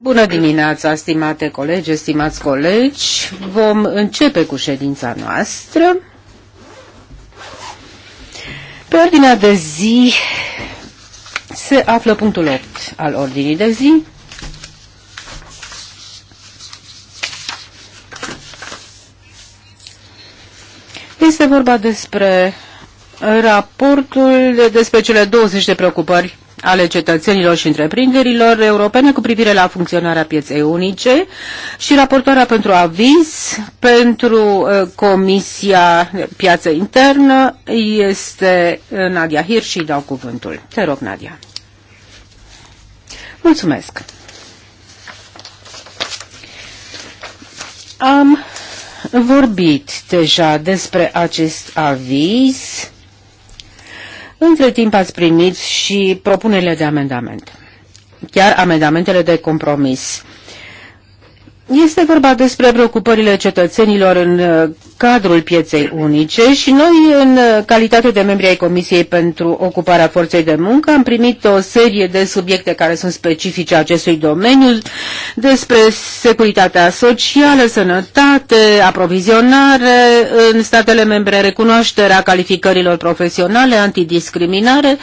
Bună dimineața, stimate colegi, stimați colegi. Vom începe cu ședința noastră. Pe ordinea de zi se află punctul 8 al ordinii de zi. Este vorba despre raportul despre cele 20 de preocupări ale cetățenilor și întreprinderilor europene cu privire la funcționarea pieței unice și raportoarea pentru aviz pentru uh, Comisia Piață Internă este uh, Nadia Hir și dau cuvântul. Te rog, Nadia. Mulțumesc. Am vorbit deja despre acest aviz între timp ați primit și propunerile de amendament, chiar amendamentele de compromis. Este vorba despre preocupările cetățenilor în uh, cadrul pieței unice și noi, în uh, calitate de membri ai Comisiei pentru Ocuparea Forței de Muncă, am primit o serie de subiecte care sunt specifice acestui domeniu, despre securitatea socială, sănătate, aprovizionare în statele membre, recunoașterea calificărilor profesionale, antidiscriminare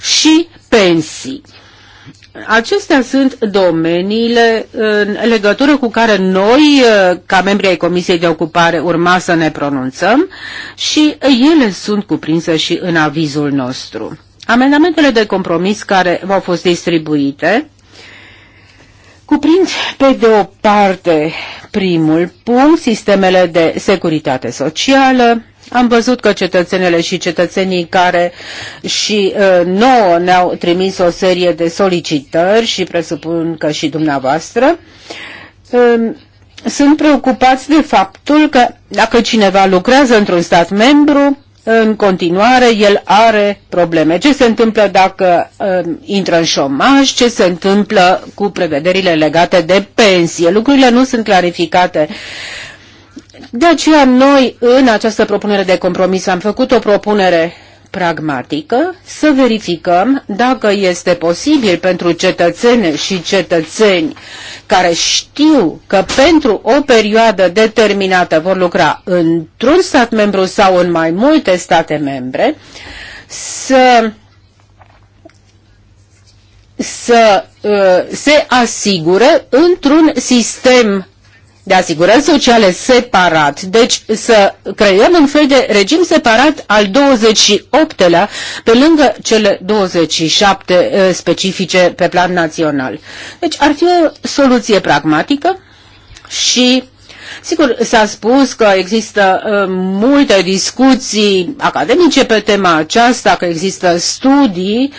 și pensii. Acestea sunt domeniile în legătură cu care noi, uh, ca membri ai Comisiei de Ocupare, urma să ne pronunțăm și ele sunt cuprinse și în avizul nostru. Amendamentele de compromis care v-au fost distribuite cuprind pe de o parte primul punct, sistemele de securitate socială, am văzut că cetățenele și cetățenii care și uh, nouă ne-au trimis o serie de solicitări și presupun că și dumneavoastră, uh, sunt preocupați de faptul că dacă cineva lucrează într-un stat membru, în continuare el are probleme. Ce se întâmplă dacă uh, intră în șomaj, ce se întâmplă cu prevederile legate de pensie. Lucrurile nu sunt clarificate de aceea noi în această propunere de compromis am făcut o propunere pragmatică să verificăm dacă este posibil pentru cetățene și cetățeni care știu că pentru o perioadă determinată vor lucra într-un stat membru sau în mai multe state membre să să uh, se asigure într-un sistem de asigurări sociale separat. Deci să creăm un fel de regim separat al 28-lea, pe lângă cele 27 eh, specifice pe plan național. Deci ar fi o soluție pragmatică și Sigur, s-a spus că există eh, multe discuții academice pe tema aceasta, că există studii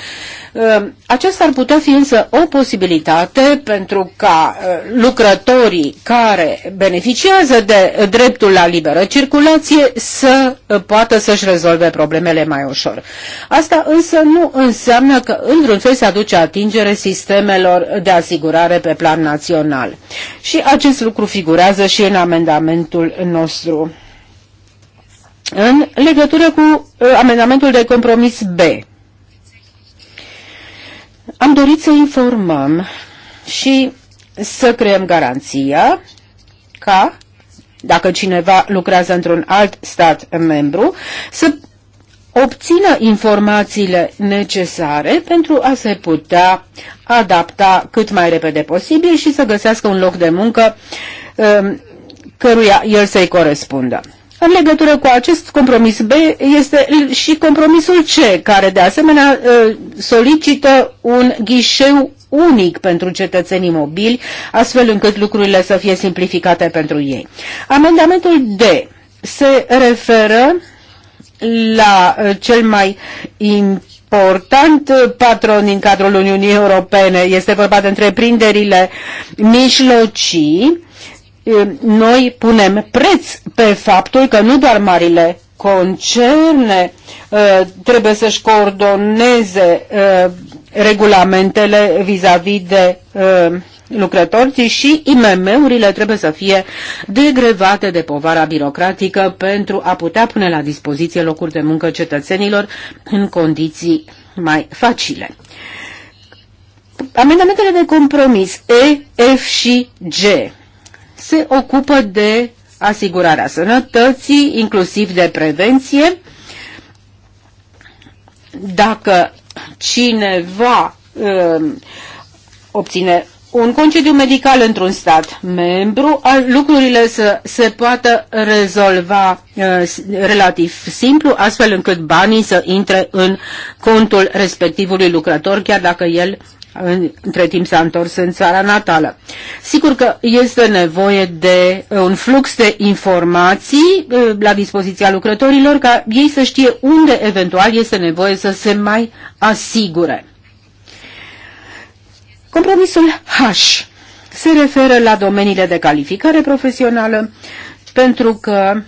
Ehm, aceasta ar putea fi însă o posibilitate pentru ca eh, lucrătorii care beneficiază de eh, dreptul la liberă circulație să eh, poată să-și rezolve problemele mai ușor. Asta însă nu înseamnă că într-un fel se aduce atingere sistemelor de asigurare pe plan național. Și acest lucru figurează și în amendamentul nostru. În legătură cu amendamentul de compromis B, am dorit să informăm și să creăm garanția ca, dacă cineva lucrează într-un alt stat membru, să obțină informațiile necesare pentru a se putea adapta cât mai repede posibil și să găsească un loc de muncă um, căruia el să-i corespundă. În legătură cu acest compromis B este și compromisul C, care de asemenea uh, solicită un ghișeu unic pentru cetățenii mobili, astfel încât lucrurile să fie simplificate pentru ei. Amendamentul D se referă la uh, cel mai important patron din cadrul Uniunii Europene. Este vorba de întreprinderile mijlocii noi punem preț pe faptul că nu doar marile concerne trebuie să-și coordoneze regulamentele vis-a-vis -vis de lucrători, ci și IMM-urile trebuie să fie degrevate de povara birocratică pentru a putea pune la dispoziție locuri de muncă cetățenilor în condiții mai facile. Amendamentele de compromis E, F și G se ocupă de asigurarea sănătății, inclusiv de prevenție. Dacă cineva uh, obține un concediu medical într-un stat membru, lucrurile să se poată rezolva uh, relativ simplu, astfel încât banii să intre în contul respectivului lucrător, chiar dacă el între timp s-a întors în țara natală. Sigur că este nevoie de uh, un flux de informații uh, la dispoziția lucrătorilor ca ei să știe unde eventual este nevoie să se mai asigure. Compromisul H se referă la domeniile de calificare profesională pentru că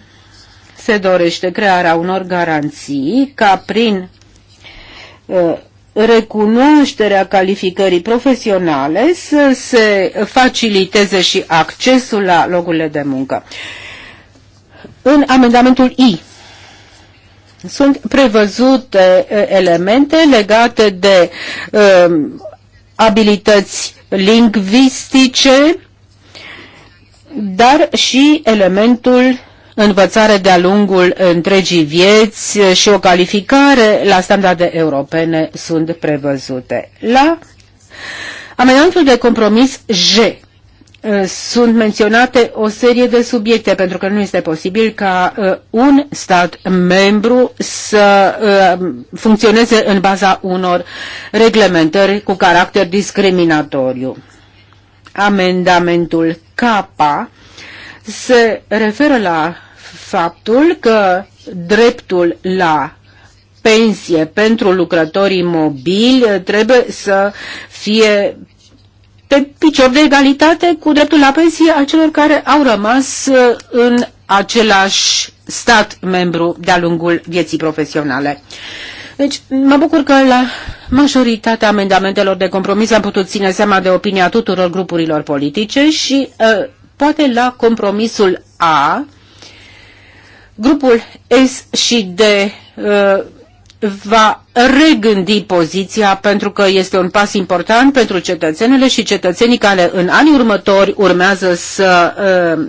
se dorește crearea unor garanții ca prin uh, recunoașterea calificării profesionale, să se faciliteze și accesul la locurile de muncă. În amendamentul I sunt prevăzute uh, elemente legate de uh, abilități lingvistice, dar și elementul învățare de-a lungul uh, întregii vieți uh, și o calificare la standarde europene sunt prevăzute. La amendamentul de compromis J uh, sunt menționate o serie de subiecte, pentru că nu este posibil ca un stat membru să funcționeze în baza unor reglementări cu caracter discriminatoriu. Amendamentul K se referă la faptul că dreptul la pensie pentru lucrătorii mobili trebuie să fie pe picior de egalitate cu dreptul la pensie al celor care au rămas în același stat membru de-a lungul vieții profesionale. Deci, mă bucur că la majoritatea amendamentelor de compromis am putut ține seama de opinia tuturor grupurilor politice și uh, poate la compromisul A Grupul S și D uh, va regândi poziția pentru că este un pas important pentru cetățenele și cetățenii care în anii următori urmează să uh,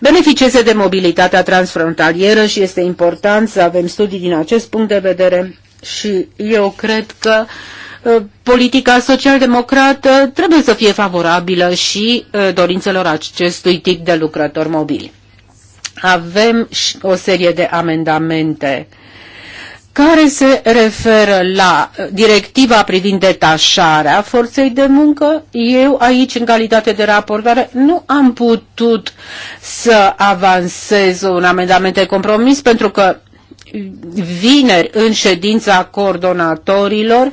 beneficieze de mobilitatea transfrontalieră și este important să avem studii din acest punct de vedere și eu cred că uh, politica social-democrată trebuie să fie favorabilă și uh, dorințelor acestui tip de lucrători mobili avem o serie de amendamente care se referă la directiva privind detașarea forței de muncă. Eu aici, în calitate de raportare, nu am putut să avansez un amendament de compromis pentru că vineri, în ședința coordonatorilor, uh,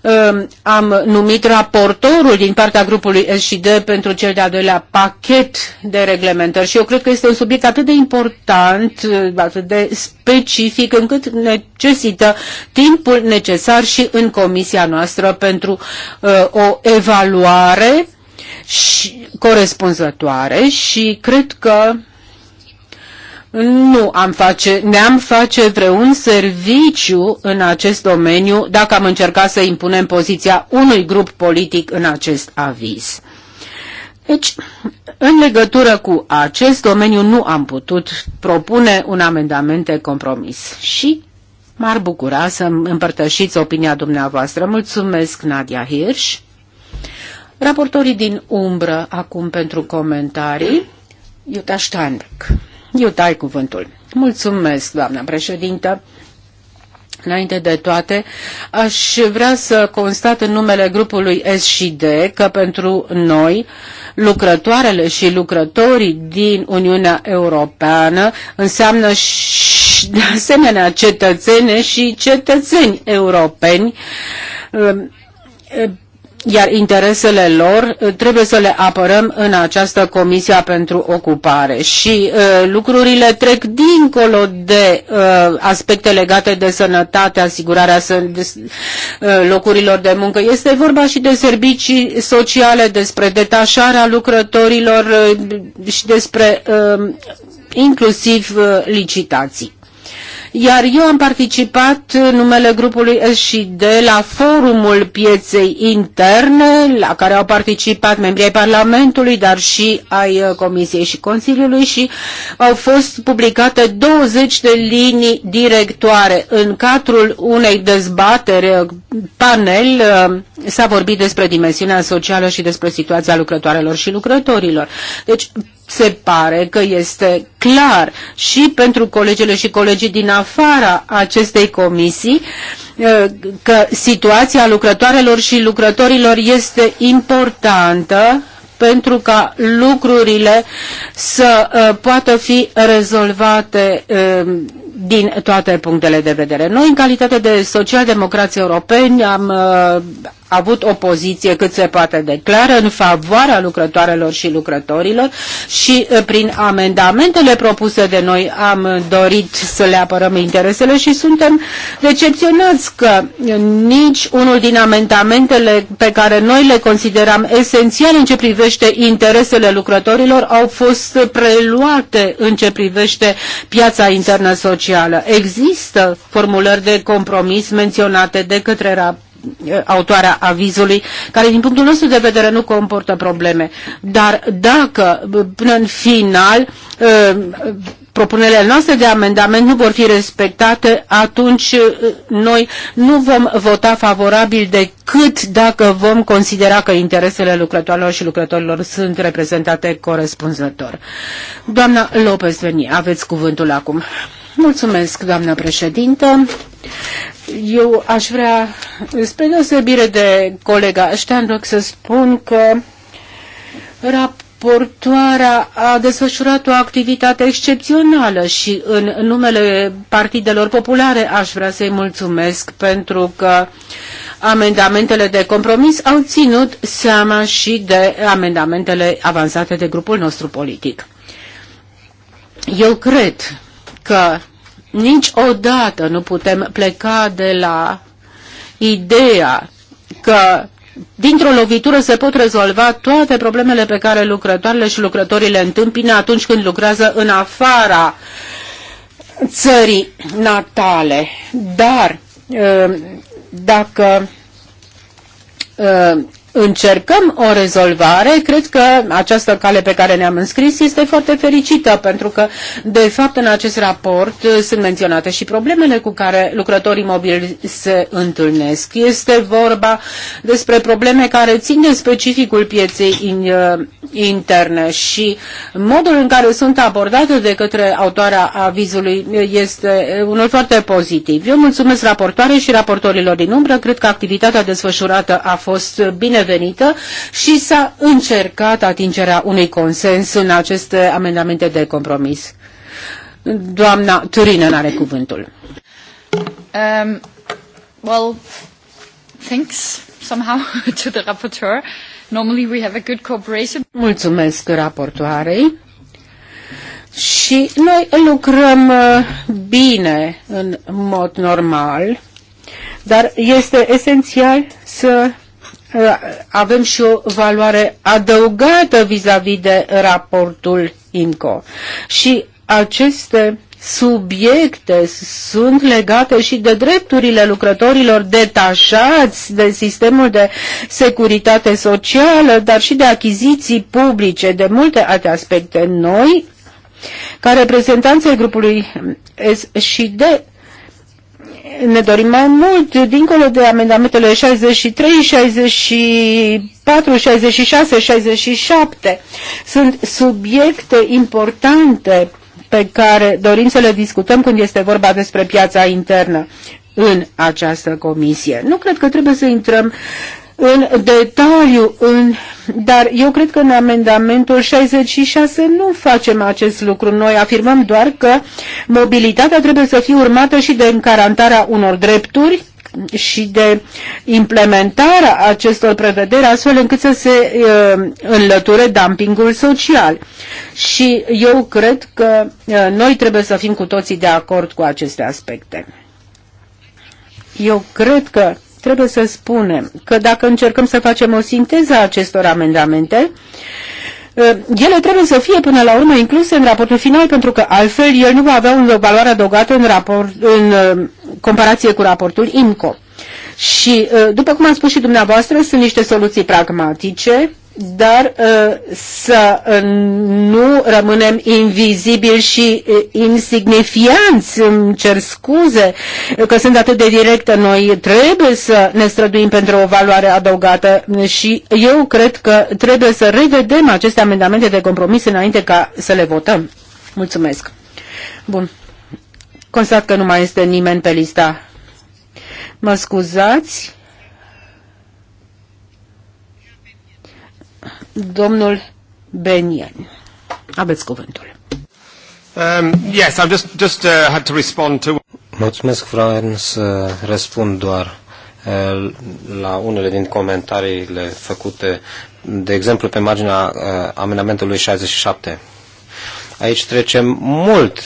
Ehm, am numit raportorul din partea grupului S D pentru cel de-al doilea pachet de reglementări și eu cred că este un subiect atât de important, eh, atât de specific, încât necesită timpul necesar și în comisia noastră pentru uh, o evaluare și corespunzătoare și cred că nu am face, ne-am face vreun serviciu în acest domeniu dacă am încercat să impunem poziția unui grup politic în acest aviz. Deci, în legătură cu acest domeniu nu am putut propune un amendament de compromis și m-ar bucura să împărtășiți opinia dumneavoastră. Mulțumesc, Nadia Hirsch. Raportorii din umbră acum pentru comentarii. Iuta Steinbeck. Eu tai cuvântul. Mulțumesc, doamna președintă. Înainte de toate, aș vrea să constat în numele grupului S și D că pentru noi, lucrătoarele și lucrătorii din Uniunea Europeană înseamnă și, de asemenea cetățene și cetățeni europeni iar interesele lor uh, trebuie să le apărăm în această Comisia pentru Ocupare. Și uh, lucrurile trec dincolo de uh, aspecte legate de sănătate, asigurarea să, de, uh, locurilor de muncă. Este vorba și de servicii sociale, despre detașarea lucrătorilor uh, și despre uh, inclusiv uh, licitații iar eu am participat în numele grupului S și D la forumul pieței interne, la care au participat membrii ai Parlamentului, dar și ai uh, Comisiei și Consiliului și au fost publicate 20 de linii directoare. În cadrul unei dezbatere uh, panel uh, s-a vorbit despre dimensiunea socială și despre situația lucrătoarelor și lucrătorilor. Deci, se pare că este clar și pentru colegele și colegii din afara acestei comisii eh, că situația lucrătoarelor și lucrătorilor este importantă pentru ca lucrurile să eh, poată fi rezolvate eh, din toate punctele de vedere. Noi, în calitate de socialdemocrați europeni, am avut o poziție cât se poate de clară în favoarea lucrătoarelor și lucrătorilor și prin amendamentele propuse de noi am dorit să le apărăm interesele și suntem decepționați că nici unul din amendamentele pe care noi le consideram esențiale în ce privește interesele lucrătorilor au fost preluate în ce privește piața internă socială. Există formulări de compromis menționate de către rap autoarea avizului, care din punctul nostru de vedere nu comportă probleme. Dar dacă până în final propunerile noastre de amendament nu vor fi respectate, atunci noi nu vom vota favorabil decât dacă vom considera că interesele lucrătorilor și lucrătorilor sunt reprezentate corespunzător. Doamna Lopez Veni, aveți cuvântul acum. Mulțumesc, doamnă președintă. Eu aș vrea, spre deosebire de colega Steinbrück, să spun că raportoarea a desfășurat o activitate excepțională și în numele partidelor populare aș vrea să-i mulțumesc pentru că amendamentele de compromis au ținut seama și de amendamentele avansate de grupul nostru politic. Eu cred că niciodată nu putem pleca de la ideea că dintr-o lovitură se pot rezolva toate problemele pe care lucrătoarele și lucrătorii le întâmpină atunci când lucrează în afara țării natale. Dar ă, dacă ă, încercăm o rezolvare, cred că această cale pe care ne-am înscris este foarte fericită, pentru că, de fapt, în acest raport uh, sunt menționate și problemele cu care lucrătorii mobili se întâlnesc. Este vorba despre probleme care țin de specificul pieței in, uh, interne și modul în care sunt abordate de către autoarea avizului este unul foarte pozitiv. Eu mulțumesc raportoare și raportorilor din umbră, cred că activitatea desfășurată a fost bine binevenită și s-a încercat atingerea unui consens în aceste amendamente de compromis. Doamna Turină are cuvântul. Um, well, thanks somehow to the rapporteur. Normally we have a good cooperation. Mulțumesc raportoarei. Și noi lucrăm uh, bine în mod normal, dar este esențial să avem și o valoare adăugată vis-a-vis -vis de raportul INCO. Și aceste subiecte sunt legate și de drepturile lucrătorilor detașați de sistemul de securitate socială, dar și de achiziții publice, de multe alte aspecte noi. Ca reprezentanței grupului S și de ne dorim mai mult, dincolo de amendamentele 63, 64, 66, 67. Sunt subiecte importante pe care dorim să le discutăm când este vorba despre piața internă în această comisie. Nu cred că trebuie să intrăm în detaliu, în, dar eu cred că în amendamentul 66 nu facem acest lucru. Noi afirmăm doar că mobilitatea trebuie să fie urmată și de încarantarea unor drepturi și de implementarea acestor prevederi astfel încât să se uh, înlăture dumpingul social. Și eu cred că uh, noi trebuie să fim cu toții de acord cu aceste aspecte. Eu cred că trebuie să spunem că dacă încercăm să facem o sinteză a acestor amendamente, ă, ele trebuie să fie până la urmă incluse în raportul final, pentru că altfel el nu va avea o valoare adăugată în, raport, în ă, comparație cu raportul IMCO. Și, ă, după cum am spus și dumneavoastră, sunt niște soluții pragmatice dar uh, să uh, nu rămânem invizibili și uh, insignifianți. Îmi cer scuze că sunt atât de directă. Noi trebuie să ne străduim pentru o valoare adăugată și eu cred că trebuie să revedem aceste amendamente de compromis înainte ca să le votăm. Mulțumesc. Bun. Constat că nu mai este nimeni pe lista. Mă scuzați. Domnul Benian, aveți cuvântul. Um, yes, I've just, just uh, had to respond to... Mulțumesc, Fran, să răspund doar uh, la unele din comentariile făcute, de exemplu, pe marginea uh, amendamentului 67. Aici trecem mult,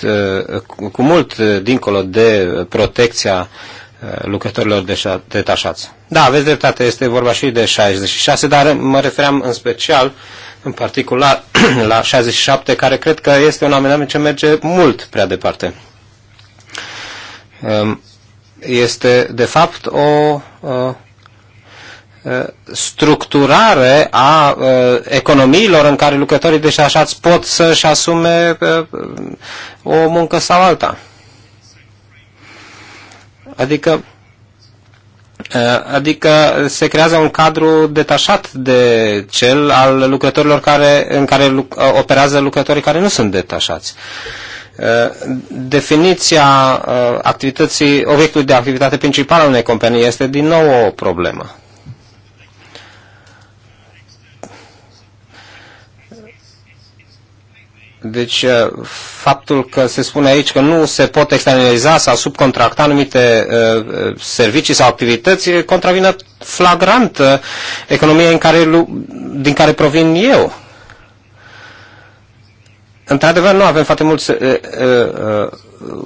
uh, cu mult dincolo de protecția lucrătorilor detașați. Da, aveți dreptate, este vorba și de 66, dar mă refeream în special, în particular, la 67, care cred că este un amendament ce merge mult prea departe. Um, este, de fapt, o uh, uh, structurare a uh, economiilor în care lucrătorii deșașați pot să-și asume o muncă sau alta. Adică, uh, adică se creează un cadru detașat de cel al lucrătorilor care, în care uh, operează lucrătorii care nu sunt detașați. Uh, definiția activității, obiectului de activitate principală a unei companii este din nou o problemă. Deci uh, faptul că se spune aici că nu se pot externaliza sau subcontracta anumite uh, servicii sau activități contravine flagrant uh, economiei în care, din care provin eu. Într-adevăr, nu avem foarte mulți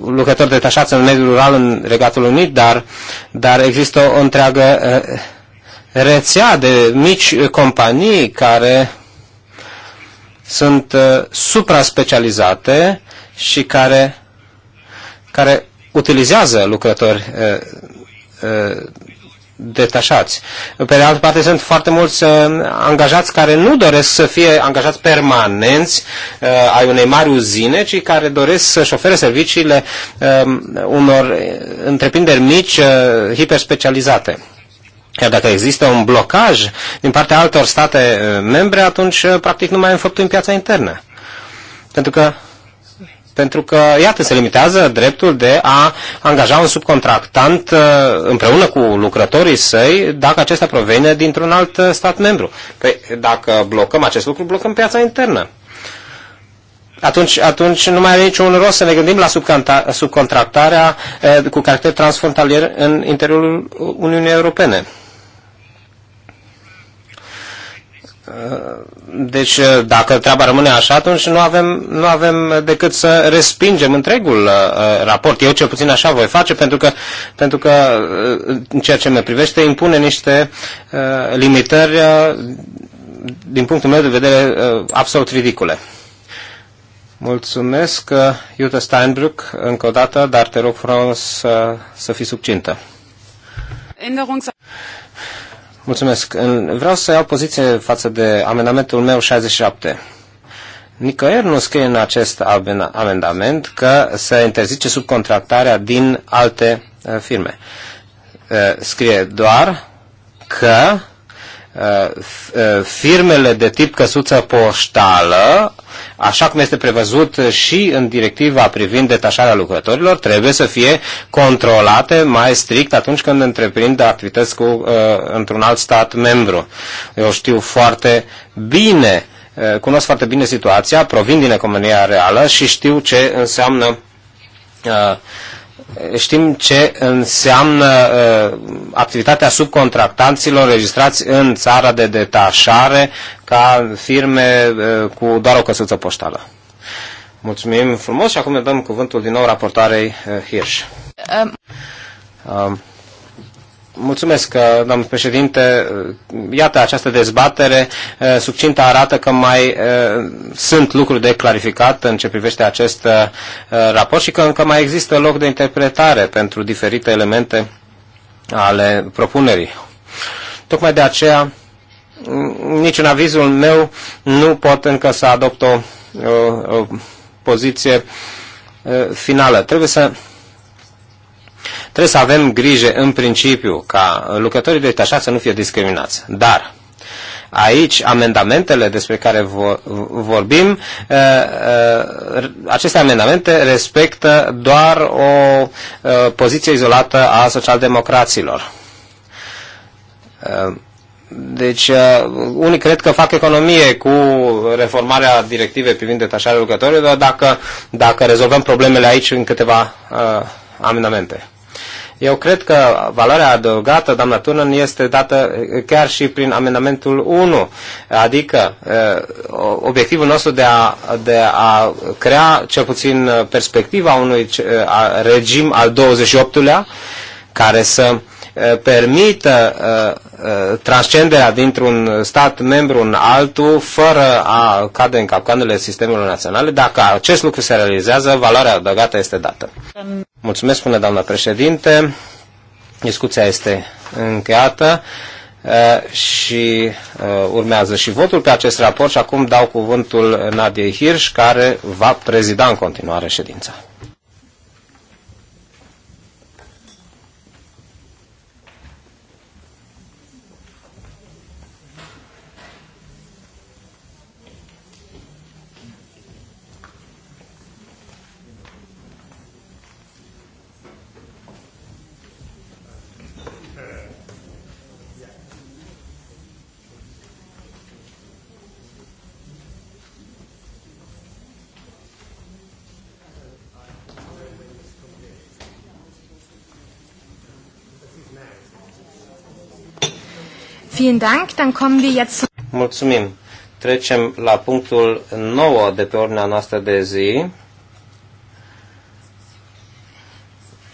lucrători detașați în mediul rural în Regatul Unit, dar, dar există o întreagă rețea de mici companii care uh, sunt uh, supra-specializate și care, care utilizează lucrători uh, uh, detașați. Pe de altă parte, sunt foarte mulți uh, angajați care nu doresc să fie angajați permanenți uh, ai unei mari uzine, ci care doresc să-și ofere serviciile um, uh, unor întreprinderi mici, uh, hiperspecializate. Chiar dacă există un blocaj din partea altor state eh, membre, atunci eh, practic nu mai înfăptuim piața internă. Pentru că, pentru că, iată, se limitează dreptul de a angaja un subcontractant eh, împreună cu lucrătorii săi dacă acesta provine dintr-un alt stat membru. Păi dacă blocăm acest lucru, blocăm piața internă atunci, atunci nu mai are niciun rost să ne gândim la subcontractarea cu caracter transfrontalier în interiorul Uniunii Europene. Deci eh, dacă treaba rămâne așa, atunci nu avem, nu avem decât să respingem întregul uh, raport. Eu cel puțin așa voi face, pentru că, pentru că uh, în ceea ce mă privește impune niște uh, limitări, din punctul meu de vedere, absolut ridicule. Mulțumesc, Jutta Steinbrück, încă o dată, dar te rog frumos să, să fii succintă. Mulțumesc. Vreau să iau poziție față de amendamentul meu 67. Nicăieri nu scrie în acest amendament că se interzice subcontractarea din alte uh, firme. Uh, scrie doar că uh, firmele de tip căsuță poștală așa cum este prevăzut și în directiva privind detașarea lucrătorilor, trebuie să fie controlate mai strict atunci când întreprind activități cu, uh, într-un alt stat membru. Eu știu foarte bine, uh, cunosc foarte bine situația, provin din economia reală și știu ce înseamnă uh, știm ce înseamnă uh, activitatea subcontractanților registrați în țara de detașare ca firme uh, cu doar o căsuță poștală. Mulțumim frumos și acum ne dăm cuvântul din nou uh, Hirsch. Um. Um. Mulțumesc, uh, domnul președinte. Uh, iată, această dezbatere uh, succintă arată că mai sunt lucruri de clarificat în ce privește acest raport și că încă mai există loc de interpretare pentru diferite elemente ale propunerii. Tocmai de aceea, mm, niciun avizul meu nu pot încă să adopt o, o, o poziție finală. Trebuie să Trebuie să avem grijă în principiu ca lucrătorii detașați să nu fie discriminați. Dar aici amendamentele despre care vorbim, uh, uh, aceste amendamente respectă doar o uh, poziție izolată a socialdemocraților. Deci, unii cred că fac economie cu reformarea directivei privind detașarea lucrătorilor, dacă, dacă rezolvăm problemele aici în câteva uh, amendamente. Eu cred că valoarea adăugată, doamna Turnan, este dată eh, chiar și prin amendamentul 1, adică eh, obiectivul nostru de a, de a crea cel puțin eh, perspectiva unui regim al 28-lea, care să permită Uh, transcenderea dintr-un stat membru în altul fără a cade în capcanele sistemelor naționale. Dacă acest lucru se realizează, valoarea adăugată este dată. Mulțumesc, spune doamna președinte. Discuția este încheiată uh, și uh, urmează și votul pe acest raport și acum dau cuvântul Nadiei Hirsch care va prezida în continuare ședința. Vielen Dank, dann kommen wir jetzt... Mulțumim. Trecem la punctul 9 de pe ordinea noastră de zi.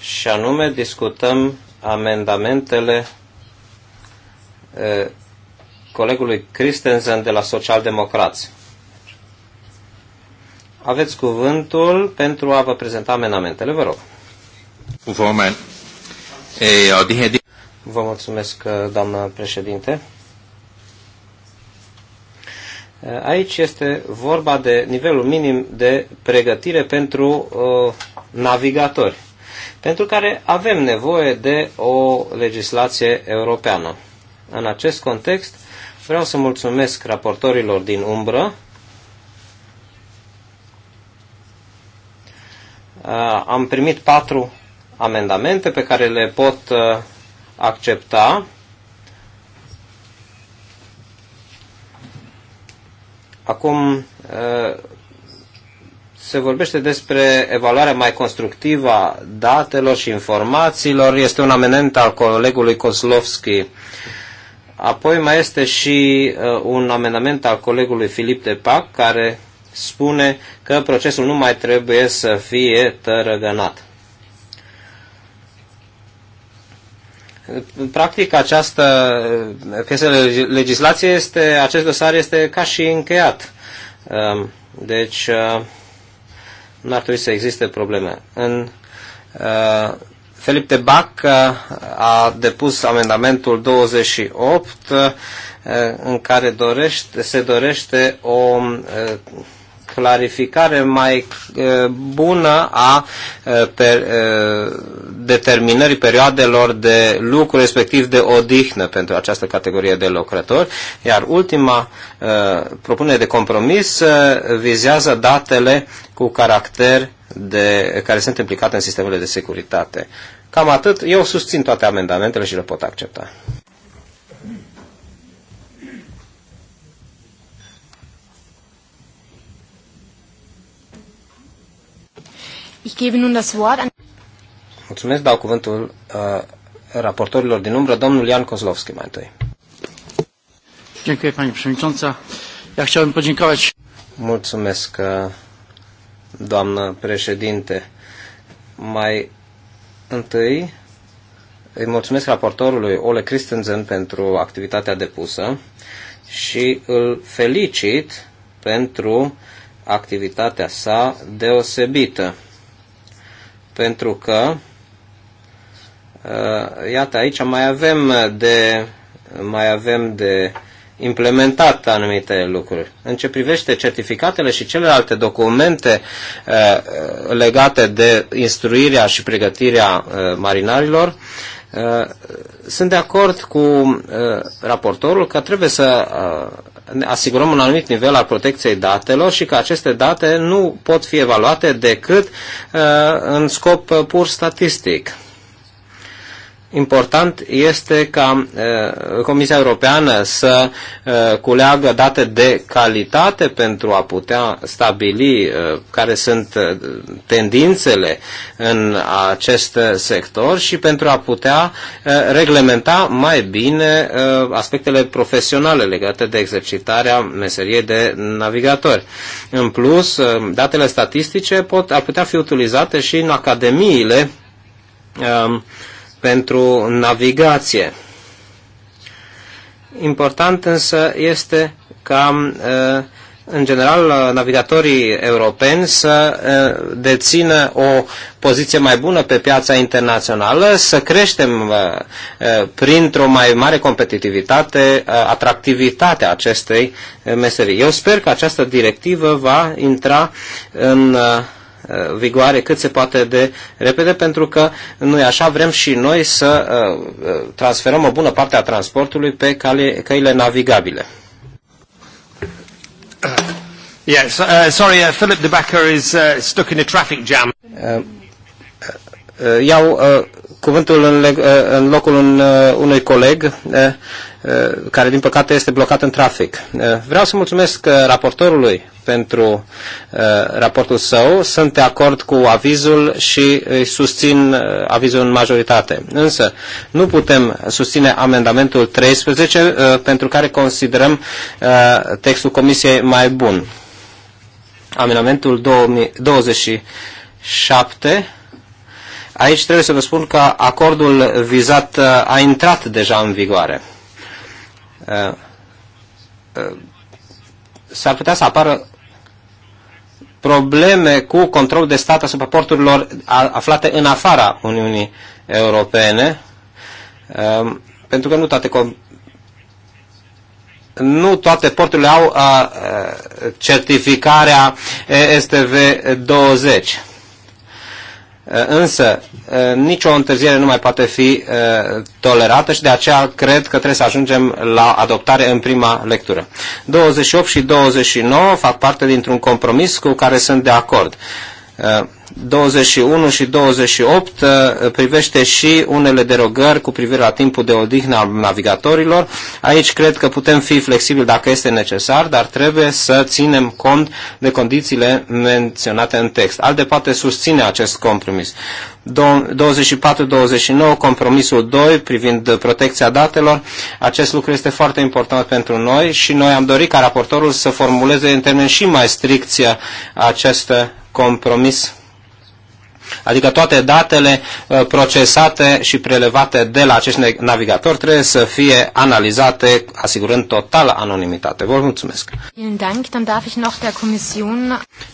Și anume discutăm amendamentele colegului Christensen de la Socialdemocrați. Aveți cuvântul pentru a vă prezenta amendamentele, vă rog. Formand, og Vă mulțumesc, uh, doamnă președinte. Uh, aici este vorba de nivelul minim de pregătire pentru uh, navigatori, pentru care avem nevoie de o legislație europeană. În acest context, vreau să mulțumesc raportorilor din umbră. Uh, am primit patru amendamente pe care le pot uh, accepta Acum eh, se vorbește despre evaluarea mai constructivă a datelor și informațiilor. Este un amenent al colegului Kozlovski. Apoi mai este și eh, un amenament al colegului Filip de Pac care spune că procesul nu mai trebuie să fie tărăgănat. practic această eh, piesă de legislație este, acest dosar este ca și încheiat. Ehm, deci eh, nu ar trebui să existe probleme. În eh, Felipe Bac a depus amendamentul 28 în care dorește, se dorește o clarificare mai bună a determinării perioadelor de lucru, respectiv de odihnă pentru această categorie de lucrători, iar ultima propunere de compromis vizează datele cu caracter de, care sunt implicate în sistemele de securitate. Cam atât. Eu susțin toate amendamentele și le pot accepta. Ich gebe nun das Wort an Mulțumesc, dau cuvântul uh, raportorilor din umbră, domnul Ian Kozlovski mai întâi. Mulțumesc, uh, doamnă președinte. Mai întâi îi mulțumesc raportorului Ole Christensen pentru activitatea depusă și îl felicit pentru activitatea sa deosebită pentru că, uh, iată, aici mai avem de, mai avem de implementat anumite lucruri. În ce privește certificatele și celelalte documente uh, legate de instruirea și pregătirea uh, marinarilor, sunt de acord cu uh, raportorul că trebuie să uh, asigurăm un anumit nivel al protecției datelor și că aceste date nu pot fi evaluate decât uh, în scop pur statistic important este ca Comisia Europeană să culeagă date de calitate pentru a putea stabili care sunt tendințele în acest sector și pentru a putea reglementa mai bine aspectele profesionale legate de exercitarea meseriei de navigatori. În plus, datele statistice pot, ar putea fi utilizate și în academiile pentru navigație. Important însă este ca uh, în general navigatorii europeni să uh, dețină o poziție mai bună pe piața internațională, să creștem uh, printr-o mai mare competitivitate atractivitatea acestei meserii. Eu sper că această directivă va intra în Uh, vigoare cât se poate de repede, pentru că nu e așa, vrem și noi să uh, uh, transferăm o bună parte a transportului pe cale, căile navigabile. Yes, uh, sorry, uh, Philip de Becker is uh, stuck in a traffic jam. Uh, uh, iau uh, cuvântul în, uh, în locul un, uh, unui coleg. Uh, Uh, care din păcate este blocat în trafic. Uh, vreau să mulțumesc uh, raportorului pentru raportul său, sunt de acord cu avizul și îi susțin avizul în majoritate. Însă nu putem susține amendamentul 13 pentru care considerăm textul comisiei mai bun. Amendamentul 27 Aici trebuie să vă spun că acordul vizat a intrat deja în vigoare s-ar putea să apară probleme cu controlul de stat asupra porturilor aflate în afara Uniunii Europene, um, pentru că nu toate nu toate porturile au uh, certificarea STV 20. Eh, însă, eh, nicio întârziere nu mai poate fi eh, tolerată și de aceea cred că trebuie să ajungem la adoptare în prima lectură. 28 și 29 fac parte dintr-un compromis cu care sunt de acord. 21 uh, și 28 uh, privește și unele derogări cu privire la timpul de odihnă al navigatorilor. Aici cred că putem fi flexibili dacă este necesar, dar trebuie să ținem cont de condițiile menționate în text. Al de parte susține acest compromis. 24-29, compromisul 2 privind protecția datelor. Acest lucru este foarte important pentru noi și noi am dorit ca raportorul să formuleze în termeni și mai stricția această compromis, adică toate datele uh, procesate și prelevate de la acest navigator trebuie să fie analizate asigurând total anonimitate. Vă mulțumesc!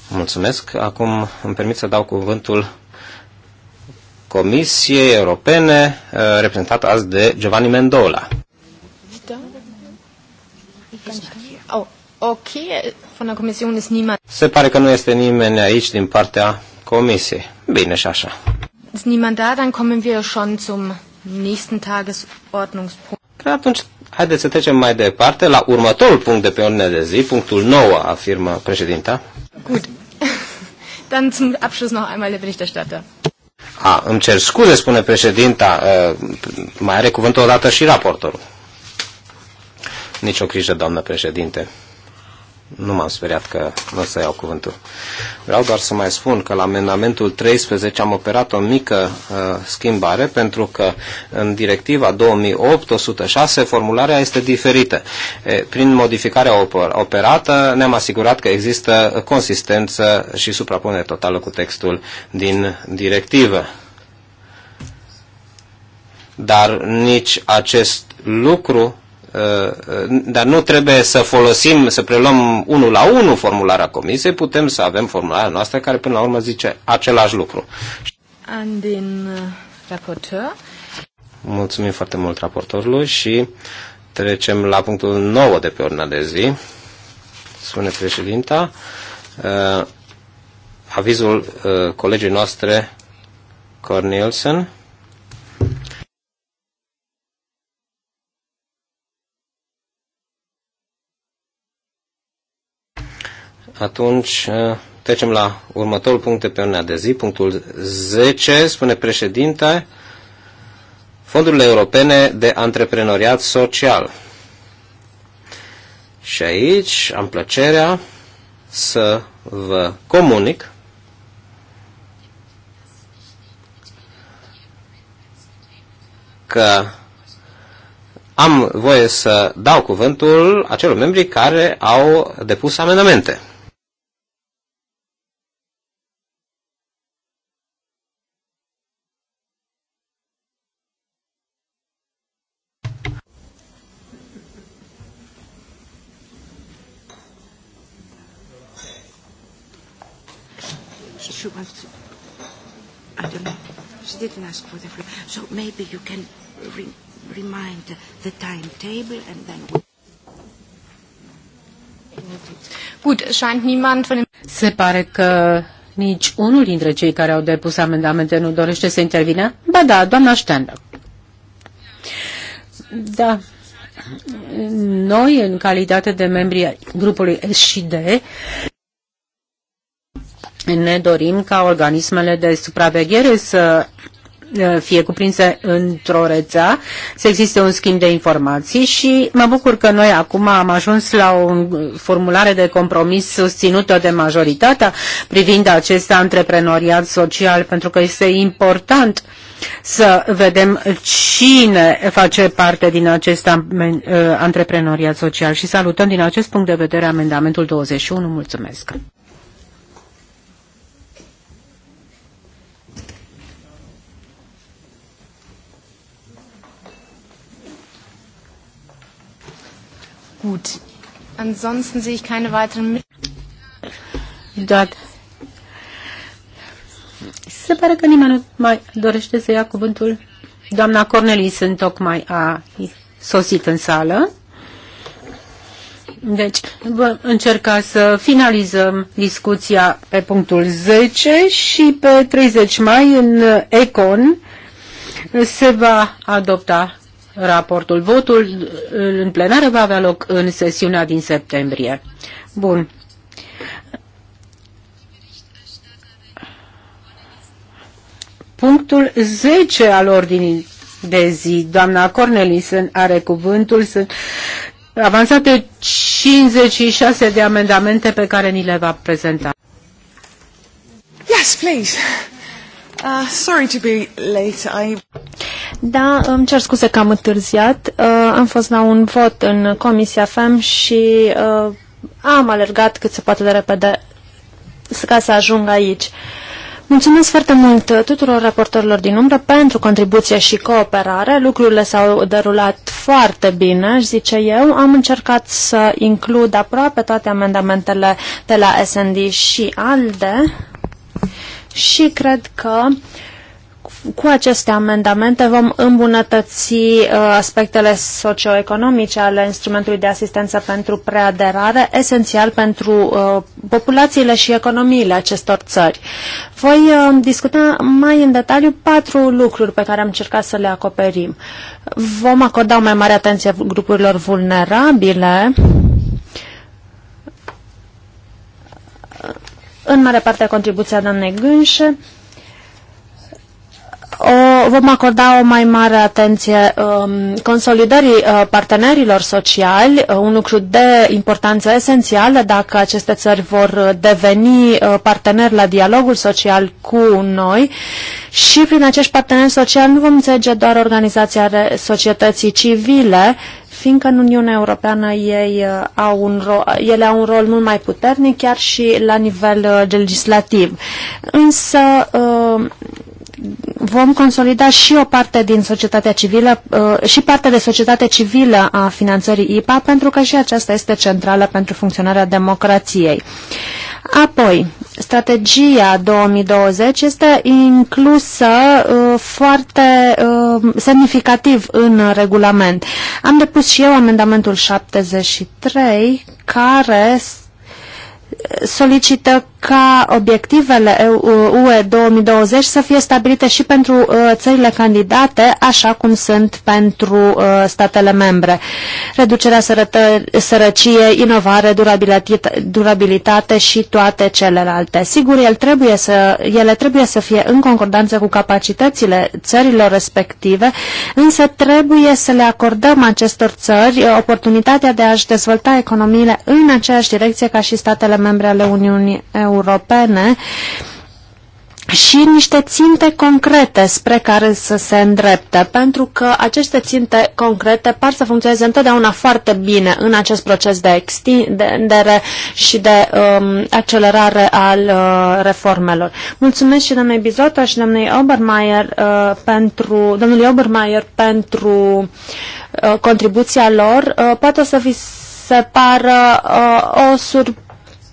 Mulțumesc! Acum îmi permit să dau cuvântul Comisiei Europene, uh, reprezentată azi de Giovanni Mendola. Oh, okay. Se pare că nu este nimeni aici din partea comisiei. Bine și așa. Da, că păi atunci, haideți să trecem mai departe la următorul punct de pe ordine de zi, punctul 9, afirmă președinta. Gut. Dann zum Abschluss noch einmal der Berichterstatter. A, îmi cer scuze, spune președinta, ă, mai are cuvântul odată și raportorul. Nici o grijă, doamnă președinte nu m-am speriat că nu o să iau cuvântul. Vreau doar să mai spun că la amendamentul 13 am operat o mică uh, schimbare pentru că în directiva 2008 formularea este diferită. E, prin modificarea operată ne-am asigurat că există consistență și suprapunere totală cu textul din directivă. Dar nici acest lucru Uh, uh, dar nu trebuie să folosim, să preluăm unul la unul formularea comisiei, putem să avem formularea noastră care până la urmă zice același lucru. Andin uh, raportor. Mulțumim foarte mult raportorului și trecem la punctul 9 de pe ordinea de zi. Spune președinta, avizul colegii noastre Cornelsen Atunci eh, trecem la următorul punct de pe ordinea de zi, punctul 10, spune președinte, fondurile europene de antreprenoriat social. Și aici am plăcerea să vă comunic că am voie să dau cuvântul acelor membri care au depus amendamente. you can re remind the timetable and then we... Gut, scheint niemand von dem... Se pare că nici unul dintre cei care au depus amendamente nu dorește să intervină? Ba da, doamna Steinberg. Da. Noi, în calitate de membri ai grupului SCD, ne dorim ca organismele de supraveghere să Eh, fie cuprinse într-o rețea, să existe un schimb de informații și mă bucur că noi acum am ajuns la o formulare de compromis susținută de majoritatea privind acest antreprenoriat social, pentru că este important să vedem cine face parte din acest eh, antreprenoriat social și salutăm din acest punct de vedere amendamentul 21. Mulțumesc! Gut. Ansonsten sehe ich keine weiteren... Dat. Se pare că nimeni nu mai dorește să ia cuvântul. Doamna Cornelis tocmai a sosit în sală. Deci, vom încerca să finalizăm discuția pe punctul 10 și pe 30 mai în Econ se va adopta raportul. Votul uh, în plenară va avea loc în sesiunea din septembrie. Bun. Punctul 10 al ordinii de zi. Doamna Cornelisen are cuvântul. Sunt avansate 56 de amendamente pe care ni le va prezenta. Yes, please. Uh, sorry to be late. I... Da, îmi cer scuze că am întârziat. Uh, am fost la un vot în Comisia FEM și uh, am alergat cât se poate de repede ca să ajung aici. Mulțumesc foarte mult tuturor raportorilor din umbră pentru contribuție și cooperare. Lucrurile s-au derulat foarte bine, aș zice eu. Am încercat să includ aproape toate amendamentele de la SND și ALDE și cred că cu aceste amendamente vom îmbunătăți uh, aspectele socioeconomice ale instrumentului de asistență pentru preaderare, esențial pentru uh, populațiile și economiile acestor țări. Voi uh, discuta mai în detaliu patru lucruri pe care am încercat să le acoperim. Vom acorda o mai mare atenție grupurilor vulnerabile, în mare parte contribuția doamnei Gânșe. O, vom acorda o mai mare atenție um, consolidării uh, partenerilor sociali, uh, un lucru de importanță esențială dacă aceste țări vor uh, deveni uh, parteneri la dialogul social cu noi și prin acești parteneri sociali nu vom înțelege doar organizația societății civile, fiindcă în Uniunea Europeană ei uh, au un ro- ele au un rol mult mai puternic, chiar și la nivel uh, legislativ. Însă uh, vom consolida și o parte din societatea civilă și partea de societate civilă a finanțării IPA, pentru că și aceasta este centrală pentru funcționarea democrației. Apoi, strategia 2020 este inclusă uh, foarte uh, semnificativ în regulament. Am depus și eu amendamentul 73 care solicită ca obiectivele UE 2020 să fie stabilite și pentru uh, țările candidate, așa cum sunt pentru uh, statele membre. Reducerea sărăcie, inovare, durabilitate, și toate celelalte. Sigur, ele trebuie să, ele trebuie să fie în concordanță cu capacitățile țărilor respective, însă trebuie să le acordăm acestor țări oportunitatea de a-și dezvolta economiile în aceeași direcție ca și statele membre ale Uniunii Europene europene și niște ținte concrete spre care să se îndrepte, pentru că aceste ținte concrete par să funcționeze întotdeauna foarte bine în acest proces de extindere și de um, accelerare al uh, reformelor. Mulțumesc și doamnei Bizotă și doamnei Obermeier uh, pentru, domnului Obermeier pentru uh, contribuția lor. Uh, poate să vi se pară uh, o surpriză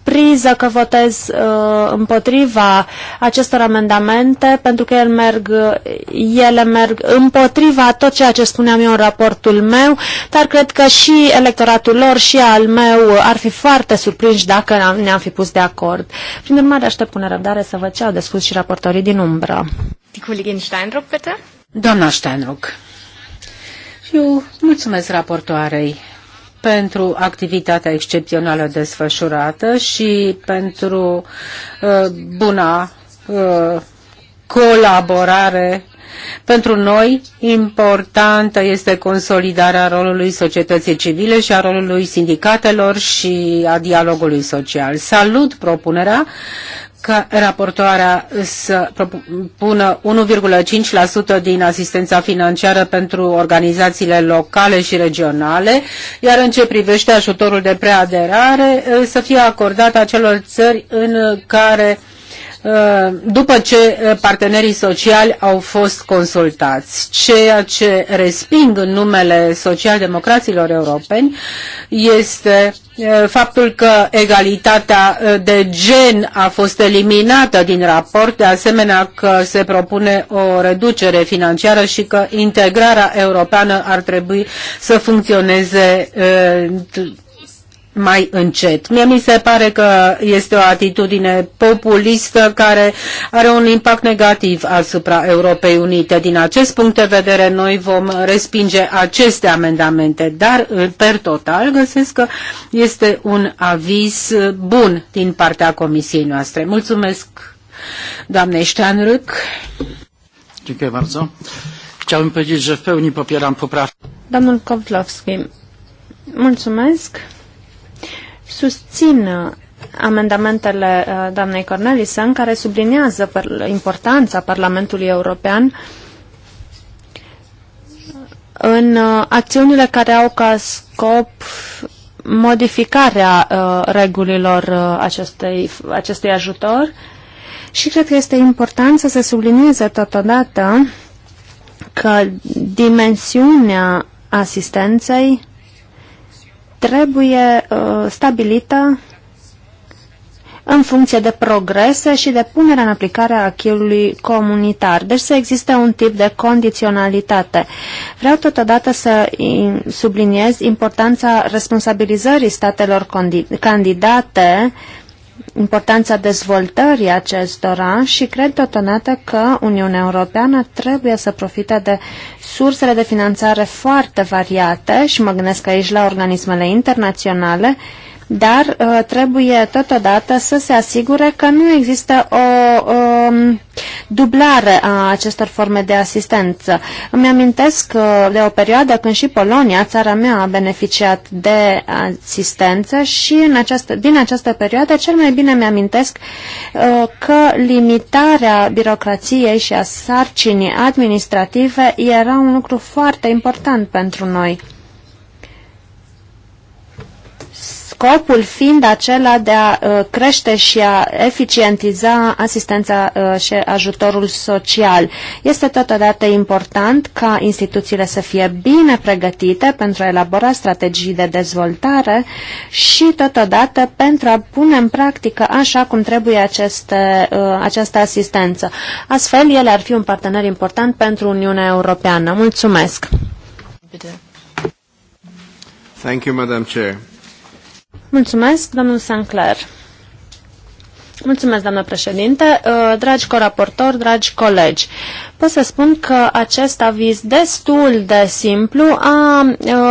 surpriză că votez uh, împotriva acestor amendamente, pentru că ele merg, ele merg împotriva tot ceea ce spuneam eu în raportul meu, dar cred că și electoratul lor și al meu ar fi foarte surprinși dacă ne-am fi pus de acord. Prin urmare, aștept cu nerăbdare să văd ce au de spus și raportorii din umbră. Colegin Steinruck, bitte. Doamna Steinruck. Eu mulțumesc raportoarei pentru activitatea excepțională desfășurată și pentru uh, buna uh, colaborare. Pentru noi, importantă este consolidarea rolului societății civile și a rolului sindicatelor și a dialogului social. Salut propunerea ca raportoarea să propună 1,5% din asistența financiară pentru organizațiile locale și regionale, iar în ce privește ajutorul de preaderare să fie acordat acelor țări în care uh, Uh, după ce uh, partenerii sociali au fost consultați. Ceea ce resping în numele socialdemocraților europeni este uh, faptul că egalitatea de gen a fost eliminată din raport, de asemenea că se propune o reducere financiară și că integrarea europeană ar trebui să funcționeze mai încet. Mie mi se pare că este o atitudine populistă care are un impact negativ asupra Europei Unite. Din acest punct de vedere, noi vom respinge aceste amendamente, dar per total găsesc că este un aviz bun din partea comisiei noastre. Mulțumesc, doamne Ștanruc. Dziękuję bardzo. Chciałbym powiedzieć, że w pełni popieram poprawkę. Domnul Kowlowski, mulțumesc. Susțin uh, amendamentele uh, doamnei Cornelison care sublinează importanța Parlamentului European în uh, acțiunile care au ca scop modificarea regulilor acestei, acestui ajutor și cred că este important să se sublinieze totodată că dimensiunea asistenței trebuie uh, stabilită în funcție de progrese și de punerea în aplicare a achiului comunitar. Deci să existe un tip de condiționalitate. Vreau totodată să subliniez importanța responsabilizării statelor candidate importanța dezvoltării acestora și cred totodată că Uniunea Europeană trebuie să profite de sursele de finanțare foarte variate și mă gândesc aici la organismele internaționale uh, dar uh, trebuie totodată să se asigure că nu există o um, dublare a acestor forme de asistență. Îmi amintesc uh, de o perioadă când și Polonia, țara mea, a beneficiat de asistență și în această, din această perioadă cel mai bine mi-amintesc uh, că limitarea birocrației și a sarcinii administrative era un lucru foarte important pentru noi. scopul fiind acela de a uh, crește și a eficientiza asistența uh, și ajutorul social. Este totodată important ca instituțiile să fie bine pregătite pentru a elabora strategii de dezvoltare și totodată pentru a pune în practică așa cum trebuie aceste, uh, această asistență. Astfel, ele ar fi un partener important pentru Uniunea Europeană. Mulțumesc! Thank you, Madam Chair. Mulțumesc, domnul Sancler. Mulțumesc, doamnă președinte, uh, dragi coraportori, dragi colegi pot să spun că acest aviz destul de simplu a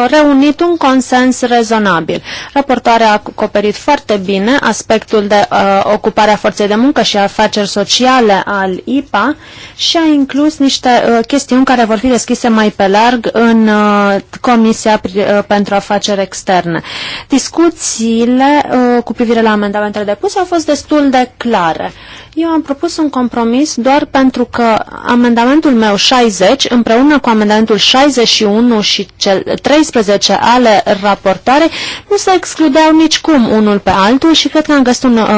reunit un consens rezonabil. Raportarea a acoperit foarte bine aspectul de uh, ocupare a forței de muncă și afaceri sociale al IPA și a inclus niște uh, chestiuni care vor fi deschise mai pe larg în uh, Comisia pentru Afaceri Externe. Discuțiile uh, cu privire la amendamentele depuse au fost destul de clare. Eu am propus un compromis doar pentru că amendamentele Amendamentul meu 60, împreună cu amendamentul 61 și cel 13 ale raportoarei, nu se excludeau nicicum unul pe altul și cred că am găsit un uh,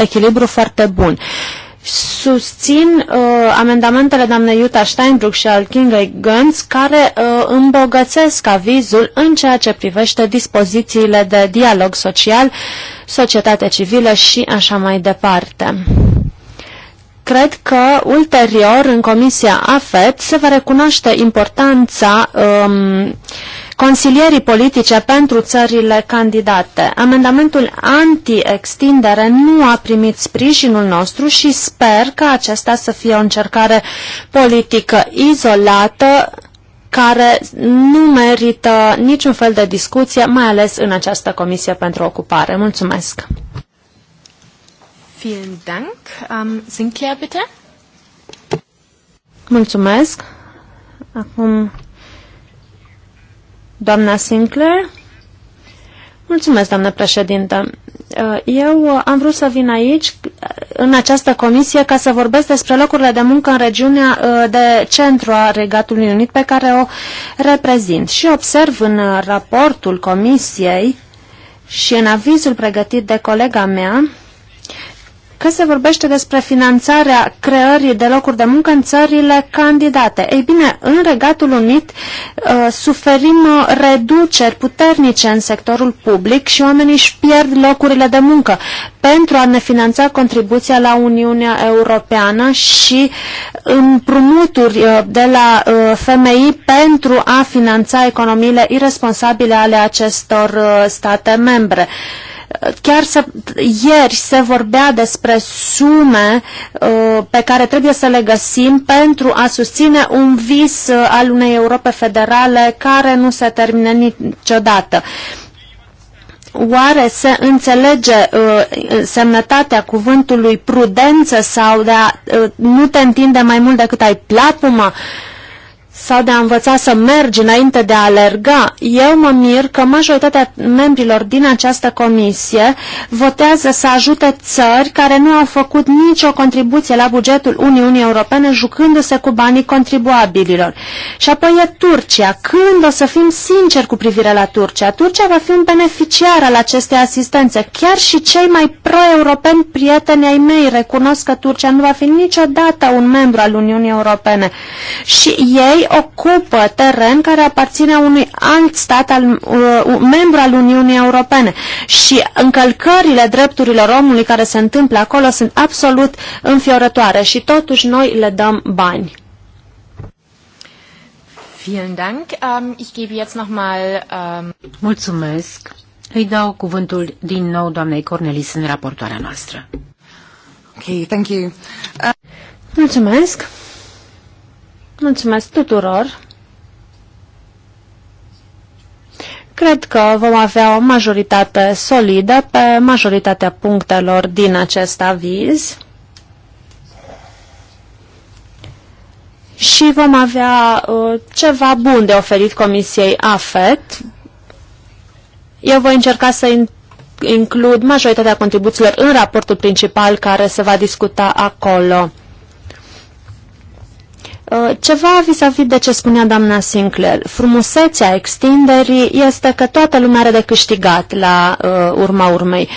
echilibru foarte bun. Susțin uh, amendamentele doamnei Iuta Steinbrück și al Kingley Gantz care uh, îmbogățesc avizul în ceea ce privește dispozițiile de dialog social, societate civilă și așa mai departe cred că ulterior în Comisia AFET se va recunoaște importanța um, consilierii politice pentru țările candidate. Amendamentul anti-extindere nu a primit sprijinul nostru și sper că acesta să fie o încercare politică izolată care nu merită niciun fel de discuție, mai ales în această Comisie pentru Ocupare. Mulțumesc! Vielen Dank. Um, Sinclair, bitte. Mulțumesc. Acum, doamna Sinclair. Mulțumesc, doamnă președintă. Ă, eu am vrut să vin aici, în această comisie, ca să vorbesc despre locurile de muncă în regiunea ă, de centru a Regatului Unit pe care o reprezint. Și observ în raportul comisiei și în avizul pregătit de colega mea că se vorbește despre finanțarea creării de locuri de muncă în țările candidate. Ei bine, în Regatul Unit uh, suferim uh, reduceri puternice în sectorul public și oamenii își pierd locurile de muncă pentru a ne finanța contribuția la Uniunea Europeană și împrumuturi uh, de la uh, FMI pentru a finanța economiile irresponsabile ale acestor state membre. Chiar să, ieri se vorbea despre sume uh, pe care trebuie să le găsim pentru a susține un vis uh, al unei Europe federale care nu se termine niciodată. Oare se înțelege uh, semnătatea cuvântului prudență sau de a uh, nu te întinde mai mult decât ai plapuma Uh, sau de a învăța să mergi înainte de a alerga, eu mă mir că majoritatea membrilor din această comisie votează să ajute țări care nu au făcut nicio contribuție la bugetul Uniunii Europene jucându-se cu banii contribuabililor. Și apoi e Turcia. Când o să fim sinceri cu privire la Turcia? Turcia va fi un beneficiar al acestei asistențe. Chiar și cei mai pro-europeni prieteni ai mei recunosc că Turcia nu va fi niciodată un membru al Uniunii Europene. Și ei ocupă teren care aparține unui alt stat al, uh, membru al Uniunii Europene și încălcările drepturilor omului care se întâmplă acolo sunt absolut înfiorătoare și totuși noi le dăm bani. Ähm, ähm, Mulțumesc. Îi dau cuvântul din nou doamnei Cornelis în raportoarea noastră. Okay, thank you. Uh... Mulțumesc. Mulțumesc tuturor! Cred că vom avea o majoritate solidă pe majoritatea punctelor din acest aviz și vom avea uh, ceva bun de oferit Comisiei AFET. Eu voi încerca să in includ majoritatea contribuțiilor în raportul principal care se va discuta acolo. Uh, ceva vis-a-vis de ce spunea doamna Sinclair, frumusețea extinderii este că toată lumea are de câștigat la uh, urma urmei.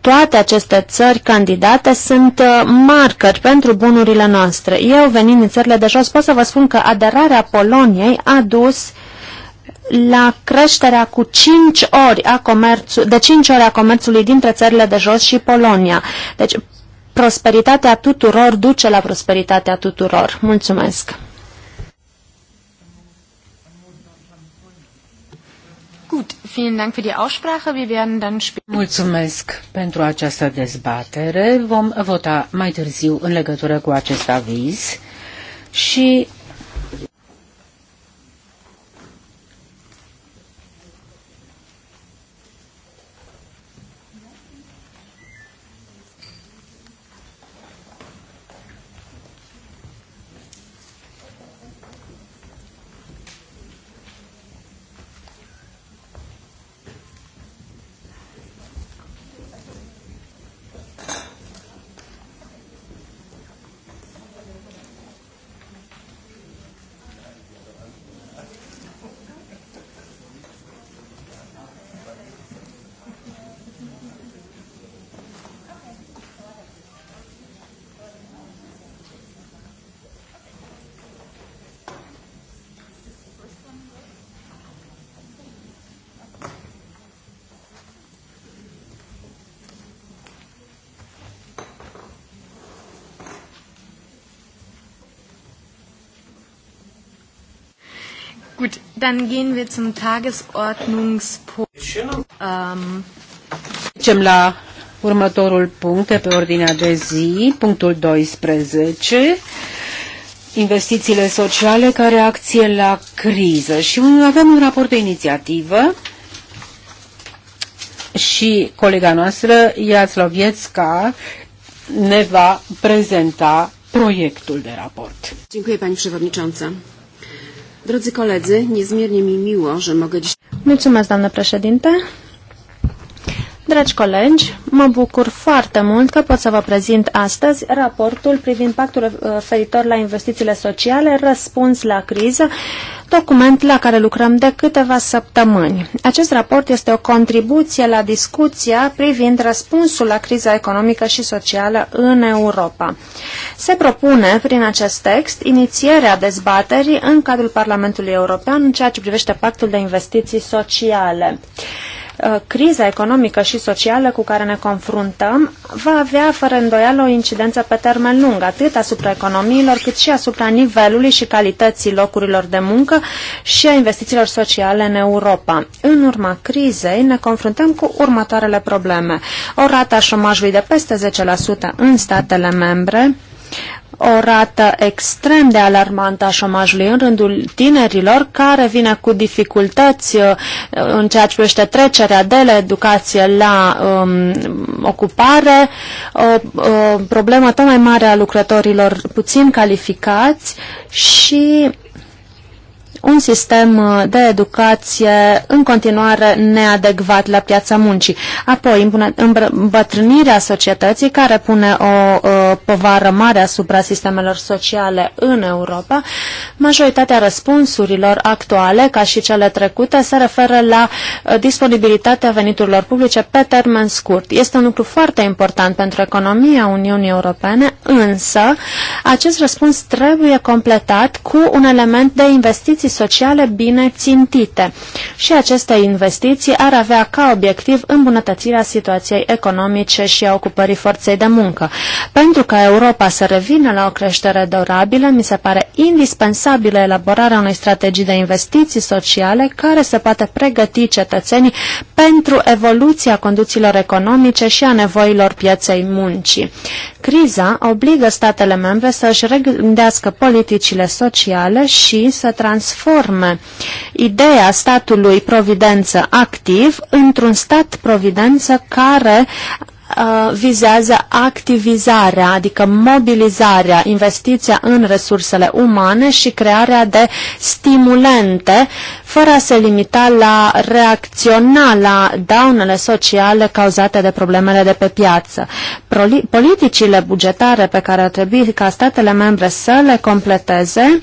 Toate aceste țări candidate sunt uh, marcări pentru bunurile noastre. Eu, venind în țările de jos, pot să vă spun că aderarea Poloniei a dus la creșterea cu 5 ori a de 5 ori a comerțului dintre țările de jos și Polonia. Deci, prosperitatea tuturor duce la prosperitatea tuturor. Mulțumesc! Mulțumesc pentru această dezbatere. Vom vota mai târziu în legătură cu acest aviz și Dann gehen wir zum Tagesordnungspunkt. Um... Ähm, la următorul punct pe ordinea de zi, punctul 12 investițiile sociale ca reacție la criză. Și avem un raport de inițiativă și colega noastră, Iațlovietska, ne va prezenta proiectul de raport. Dziękuję Pani Przewodnicząca. Drodzy koledzy, niezmiernie mi miło, że mogę dziś... Mulțumesc, doamnă președinte. Dragi colegi, mă bucur foarte mult că pot să vă prezint astăzi raportul privind pactul uh, referitor la investițiile sociale, răspuns la criză, document la care lucrăm de câteva săptămâni. Acest raport este o contribuție la discuția privind răspunsul la criza economică și socială în Europa. Se propune prin acest text inițierea dezbaterii în cadrul Parlamentului European în ceea ce privește pactul de investiții sociale. Uh, criza economică și socială cu care ne confruntăm va avea fără îndoială o incidență pe termen lung, atât asupra economiilor, cât și asupra nivelului și calității locurilor de muncă și a investițiilor sociale în Europa. În urma crizei ne confruntăm cu următoarele probleme. O rată șomajului de peste 10% în statele membre, o rată extrem de alarmantă a șomajului în rândul tinerilor, care vine cu dificultăți uh, în ceea ce privește trecerea de la educație la um, ocupare, o, o problemă tot mai mare a lucrătorilor puțin calificați și un sistem uh, de educație în continuare neadecvat la piața muncii. Apoi, îmbătrânirea societății care pune o uh, povară mare asupra sistemelor sociale în Europa, majoritatea răspunsurilor actuale, ca și cele trecute, se referă la uh, disponibilitatea veniturilor publice pe termen scurt. Este un lucru foarte important pentru economia Uniunii Europene, însă acest răspuns trebuie completat cu un element de investiții sociale bine țintite și aceste investiții ar avea ca obiectiv îmbunătățirea situației economice și a ocupării forței de muncă. Pentru ca Europa să revină la o creștere durabilă, mi se pare indispensabilă elaborarea unei strategii de investiții sociale care să poată pregăti cetățenii pentru evoluția conduților economice și a nevoilor pieței muncii. Criza obligă statele membre să își regândească politicile sociale și să transforme reforme. Ideea statului providență activ într-un stat providență care uh, vizează activizarea, adică mobilizarea, investiția în resursele umane și crearea de stimulente, fără a se limita la reacționa la daunele sociale cauzate de problemele de pe piață. Politicile bugetare pe care ar trebui ca statele membre să le completeze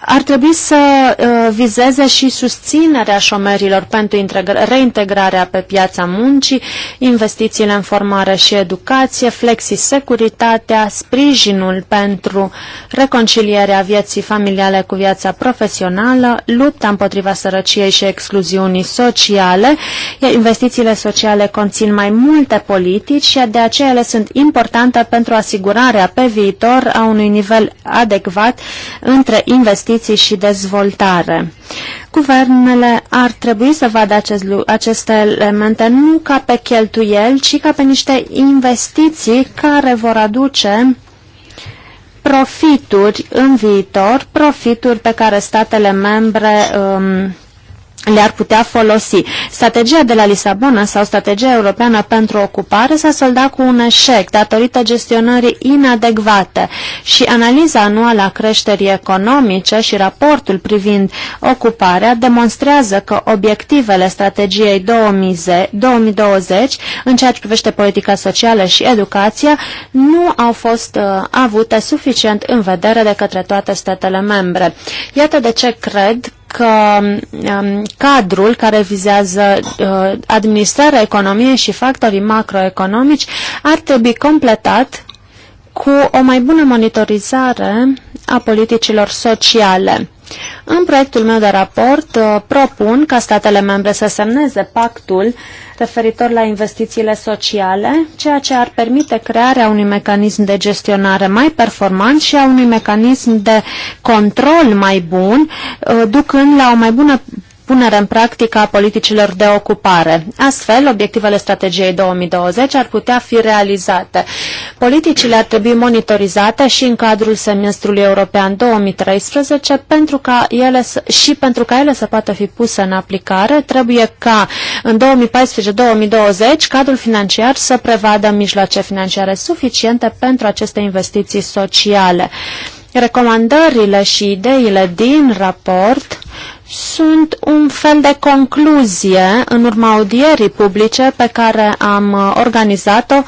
ar trebui să uh, vizeze și susținerea șomerilor pentru reintegrarea pe piața muncii, investițiile în formare și educație, flexisecuritatea, sprijinul pentru reconcilierea vieții familiale cu viața profesională, lupta împotriva sărăciei și excluziunii sociale. Investițiile sociale conțin mai multe politici și de aceea ele sunt importante pentru asigurarea pe viitor a unui nivel adecvat între investiții investiții și dezvoltare. Guvernele ar trebui să vadă acest, aceste elemente nu ca pe cheltuieli, ci ca pe niște investiții care vor aduce profituri în viitor, profituri pe care statele membre um, le-ar putea folosi. Strategia de la Lisabona sau strategia europeană pentru ocupare s-a soldat cu un eșec datorită gestionării inadecvate și analiza anuală a creșterii economice și raportul privind ocuparea demonstrează că obiectivele strategiei 2020 în ceea ce privește politica socială și educația nu au fost uh, avute suficient în vedere de către toate statele membre. Iată de ce cred că um, cadrul care vizează uh, administrarea economiei și factorii macroeconomici ar trebui completat cu o mai bună monitorizare a politicilor sociale. În proiectul meu de raport uh, propun ca statele membre să semneze pactul referitor la investițiile sociale, ceea ce ar permite crearea unui mecanism de gestionare mai performant și a unui mecanism de control mai bun, uh, ducând la o mai bună punere în practică a politicilor de ocupare. Astfel, obiectivele strategiei 2020 ar putea fi realizate. Politicile ar trebui monitorizate și în cadrul semestrului european 2013 pentru ca ele să, și pentru ca ele să poată fi puse în aplicare, trebuie ca în 2014-2020 cadrul financiar să prevadă mijloace financiare suficiente pentru aceste investiții sociale. Recomandările și ideile din raport sunt un fel de concluzie în urma audierii publice pe care am uh, organizat-o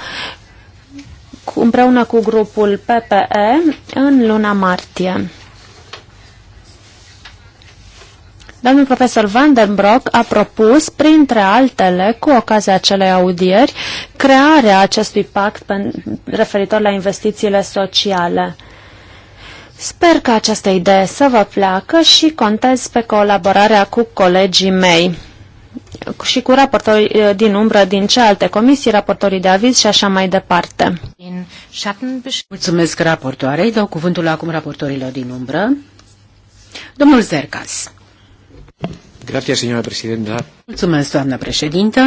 împreună cu grupul PPE în luna martie. Domnul profesor Van den Broek a propus, printre altele, cu ocazia acelei audieri, crearea acestui pact referitor la investițiile sociale. Sper că această idee să vă placă și contez pe colaborarea cu colegii mei și cu raportorii eh, din umbră din cealaltă comisii, raportorii de aviz și așa mai departe. Mulțumesc raportoarei. Dau cuvântul acum raportorilor din umbră. Domnul Zercas. Grazie, signora președintă. Mulțumesc, doamnă președintă.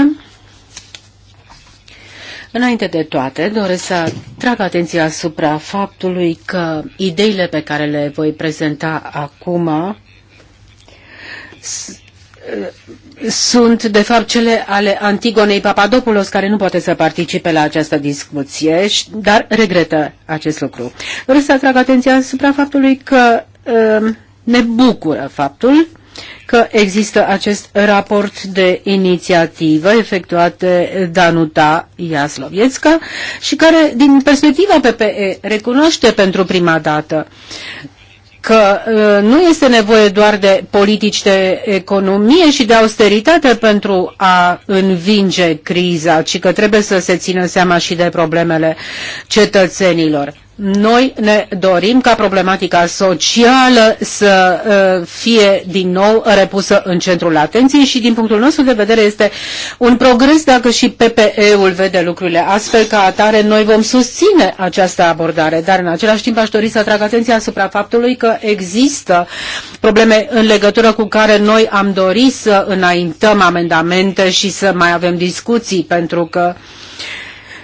Înainte de toate, doresc să trag atenția asupra faptului că ideile pe care le voi prezenta acum sunt, de fapt, cele ale Antigonei Papadopoulos, care nu poate să participe la această discuție, dar regretă acest lucru. Doresc să atrag atenția asupra faptului că um, ne bucură faptul că există acest raport de inițiativă efectuat de Danuta Iaslovietska și care, din perspectiva PPE, recunoaște pentru prima dată că uh, nu este nevoie doar de politici de economie și de austeritate pentru a învinge criza, ci că trebuie să se țină seama și de problemele cetățenilor. Noi ne dorim ca problematica socială să uh, fie din nou repusă în centrul atenției și din punctul nostru de vedere este un progres dacă și PPE-ul vede lucrurile astfel ca atare. Noi vom susține această abordare, dar în același timp aș dori să atrag atenția asupra faptului că există probleme în legătură cu care noi am dorit să înaintăm amendamente și să mai avem discuții pentru că uh,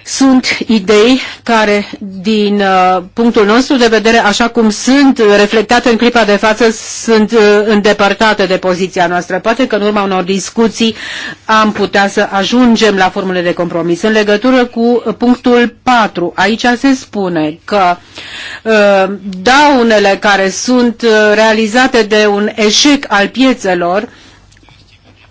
sunt idei care, din uh, punctul nostru de vedere, așa cum sunt reflectate în clipa de față, sunt uh, îndepărtate de poziția noastră. Poate că în urma unor discuții am putea să ajungem la formule de compromis. În legătură cu punctul 4, aici se spune că uh, daunele care sunt realizate de un eșec al piețelor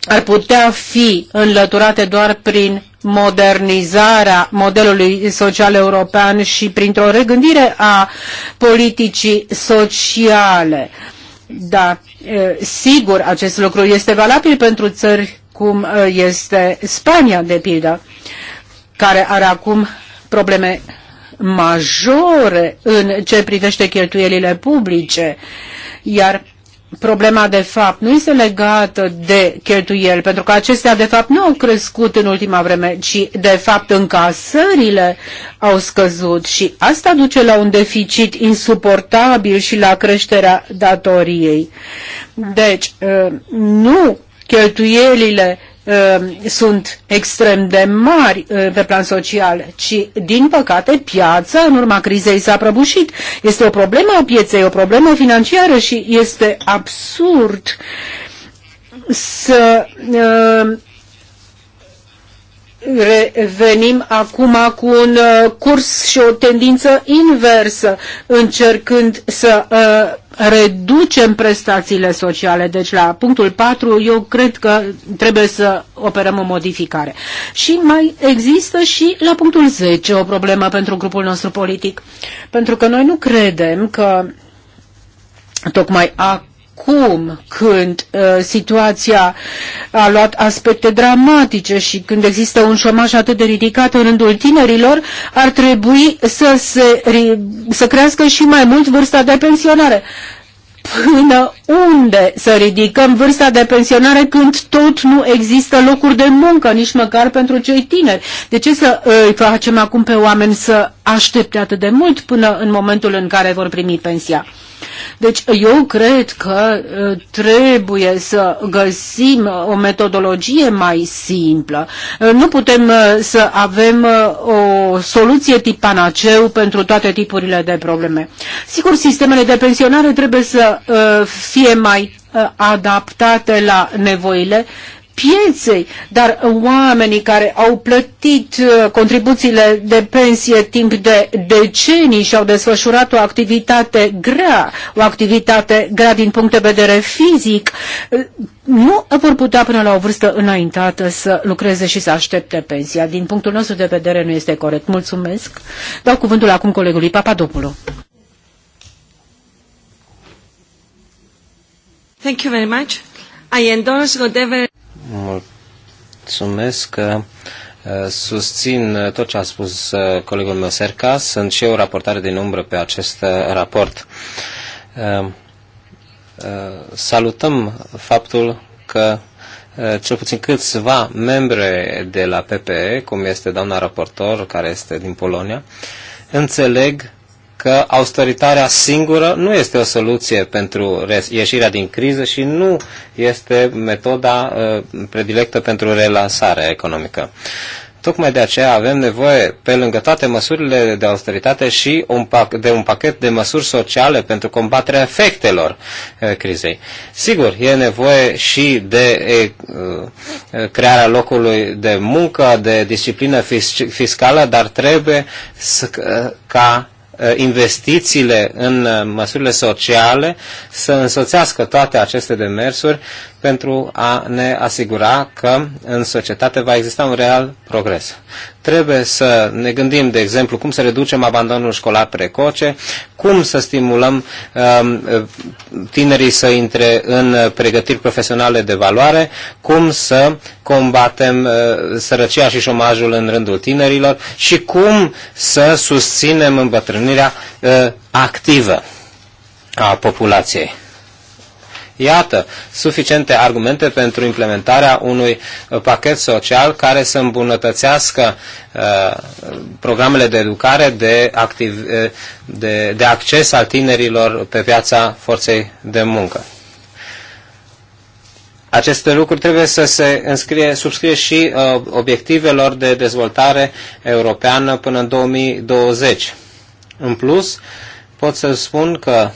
ar putea fi înlăturate doar prin modernizarea modelului social european și printr-o regândire a politicii sociale. Da, sigur, acest lucru este valabil pentru țări cum este Spania, de pildă, care are acum probleme majore în ce privește cheltuielile publice, iar problema de fapt nu este legată de cheltuieli, pentru că acestea de fapt nu au crescut în ultima vreme, ci de fapt încasările au scăzut și asta duce la un deficit insuportabil și la creșterea datoriei. Deci, ă, nu cheltuielile Ehm, sunt extrem de mari eh, pe plan social, ci, din păcate, piața, în urma crizei, s-a prăbușit. Este o problemă a pieței, o problemă financiară și este absurd să uh, revenim acum cu un uh, curs și o tendință inversă, încercând să uh, reducem prestațiile sociale. Deci la punctul 4 eu cred că trebuie să operăm o modificare. Și mai există și la punctul 10 o problemă pentru grupul nostru politic, pentru că noi nu credem că tocmai acum acum când uh, situația a luat aspecte dramatice și când există un șomaj atât de ridicat în rândul tinerilor, ar trebui să, se, să crească și mai mult vârsta de pensionare. Până unde să ridicăm vârsta de pensionare când tot nu există locuri de muncă, nici măcar pentru cei tineri? De ce să uh, îi facem acum pe oameni să aștepte atât de mult până în momentul în care vor primi pensia. Deci eu cred că uh, trebuie să găsim uh, o metodologie mai simplă. Uh, nu putem să avem o soluție tip panaceu pentru toate tipurile de probleme. Sigur, sistemele de pensionare trebuie să fie mai adaptate la nevoile pieței, dar oamenii care au plătit uh, contribuțiile de pensie timp de decenii și au desfășurat o activitate grea, o activitate grea din punct de vedere fizic, uh, nu vor putea până la o vârstă înaintată să lucreze și să aștepte pensia. Din punctul nostru de vedere nu este corect. Mulțumesc. Dau cuvântul acum colegului Papadopoulou. Thank you very much. I endorse whatever Mulțumesc că uh, susțin uh, tot ce a spus uh, colegul meu Serca. Sunt și eu raportare din umbră pe acest raport. Salutăm faptul că cel puțin câțiva membre de la PPE, cum este doamna raportor, care este din Polonia, înțeleg că austeritatea singură nu este o soluție pentru ieșirea din criză și nu este metoda uh, predilectă pentru relansarea economică. Tocmai de aceea avem nevoie, pe lângă toate măsurile de austeritate, și un pac, de un pachet de măsuri sociale pentru combaterea efectelor e, uh, crizei. Sigur, e nevoie și de e, uh, crearea locului de muncă, de disciplină fiscală, dar trebuie să, ca Uh, investițiile în uh, măsurile sociale să însoțească toate aceste demersuri pentru a ne asigura că în societate va exista un real progres. Trebuie să ne gândim, de exemplu, cum să reducem abandonul școlar precoce, cum să stimulăm um, tinerii să intre în pregătiri profesionale de valoare, cum să combatem uh, sărăcia și șomajul în rândul tinerilor și cum să susținem îmbătrânirea uh, activă a populației. Iată, suficiente argumente pentru implementarea unui uh, pachet social care să îmbunătățească uh, programele de educare de, activ, uh, de, de acces al tinerilor pe piața forței de muncă. Aceste lucruri trebuie să se înscrie, subscrie și uh, obiectivelor de dezvoltare europeană până în 2020. În plus, pot să spun că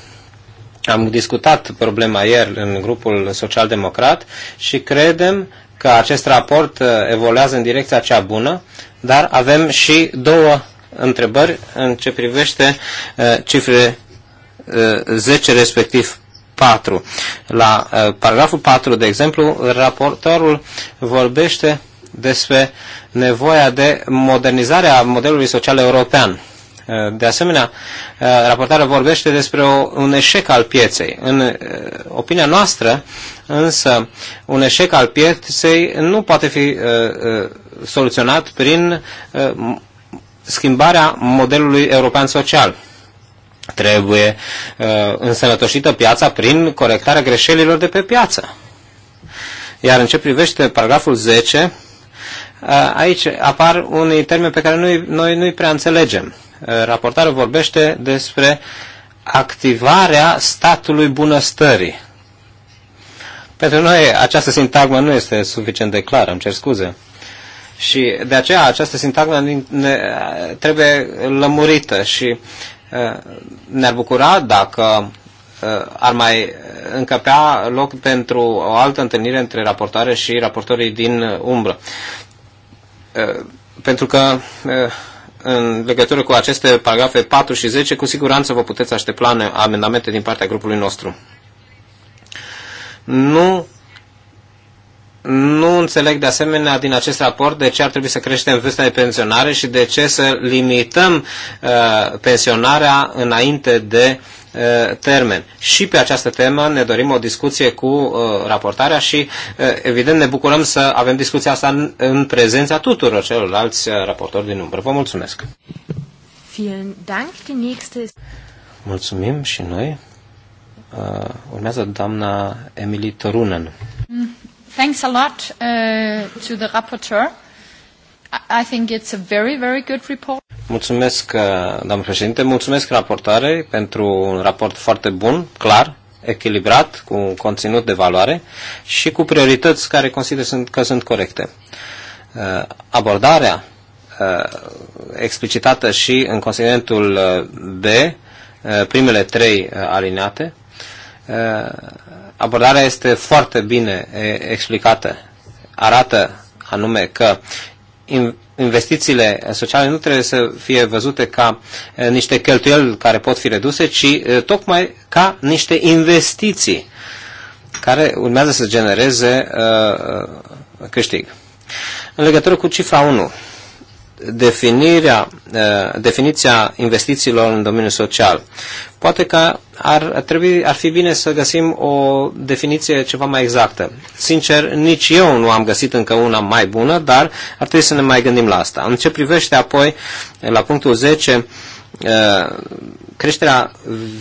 am discutat problema ieri în grupul social-democrat și credem că acest raport uh, evoluează în direcția cea bună, dar avem și două întrebări în ce privește uh, cifrele 10 uh, respectiv 4. La paragraful 4, de exemplu, raportorul vorbește despre nevoia de modernizare a modelului social european. Uh, de asemenea, uh, raportarea vorbește despre o, un eșec al pieței. În uh, opinia noastră, însă, un eșec al pieței nu poate fi soluționat prin schimbarea modelului european social trebuie însănătoșită piața prin corectarea greșelilor de pe piață. Iar în ce privește paragraful 10, aici apar unii termeni pe care noi, noi nu-i prea înțelegem raportarul vorbește despre activarea statului bunăstării. Pentru noi această sintagmă nu este suficient de clară, îmi cer scuze. Și de aceea această sintagmă ne, trebuie lămurită și uh, ne-ar bucura dacă uh, ar mai încăpea loc pentru o altă întâlnire între raportoare și raportorii din umbră. Uh, pentru că în legătură cu aceste paragrafe 4 și 10, cu siguranță vă puteți aștepta amendamente din partea grupului nostru. Nu nu înțeleg de asemenea din acest raport de ce ar trebui să creștem vârsta de pensionare și de ce să limităm uh, pensionarea înainte de uh, termen. Și pe această temă ne dorim o discuție cu uh, raportarea și uh, evident ne bucurăm să avem discuția asta în, în prezența tuturor celorlalți uh, raportori din umbră. Vă mulțumesc! Mulțumim și noi. Uh, urmează doamna Emily Torunen. Mm thanks a lot uh, to the rapporteur. I think it's a very, very good report. Mulțumesc, uh, doamnă președinte, mulțumesc raportare pentru un raport foarte bun, clar, echilibrat, cu un conținut de valoare și cu priorități care consider că sunt corecte. Uh, abordarea uh, explicitată și în considerentul B, primele trei alineate, Abordarea este foarte bine explicată. Arată anume că investițiile sociale nu trebuie să fie văzute ca niște cheltuieli care pot fi reduse, ci tocmai ca niște investiții care urmează să genereze câștig. În legătură cu cifra 1, definirea, eh, definiția investițiilor în domeniul social. Poate că ar, trebui, ar fi bine să găsim o definiție ceva mai exactă. Sincer, nici eu nu am găsit încă una mai bună, dar ar trebui să ne mai gândim la asta. În ce privește apoi, la punctul 10, eh, creșterea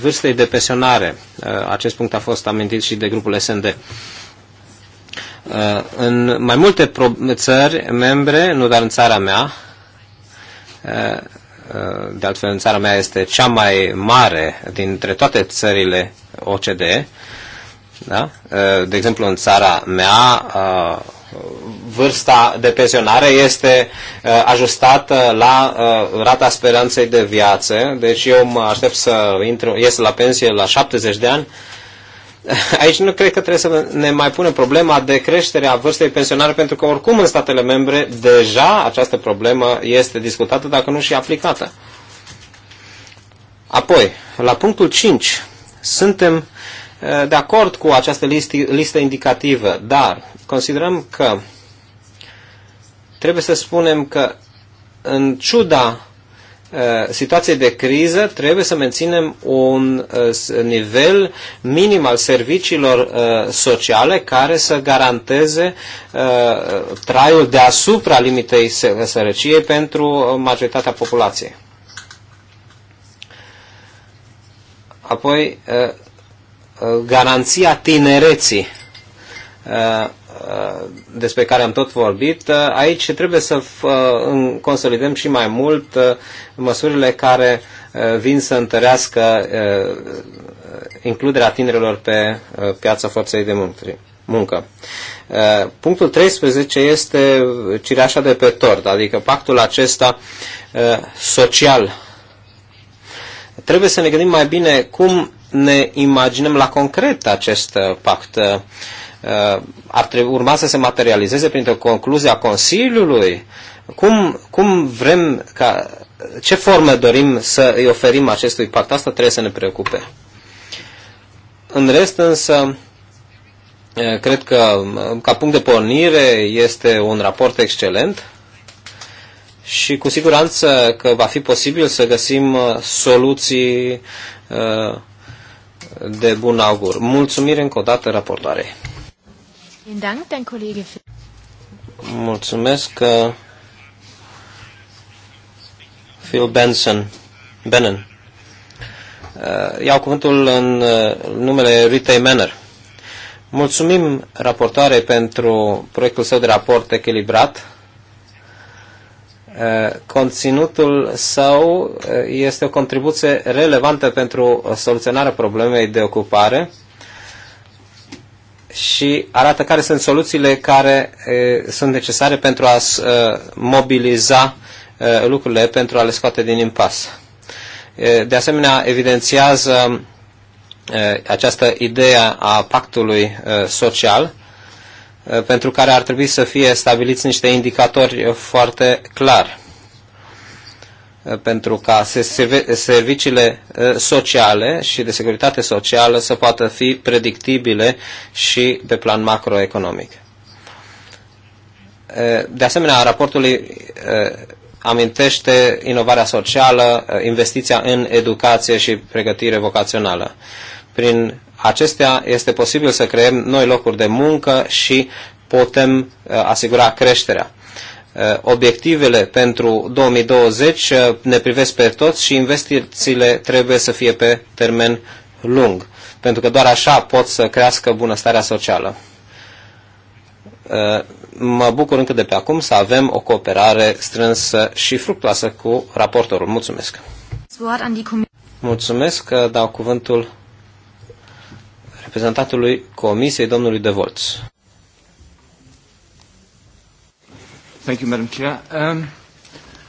vârstei de pensionare. Eh, acest punct a fost amintit și de grupul SND. În mai multe țări membre, nu doar în țara mea, Eh, de altfel în țara mea este cea mai mare dintre toate țările OCDE. Da? Eh, de exemplu, în țara mea, eh, vârsta de pensionare este ajustată la rata speranței de viață. Deci eu mă aștept să intru, ies la pensie la 70 de ani aici nu cred că trebuie să ne mai punem problema de creștere a vârstei pensionare, pentru că oricum în statele membre deja această problemă este discutată, dacă nu și aplicată. Apoi, la punctul 5, suntem eh, de acord cu această listă, listă indicativă, dar considerăm că trebuie să spunem că în ciuda Eh, situație de criză trebuie să menținem un eh, nivel minim al serviciilor eh, sociale care să garanteze traiul deasupra limitei sărăciei pentru majoritatea populației. Apoi, garanția tinereții Uh, despre care am tot vorbit, uh, aici trebuie să uh, consolidăm și mai mult măsurile care vin să întărească includerea tinerilor pe piața forței de muncă. Punctul 13 este cireașa de pe tort, adică pactul acesta social. Trebuie să ne gândim mai bine cum ne imaginăm la concret acest pact Uh, ar trebui, urma să se materializeze printr-o concluzie a Consiliului? Cum, cum vrem ca, ce formă dorim să îi oferim acestui pact? Asta trebuie să ne preocupe. În rest însă, uh, cred că uh, ca punct de pornire este un raport excelent și cu siguranță că va fi posibil să găsim soluții de bun augur. Mulțumire încă o dată raportoarei. Mulțumesc, uh, Phil Benson. Uh, Iau cuvântul în uh, numele Ritei Manner. Mulțumim raportare pentru proiectul său de raport echilibrat. Uh, conținutul său este o contribuție relevantă pentru soluționarea problemei de ocupare și arată care sunt soluțiile care e, sunt necesare pentru a e, mobiliza e, lucrurile, pentru a le scoate din impas. E, de asemenea, evidențiază e, această idee a pactului e, social, pentru care ar trebui să fie stabiliți niște indicatori foarte clari. Uh, pentru ca serviciile uh, sociale și de securitate socială să poată fi predictibile și pe plan macroeconomic. Uh, de asemenea, raportului amintește inovarea socială, investiția în educație și pregătire vocațională. Prin acestea este posibil să creăm noi locuri de muncă și putem asigura creșterea. Eh, obiectivele pentru 2020 eh, ne privesc pe toți și investițiile trebuie să fie pe termen lung, pentru că doar așa pot să crească bunăstarea socială. Eh, mă bucur încă de pe acum să avem o cooperare strânsă și fructoasă cu raportorul. Mulțumesc! Mulțumesc că dau cuvântul reprezentantului Comisiei, domnului De Volț. Thank you, Madam Chair. Um,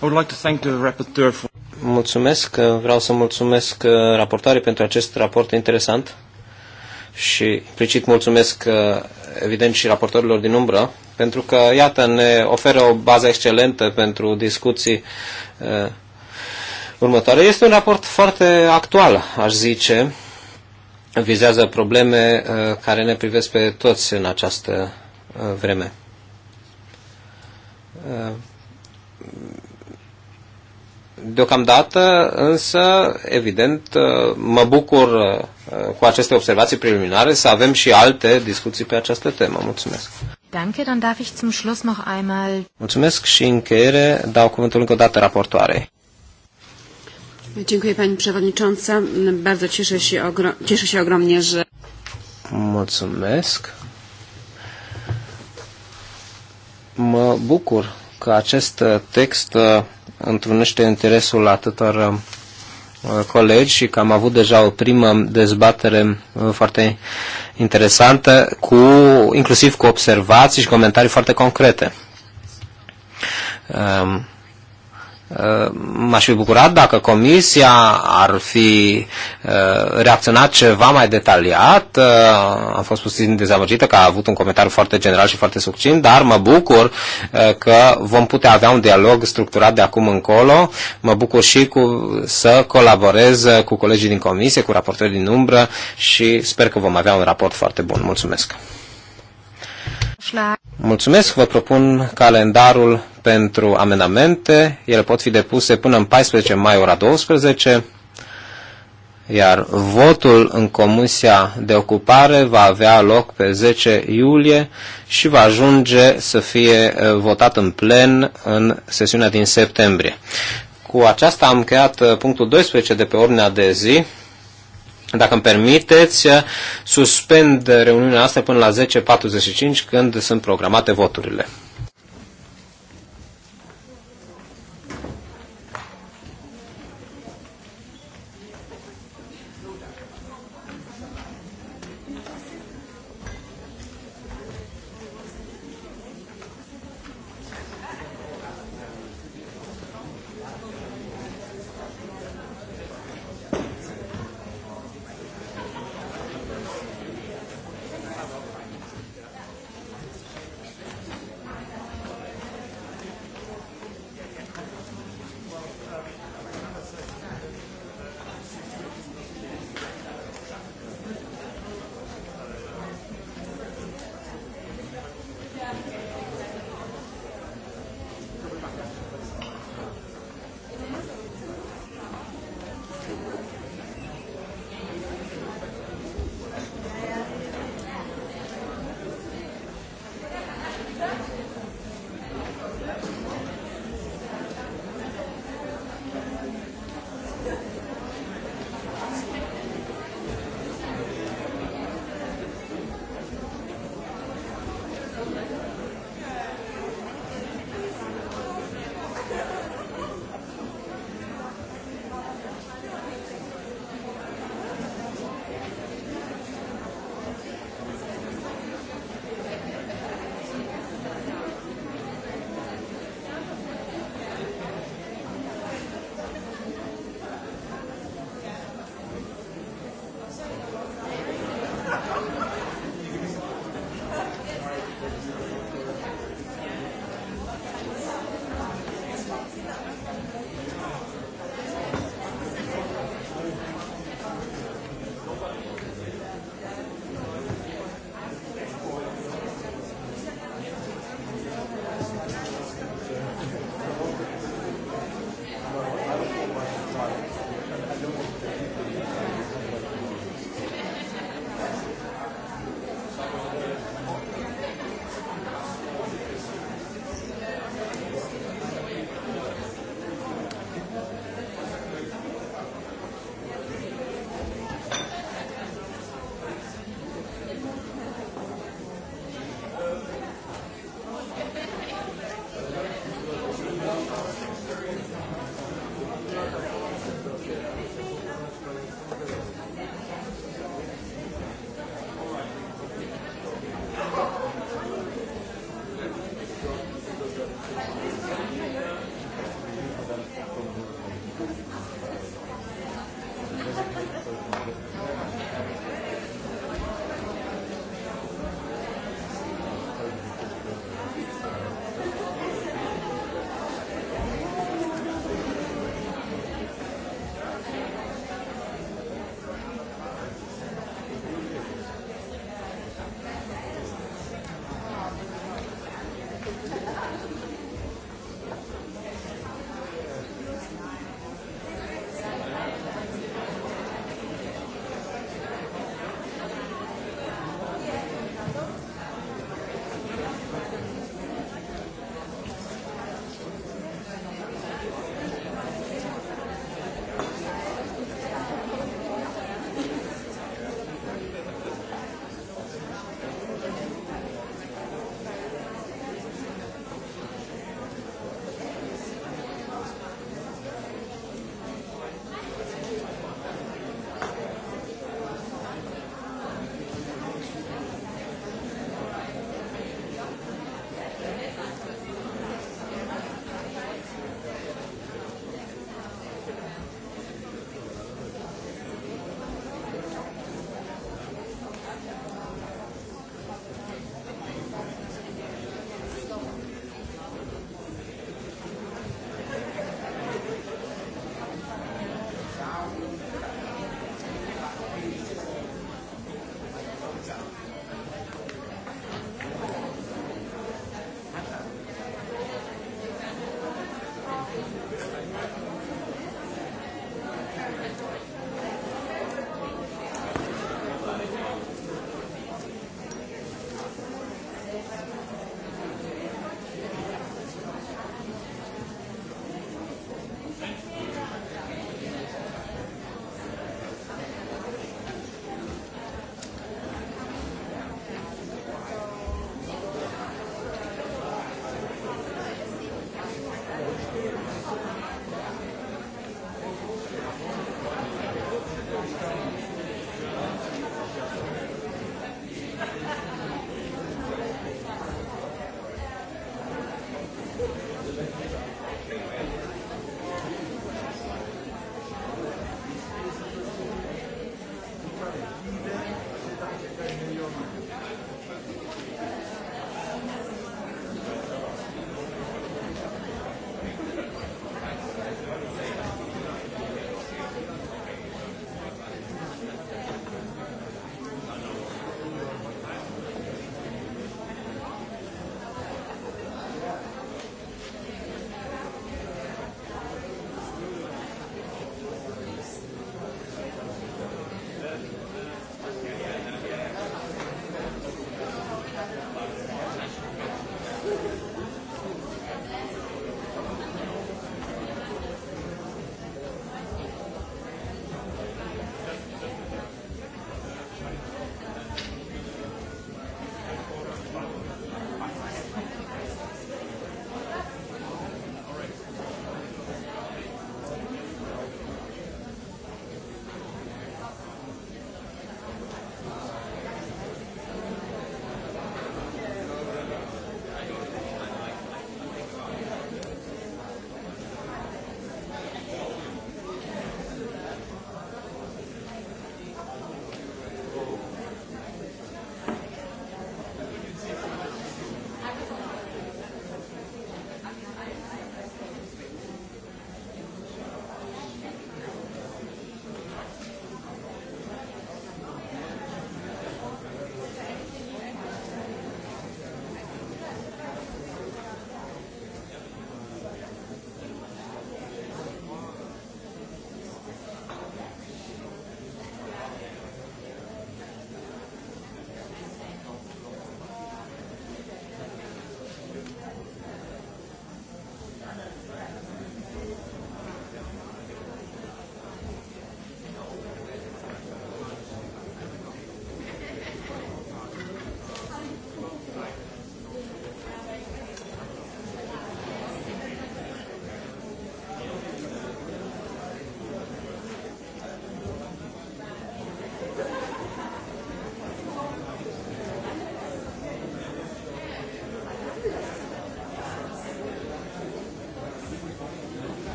I would like to thank the rapporteur for... Mulțumesc, uh, vreau să mulțumesc uh, raportare pentru acest raport interesant și implicit mulțumesc uh, evident și raportorilor din umbră, pentru că, iată, ne oferă o bază excelentă pentru discuții uh, următoare. Este un raport foarte actual, aș zice, vizează probleme uh, care ne privesc pe toți în această uh, vreme. Deocamdată, însă, evident, uh, mă bucur uh, cu aceste observații preliminare să avem și alte discuții pe această temă. Mulțumesc! Danke, dann darf ich zum Schluss noch einmal... Mulțumesc și încheiere dau cuvântul încă o dată raportoarei. Dziękuję Pani Przewodnicząca. Bardzo cieszę się, cieszę się ogromnie, że... Mulțumesc. Mă bucur că acest text uh, întrunește interesul atâtor uh, colegi și că am avut deja o primă dezbatere uh, foarte interesantă, cu, inclusiv cu observații și comentarii foarte concrete. Um, Uh, m-aș fi bucurat dacă comisia ar fi uh, reacționat ceva mai detaliat. Uh, am fost puțin dezamăgită că a avut un comentariu foarte general și foarte succint, dar mă bucur că vom putea avea un dialog structurat de acum încolo. Mă bucur și cu, să colaborez cu colegii din comisie, cu raportorii din umbră și sper că vom avea un raport foarte bun. Mulțumesc! Mulțumesc, vă propun calendarul pentru amendamente. Ele pot fi depuse până în 14 mai ora 12, iar votul în Comisia de Ocupare va avea loc pe 10 iulie și va ajunge să fie eh, votat în plen în sesiunea din septembrie. Cu aceasta am creat eh, punctul 12 de pe ordinea de zi. Dacă îmi permiteți, suspend reuniunea asta până la 10.45 când sunt programate voturile.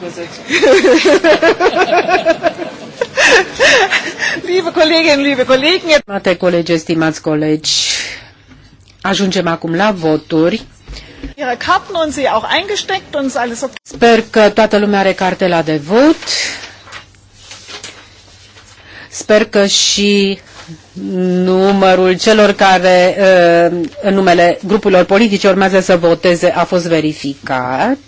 übersetzt. liebe Kolleginnen, liebe Kollegen, Mate colegi, estimați colegi, ajungem acum la voturi. Ihre Karten und sie auch eingesteckt und alles okay. Sper că toată lumea are cartela de vot. Sper că și numărul celor care uh, în numele grupurilor politice urmează să voteze a fost verificat.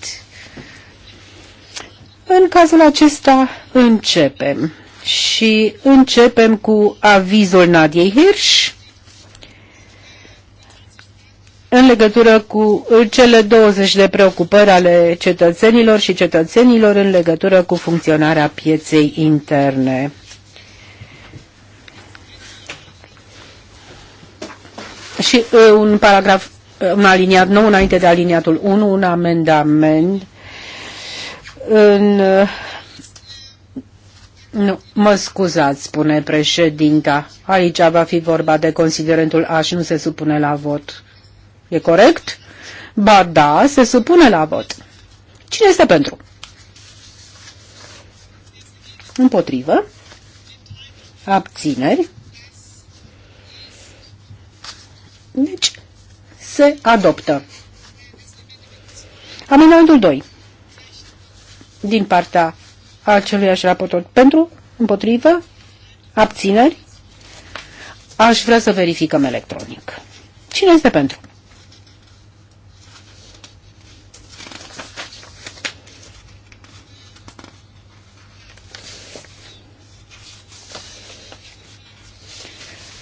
În cazul acesta începem și începem cu avizul Nadiei Hirsch în legătură cu cele 20 de preocupări ale cetățenilor și cetățenilor în legătură cu funcționarea pieței interne. Și uh, un paragraf, uh, un aliniat nou înainte de aliniatul 1, un amendament uh, în nu, mă scuzați, spune președinta. Aici va fi vorba de considerentul A și nu se supune la vot. E corect? Ba da, se supune la vot. Cine este pentru? Împotrivă. Abțineri. Deci, se adoptă. Amendamentul 2 din partea aceluiași raportor pentru, împotrivă, abțineri. Aș vrea să verificăm electronic. Cine este pentru?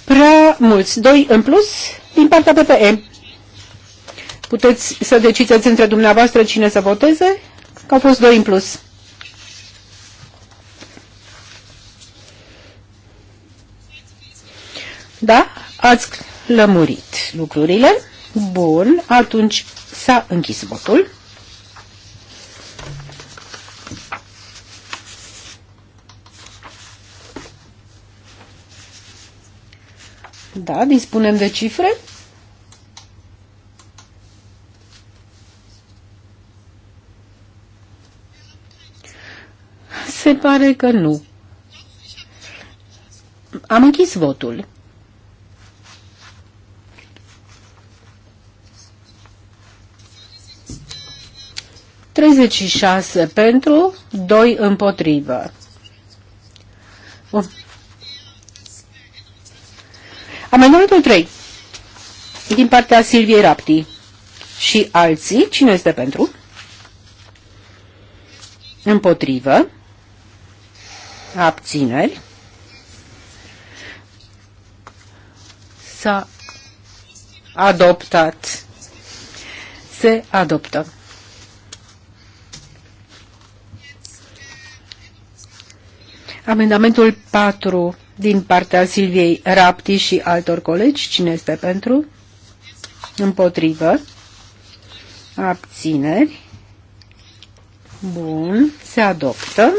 Prea mulți. Doi în plus din partea PPE. Puteți să decideți între dumneavoastră cine să voteze? că au fost doi în plus. Da? Ați lămurit lucrurile. Bun, atunci s-a închis botul. Da, dispunem de cifre. Se pare că nu. Am închis votul. Treizeci și șase pentru, doi împotrivă. Amendamentul trei. din partea Silviei Rapti și alții. Cine este pentru? Împotrivă abțineri. S-a adoptat. Se adoptă. Amendamentul 4 din partea Silviei Rapti și altor colegi. Cine este pentru? Împotrivă. Abțineri. Bun. Se adoptă.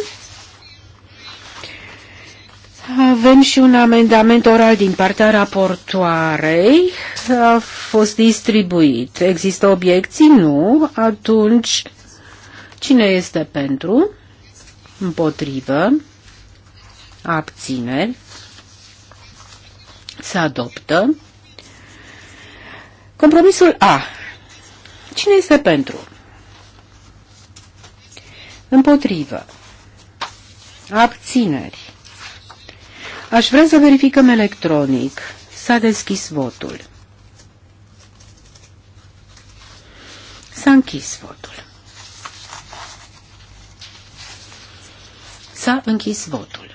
Avem și un amendament oral din partea raportoarei. A fost distribuit. Există obiecții? Nu. Atunci, cine este pentru? Împotrivă? Abțineri? Se adoptă. Compromisul A. Cine este pentru? Împotrivă. Abțineri Aș vrea să verificăm electronic. S-a deschis votul. S-a închis votul. S-a închis votul.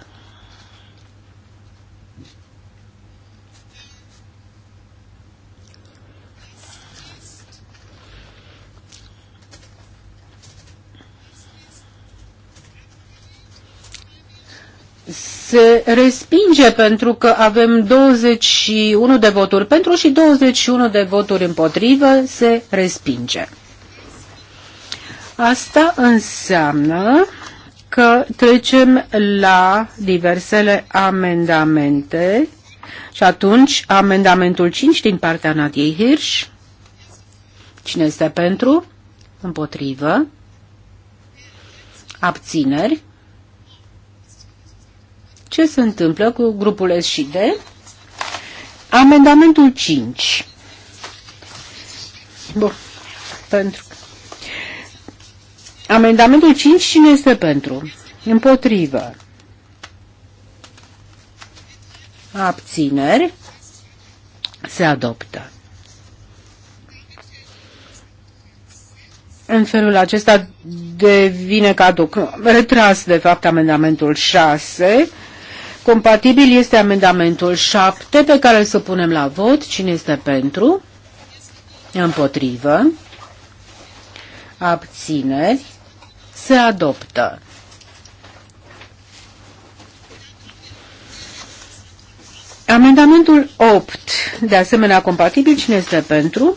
se respinge pentru că avem 21 de voturi pentru și 21 de voturi împotrivă, se respinge. Asta înseamnă că trecem la diversele amendamente și atunci amendamentul 5 din partea Nadiei Hirsch. Cine este pentru? Împotrivă. Abțineri ce se întâmplă cu grupul S și D. Amendamentul 5. Bun. Pentru. Amendamentul 5 cine este pentru? Împotrivă. Abțineri. Se adoptă. În felul acesta devine caduc. Retras, de fapt, amendamentul 6. Compatibil este amendamentul 7 pe care îl să punem la vot. Cine este pentru? Împotrivă. Abțineri. Se adoptă. Amendamentul 8, de asemenea compatibil, cine este pentru?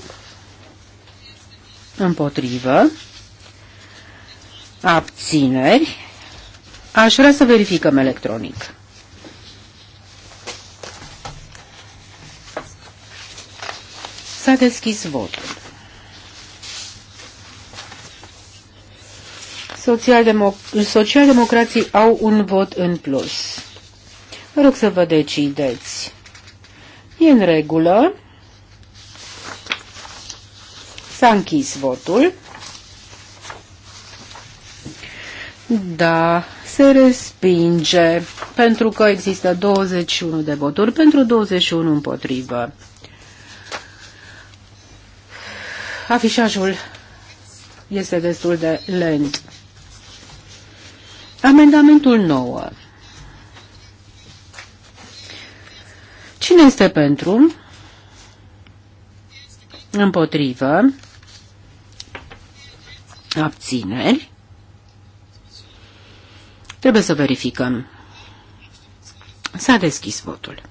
Împotrivă. Abțineri. Aș vrea să verificăm electronic. S-a deschis votul. socialdemocrații au un vot în plus. Vă rog să vă decideți. E în regulă. S-a închis votul. Da, se respinge, pentru că există 21 de voturi pentru 21 împotrivă. afișajul este destul de lent. Amendamentul 9. Cine este pentru? Împotrivă. Abțineri. Trebuie să verificăm. S-a deschis votul.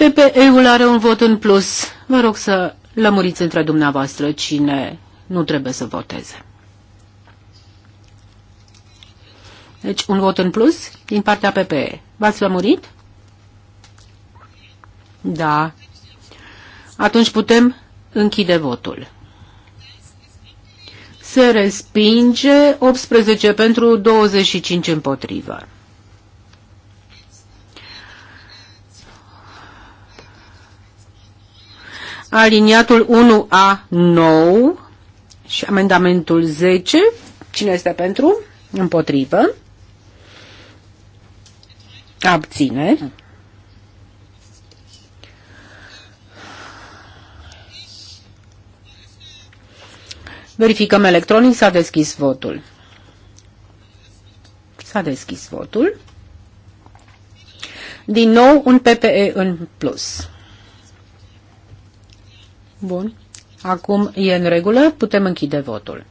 PPE-ul are un vot în plus. Vă rog să lămuriți între dumneavoastră cine nu trebuie să voteze. Deci un vot în plus din partea PPE. V-ați lămurit? Da. Atunci putem închide votul. Se respinge 18 pentru 25 împotrivă. aliniatul 1A nou și amendamentul 10. Cine este pentru? Împotrivă. Abține. Verificăm electronic, s-a deschis votul. S-a deschis votul. Din nou un PPE în plus. Bun. Acum e în regulă, putem închide votul.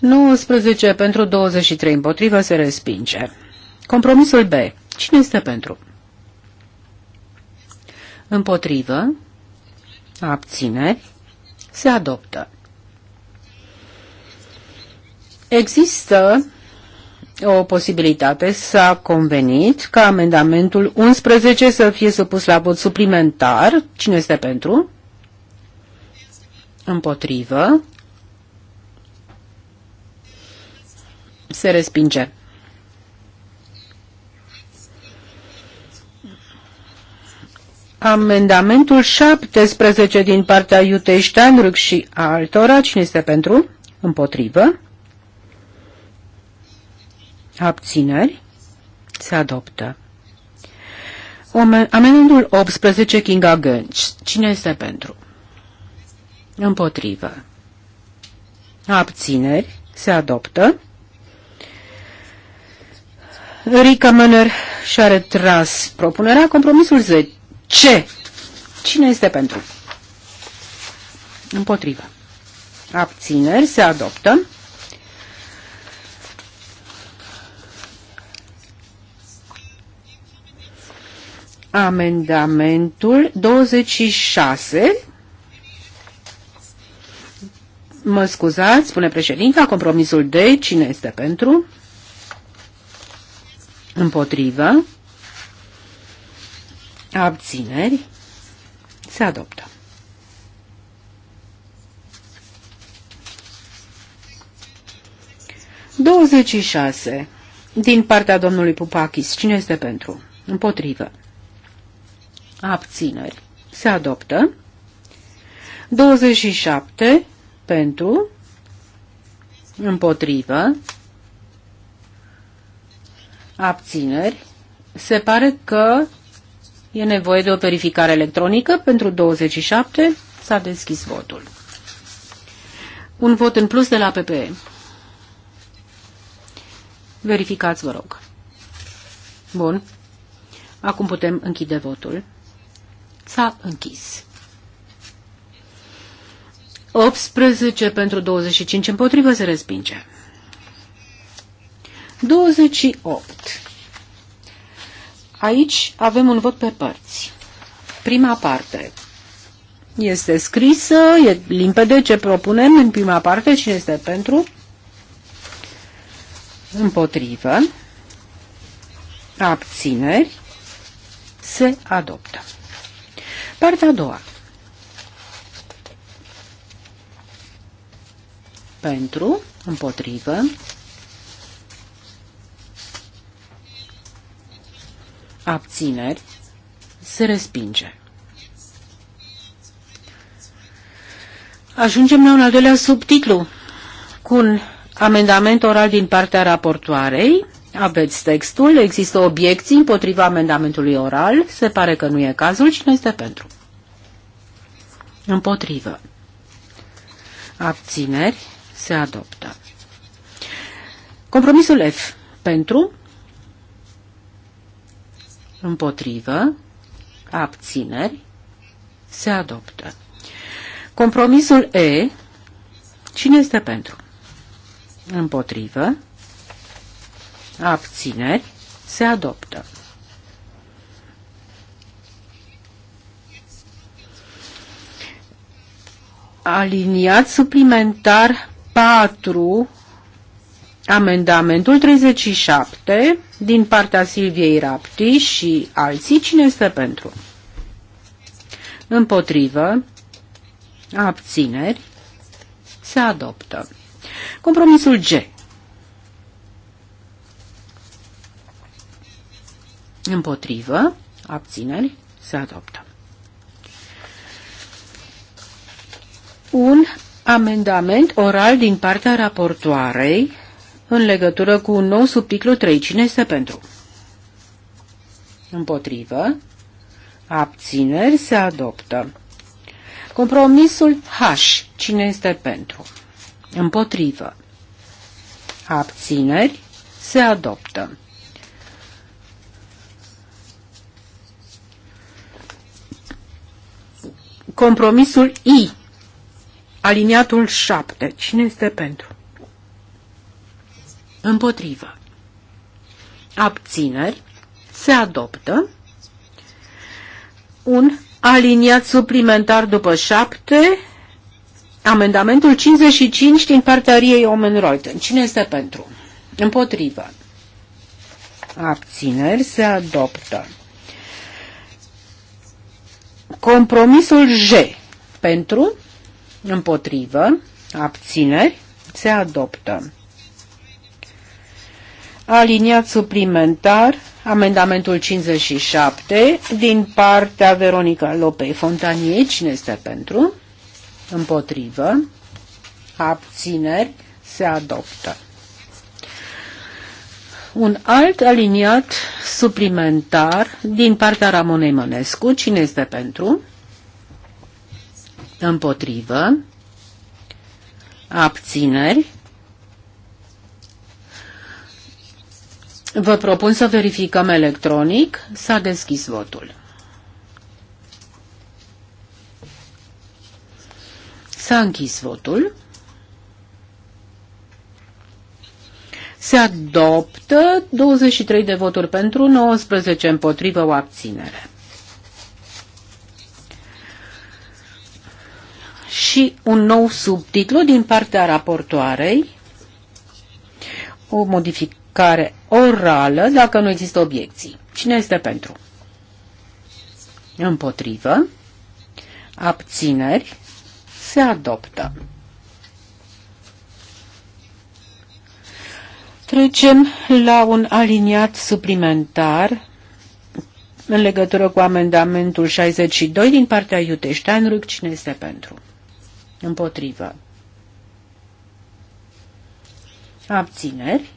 19 pentru 23 împotrivă se respinge. Compromisul B. Cine este pentru? Împotrivă. Abțineri. Se adoptă. Există o posibilitate. S-a convenit ca amendamentul 11 să fie supus la vot suplimentar. Cine este pentru? Împotrivă. Se respinge. Amendamentul 17 din partea Iuteșteanruc și altora. Cine este pentru? Împotrivă. Abțineri? Se adoptă. Amendamentul 18, Kinga Gânci. Cine este pentru? Împotrivă. Abțineri? Se adoptă. Rica Măner și-a retras propunerea. Compromisul 10. Ce? Cine este pentru? Împotrivă. Abțineri se adoptă. Amendamentul 26. Mă scuzați, spune președinta, compromisul de? cine este pentru? Împotrivă. Abțineri. Se adoptă. Douăzeci și șase. Din partea domnului Pupachis, cine este pentru? Împotrivă abțineri. Se adoptă. 27 pentru, împotrivă, abțineri. Se pare că e nevoie de o verificare electronică. Pentru 27 s-a deschis votul. Un vot în plus de la PPE. Verificați, vă rog. Bun. Acum putem închide votul. S-a închis. 18 pentru 25 împotrivă se respinge. 28. Aici avem un vot pe părți. Prima parte. Este scrisă, e limpede ce propunem în prima parte. Cine este pentru? Împotrivă. Abțineri. Se adoptă. Partea a doua. Pentru, împotrivă, abțineri, se respinge. Ajungem la un al doilea subtitlu, cu un amendament oral din partea raportoarei, aveți textul, există obiecții împotriva amendamentului oral, se pare că nu e cazul, cine este pentru? Împotrivă. Abțineri se adoptă. Compromisul F. Pentru, împotrivă, abțineri, se adoptă. Compromisul E. Cine este pentru? Împotrivă, abțineri, se adoptă. Aliniat suplimentar 4, amendamentul 37 din partea Silviei Rapti și alții, cine este pentru? Împotrivă, abțineri, se adoptă. Compromisul G. Împotrivă. Abțineri. Se adoptă. Un amendament oral din partea raportoarei în legătură cu un nou subtitlu 3. Cine este pentru? Împotrivă. Abțineri se adoptă. Compromisul H. Cine este pentru? Împotrivă. Abțineri se adoptă. compromisul I, aliniatul 7. Cine este pentru? Împotrivă. Abțineri. Se adoptă un aliniat suplimentar după 7, amendamentul 55 din partea Riei Omenreuten. Cine este pentru? Împotrivă. Abțineri se adoptă. Compromisul J pentru, împotrivă, abțineri, se adoptă. Aliniat suplimentar, amendamentul 57, din partea Veronica Lopei Fontanie, cine este pentru? Împotrivă, abțineri, se adoptă un alt aliniat suplimentar din partea Ramonei Mănescu. Cine este pentru? Împotrivă. Abțineri. Vă propun să verificăm electronic. S-a deschis votul. S-a închis votul. Se adoptă 23 de voturi pentru, 19 împotrivă, o abținere. Și un nou subtitlu din partea raportoarei, o modificare orală, dacă nu există obiecții. Cine este pentru? Împotrivă. Abțineri. Se adoptă. Trecem la un aliniat suplimentar în legătură cu amendamentul 62 din partea Iute Steinruck. Cine este pentru? Împotrivă. Abțineri.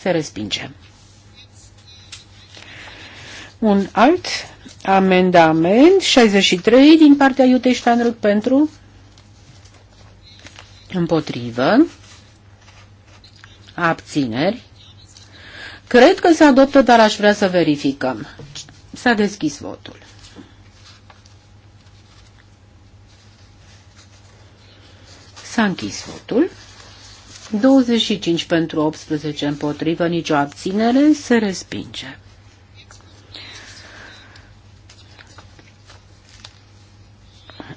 Se respinge. Un alt amendament, 63 din partea Iute pentru? Împotrivă abțineri. Cred că se adoptă, dar aș vrea să verificăm. S-a deschis votul. S-a închis votul. 25 pentru 18 împotrivă, nicio abținere, se respinge.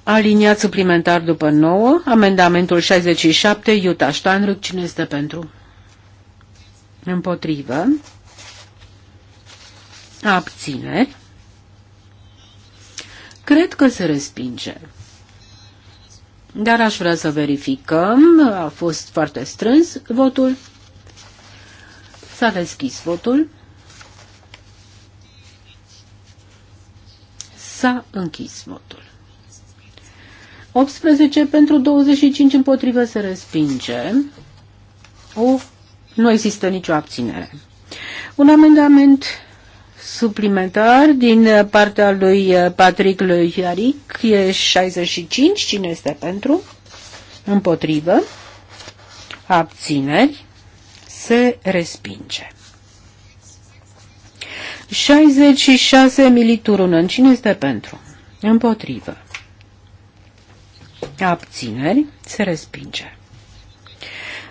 Aliniat suplimentar după 9, amendamentul 67, Iuta Ștanruc, cine este pentru? Împotrivă. Abțineri. Cred că se respinge. Dar aș vrea să verificăm. A fost foarte strâns votul. S-a deschis votul. S-a închis votul. 18 pentru 25 împotrivă se respinge. O nu există nicio abținere. Un amendament suplimentar din partea lui uh, Patrick Loiaric e 65. Cine este pentru? Împotrivă. Abțineri. Se respinge. 66 militurunăn. Cine este pentru? Împotrivă. Abțineri. Se respinge.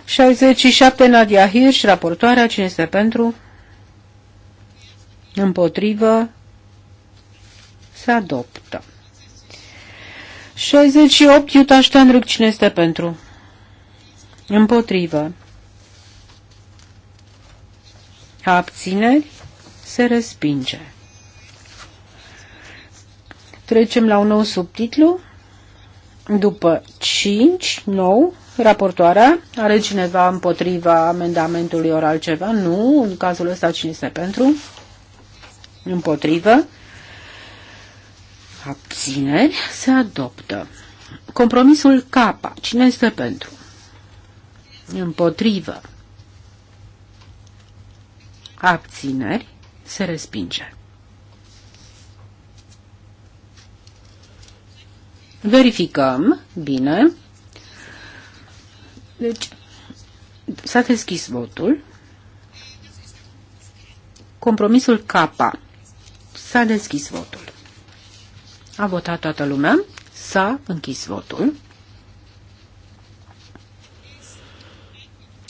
67 Nadia Hirsch, raportoarea, cine este pentru? Împotrivă. Se adoptă. 68 Iuta Ștanruc, cine este pentru? Împotrivă. Abțineri. Se respinge. Trecem la un nou subtitlu. După 5, 9, Raportoarea, are cineva împotriva amendamentului oral altceva Nu, în cazul ăsta cine este pentru? Împotrivă? Abțineri? Se adoptă. Compromisul K. Cine este pentru? Împotrivă. Abțineri? Se respinge. Verificăm. Bine. Deci, s-a deschis votul. Compromisul K. S-a deschis votul. A votat toată lumea. S-a închis votul.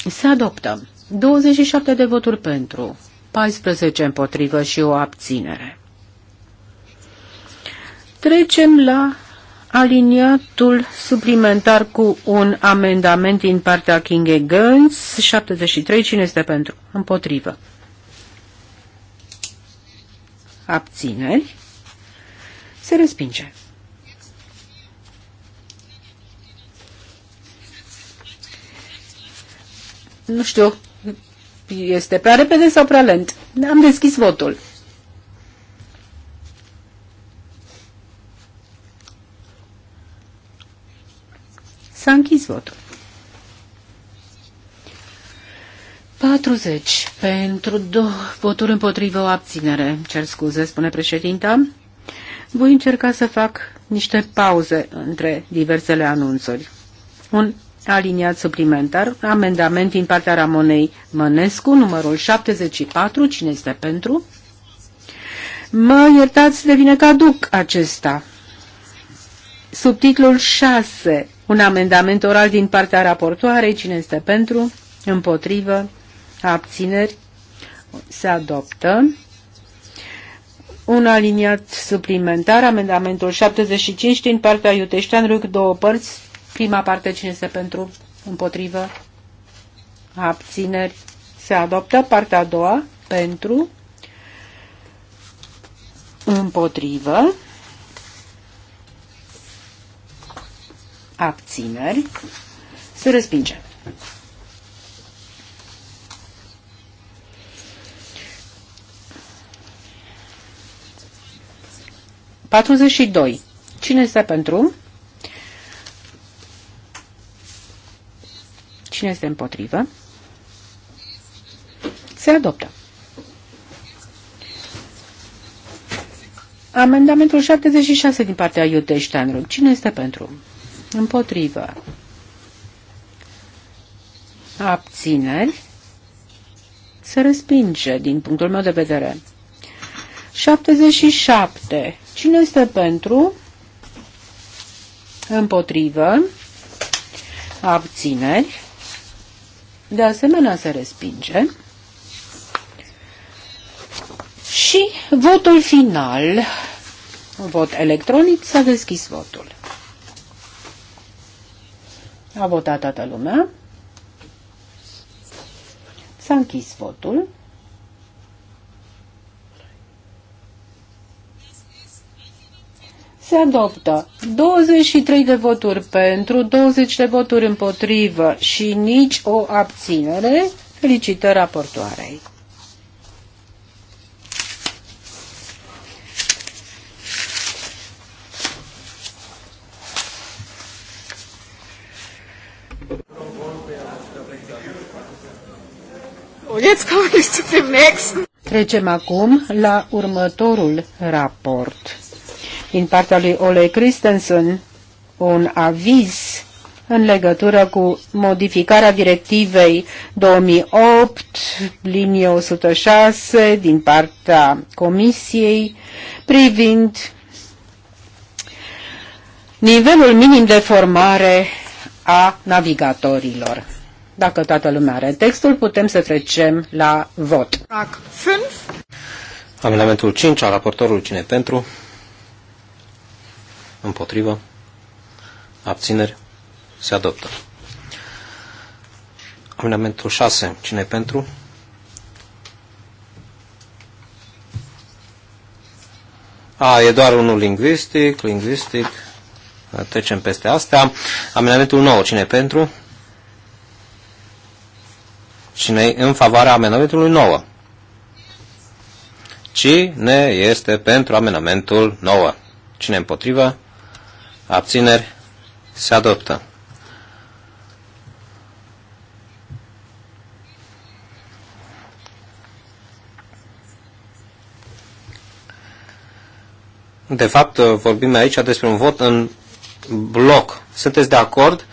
Se adoptă 27 de voturi pentru, 14 împotrivă și o abținere. Trecem la Aliniatul suplimentar cu un amendament din partea Kinge Guns 73, cine este pentru? Împotrivă. Abțineri. Se respinge. Nu știu, este prea repede sau prea lent. Am deschis votul. S-a închis votul. 40 pentru două voturi împotrivă o abținere. Cer scuze, spune președinta. Voi încerca să fac niște pauze între diversele anunțuri. Un aliniat suplimentar, amendament din partea Ramonei Mănescu, numărul 74, cine este pentru? Mă iertați, devine caduc acesta. Subtitlul 6, un amendament oral din partea raportoarei. Cine este pentru? Împotrivă? Abțineri? Se adoptă. Un aliniat suplimentar, amendamentul 75 din partea Iuteștean, rug două părți. Prima parte, cine este pentru? Împotrivă? Abțineri? Se adoptă. Partea a doua, pentru? Împotrivă? abțineri, se respinge. Patruzeci și doi. Cine este pentru? Cine este împotrivă? Se adoptă. Amendamentul 76 din partea Iutei Cine este pentru? Împotrivă. Abțineri. Se respinge din punctul meu de vedere. 77. Cine este pentru? Împotrivă. Abțineri. De asemenea se respinge. Și votul final. Vot electronic s-a deschis votul. A votat toată lumea. S-a închis votul. Se adoptă 23 de voturi pentru, 20 de voturi împotrivă și nici o abținere. Felicitări raportoarei. jetzt komme ich zu dem nächsten. Trecem acum la următorul raport. Din partea lui Ole Christensen, un aviz în legătură cu modificarea directivei 2008, linie 106, din partea Comisiei, privind nivelul minim de formare a navigatorilor. Dacă toată lumea are textul, putem să trecem la vot. Amendamentul 5 al raportorului cine pentru? Împotrivă? Abțineri? Se adoptă. Amendamentul 6. Cine pentru? A, e doar unul lingvistic, lingvistic. Trecem peste asta. Amendamentul 9. Cine pentru? cine în favoarea amenamentului 9. Cine este pentru amenamentul 9? Cine împotrivă? Abțineri? Se adoptă. De fapt, vorbim aici despre un vot în bloc. Sunteți de acord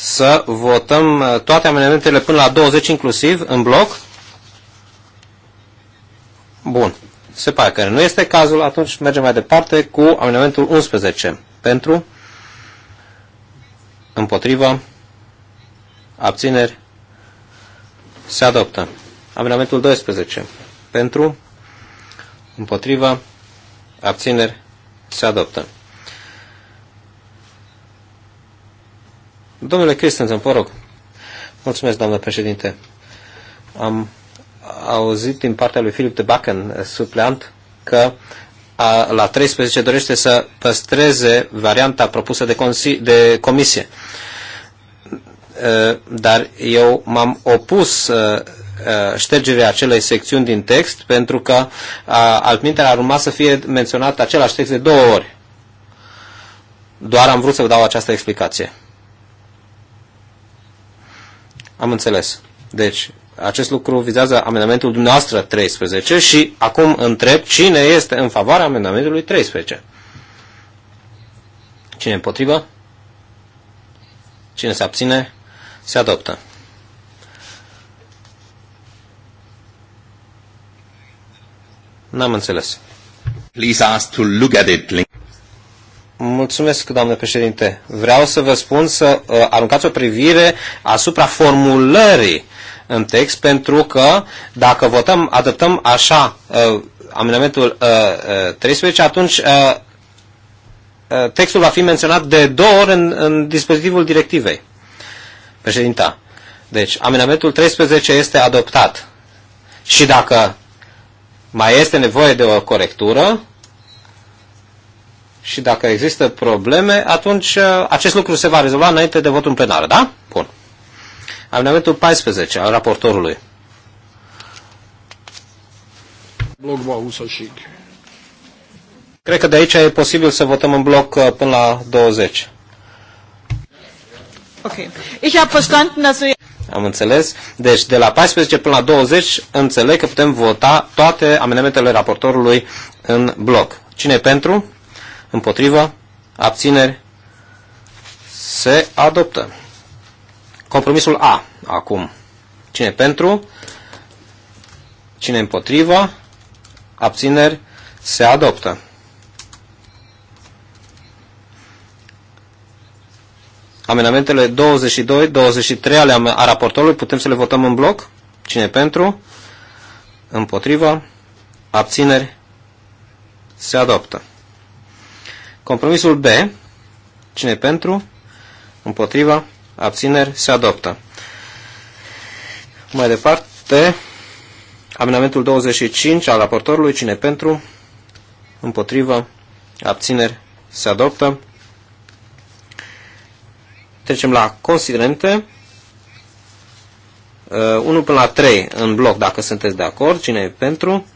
să votăm uh, toate amendamentele până la 20 inclusiv, în bloc? Bun. Se pare că nu este cazul, atunci mergem mai departe cu amendamentul 11. Pentru, împotriva, abțineri, se adoptă. Amendamentul 12. Pentru, împotriva, abțineri, se adoptă. Domnule Christensen, vă rog. Mulțumesc, doamnă președinte. Am auzit din partea lui Filip de Backen, supleant, că a, la 13 dorește să păstreze varianta propusă de, consi- de comisie. Dar eu m-am opus ștergerea acelei secțiuni din text pentru că altminte ar urma să fie menționat același text de două ori. Doar am vrut să vă dau această explicație. Am înțeles. Deci, acest lucru vizează amendamentul dumneavoastră 13 și acum întreb cine este în favoarea amendamentului 13. Cine împotrivă? Cine se abține? Se adoptă. N-am înțeles. Please ask to look at it. Mulțumesc, doamnă președinte. Vreau să vă spun să uh, aruncați o privire asupra formulării în text, pentru că dacă votăm, adoptăm așa uh, amendamentul uh, uh, 13, atunci uh, uh, textul va fi menționat de două ori în, în dispozitivul directivei. Președinta. Deci, amendamentul 13 este adoptat. Și dacă mai este nevoie de o corectură, și dacă există probleme, atunci uh, acest lucru se va rezolva înainte de votul în plenară, da? Bun. Amendamentul 14 al raportorului. Bloc va și. Cred că de aici e posibil să votăm în bloc uh, până la 20. Ok. Ich habe verstanden, dass wir... Am înțeles. Deci de la 14 până la 20 înțeleg că putem vota toate amendamentele raportorului în bloc. Cine pentru? împotriva, abțineri, se adoptă. Compromisul A, acum. Cine pentru, cine împotriva, abțineri, se adoptă. Amendamentele 22, 23 ale a raportorului putem să le votăm în bloc. Cine pentru? Împotriva? Abțineri? Se adoptă. Compromisul B, cine pentru, împotriva, abțineri, se adoptă. Mai departe, amendamentul 25 al raportorului, cine pentru, împotriva, abțineri, se adoptă. Trecem la considerente. 1 uh, până la 3 în bloc, dacă sunteți de acord, cine e pentru,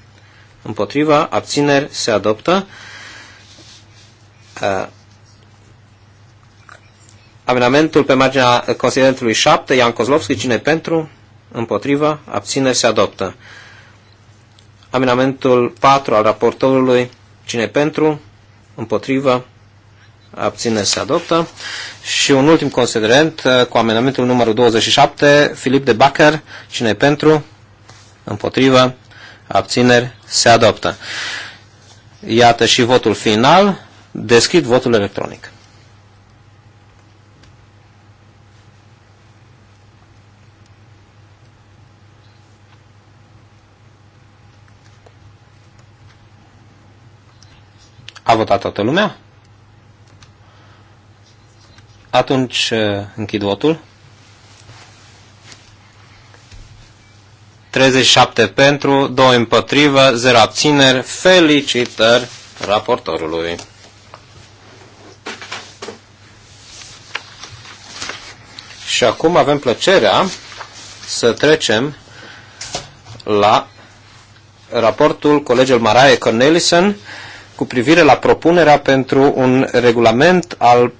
împotriva, abțineri, se adoptă uh, amenamentul pe marginea considerentului 7, Ian Kozlovski, cine pentru, împotriva, abține, se adoptă. Amenamentul 4 al raportorului, cine pentru, împotriva, abține, se adoptă. Și un ultim considerent uh, cu amenamentul numărul 27, Filip de Bacher, cine pentru, împotriva, abțineri, se adoptă. Iată și votul final Deschid votul electronic. A votat toată lumea? Atunci eh, închid votul. 37 pentru, 2 împotrivă, 0 abțineri. Felicitări raportorului. Și acum avem plăcerea să trecem la raportul colegiul Maraie Cornelison cu privire la propunerea pentru un regulament al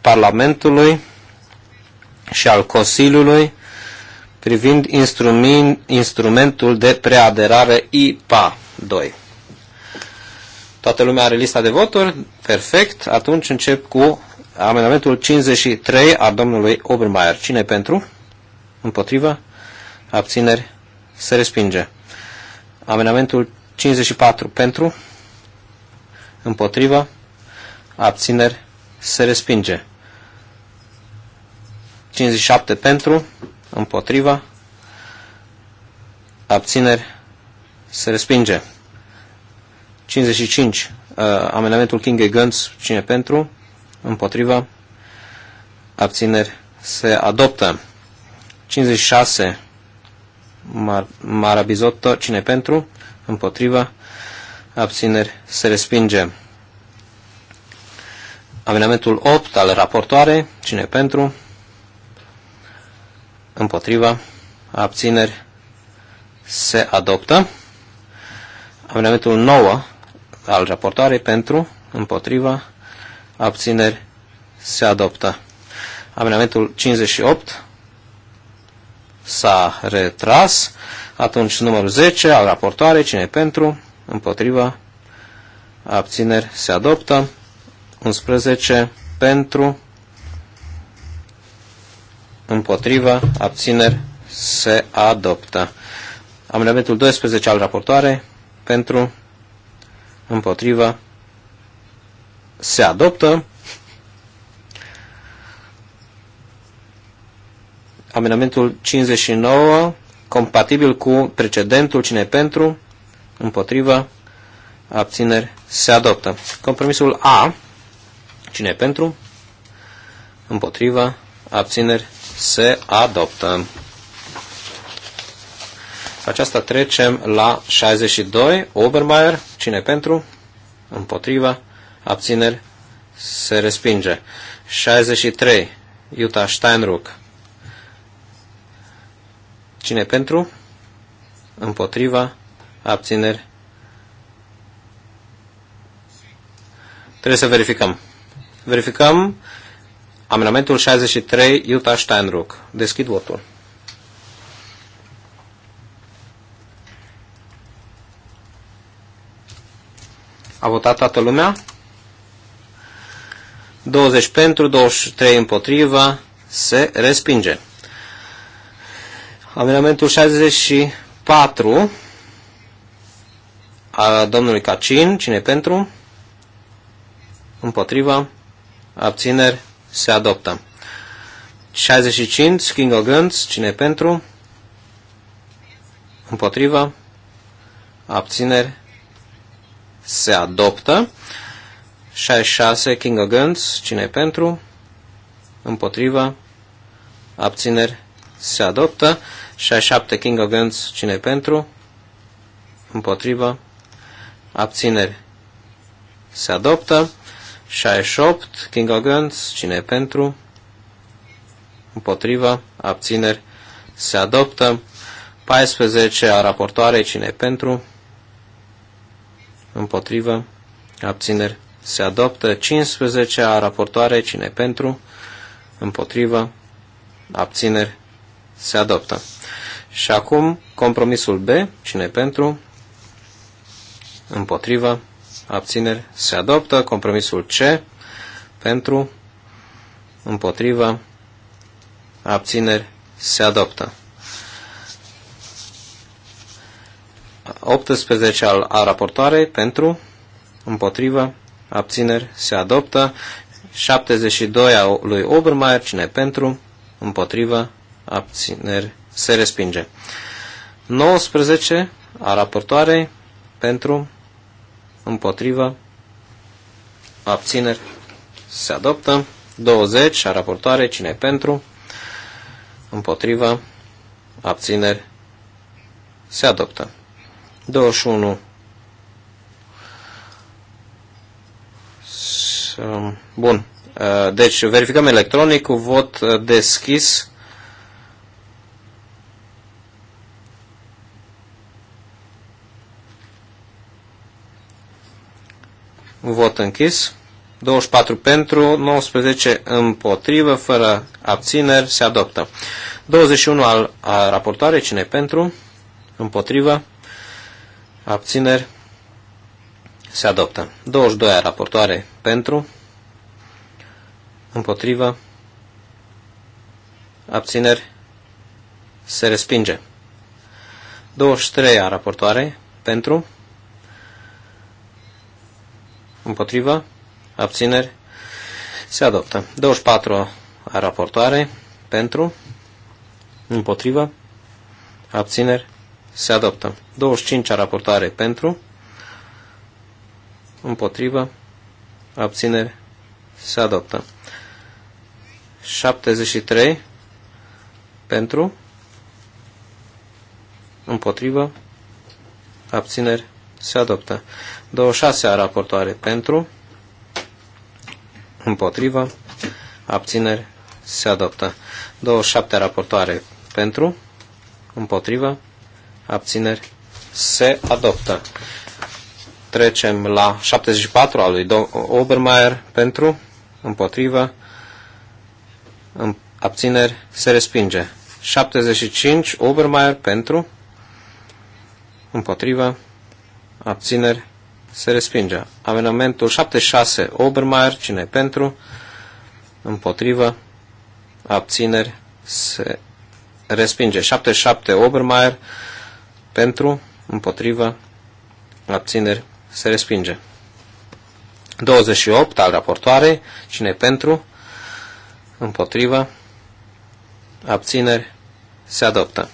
Parlamentului și al Consiliului privind instrumentul de preaderare IPA 2. Toată lumea are lista de voturi? Perfect. Atunci încep cu Amendamentul 53 al domnului Obermeier. Cine pentru? Împotrivă? Abțineri? Se respinge. Amendamentul 54 pentru? Împotrivă? Abțineri? Se respinge. 57 pentru? Împotrivă? Abțineri? Se respinge. 55. Uh, amendamentul King Guns. Cine pentru? împotriva, abțineri se adoptă. 56 Mar Marabizotto, cine pentru, împotriva, abțineri se respinge. Amenamentul 8 al raportoare, cine pentru, împotriva, abțineri se adoptă. Amenamentul 9 al raportoare pentru, împotriva, abțineri, se adoptă. Amendamentul 58 s-a retras. Atunci numărul 10 al raportoare, cine pentru, împotriva, abțineri, se adoptă. 11 pentru, împotriva, abțineri, se adoptă. Amendamentul 12 al raportoare, pentru, împotriva, se adoptă. Amendamentul 59, compatibil cu precedentul, cine pentru, împotriva, abțineri, se adoptă. Compromisul A, cine pentru, împotriva, abțineri, se adoptă. Aceasta trecem la 62, Obermeier, cine pentru, împotriva, abțineri, se respinge. 63, Iuta Steinruck. Cine pentru? Împotriva, abțineri. Trebuie să verificăm. Verificăm amendamentul 63, Iuta Steinruck. Deschid votul. A votat toată lumea? 20 pentru, 23 împotriva, se respinge. Amendamentul 64 a domnului Cacin, cine pentru? Împotriva, abțineri, se adoptă. 65, King Guns, cine pentru? Împotriva, abțineri, se adoptă. 66 King of Guns, cine pentru? Împotriva. Abțineri se adoptă. 67 King of Guns, cine pentru? Împotriva. Abțineri se adoptă. 68 King of Guns, cine pentru? Împotriva. Abțineri se adoptă. 14 a raportoare, cine pentru? Împotrivă. Abțineri se adoptă 15 a raportoare, cine pentru, împotrivă, abțineri, se adoptă. Și acum compromisul B, cine pentru, împotrivă, abțineri, se adoptă. Compromisul C, pentru, împotrivă, abțineri, se adoptă. 18 al a raportoare pentru, împotrivă, abțineri, se adoptă. 72 a lui Obermeier, cine pentru, împotrivă, abțineri, se respinge. 19 a raportoarei, pentru, împotrivă, abțineri, se adoptă. 20 a raportoare, cine pentru, împotrivă, abțineri, se adoptă. 21 Um, bun. Uh, deci verificăm electronic cu vot uh, deschis. Vot închis. 24 pentru, 19 împotrivă, fără abțineri, se adoptă. 21 al a raportoare, cine pentru, împotrivă, abțineri, se adoptă. 22 a raportoare pentru, împotrivă, abțineri, se respinge. 23 a raportoare pentru, împotrivă, abțineri, se adoptă. 24 a raportoare pentru, împotrivă, abțineri, se adoptă. 25 a raportoare pentru, împotrivă, abțineri, se adoptă. 73 pentru, împotrivă, abțineri, se adoptă. 26 a raportoare pentru, împotrivă, abțineri, se adoptă. 27 a raportoare pentru, împotrivă, abțineri, se adoptă. Trecem la 74 al lui Obermeier pentru, împotrivă, abțineri, se respinge. 75 Obermeier pentru, împotrivă, abțineri, se respinge. Amendamentul 76 Obermeier, cine pentru, împotrivă, abțineri, se respinge. 77 Obermeier pentru, împotrivă, abțineri, se respinge. 28 al raportoare, cine pentru, împotriva, abțineri, se adoptă.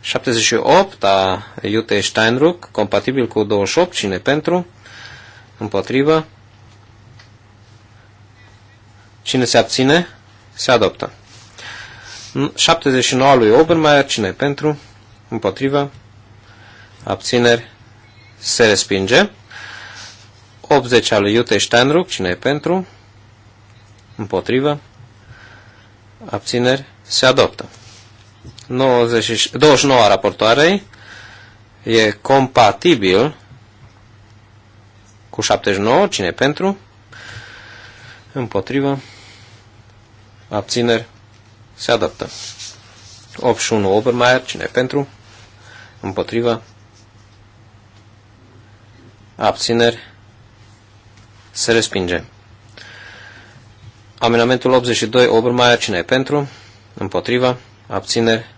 78 a Iute Steinruck, compatibil cu 28, cine pentru, împotriva, cine se abține, se adoptă. 79 lui Obermeier, cine pentru, împotriva, abțineri, se respinge. 80 al lui Iute Steinruck, cine e pentru, împotrivă, abțineri, se adoptă. 90, 29 a raportoarei e compatibil cu 79, cine pentru, împotrivă, abțineri, se adoptă. 81 Obermeier, cine pentru, împotrivă, abțineri, se respinge. Amenamentul 82, Obermeier, cine e pentru? Împotriva, abțineri,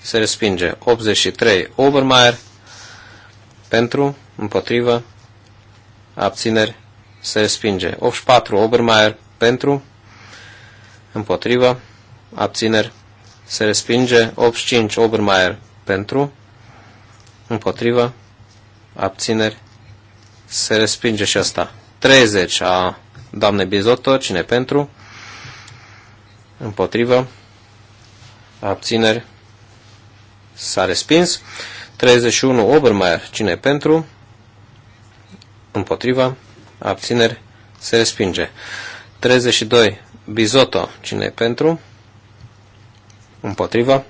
se respinge. 83, Obermeier, pentru, împotriva, abțineri, se respinge. 84, Obermeier, pentru, împotriva, abțineri, se respinge. 85, Obermeier, pentru, împotriva, abțineri, se respinge și asta. 30 a doamne Bizotto. Cine pentru? Împotrivă. Abțineri. S-a respins. 31 Obermeier. Cine pentru? Împotriva. Abțineri. Se respinge. 32 Bizotto. Cine pentru? Împotriva.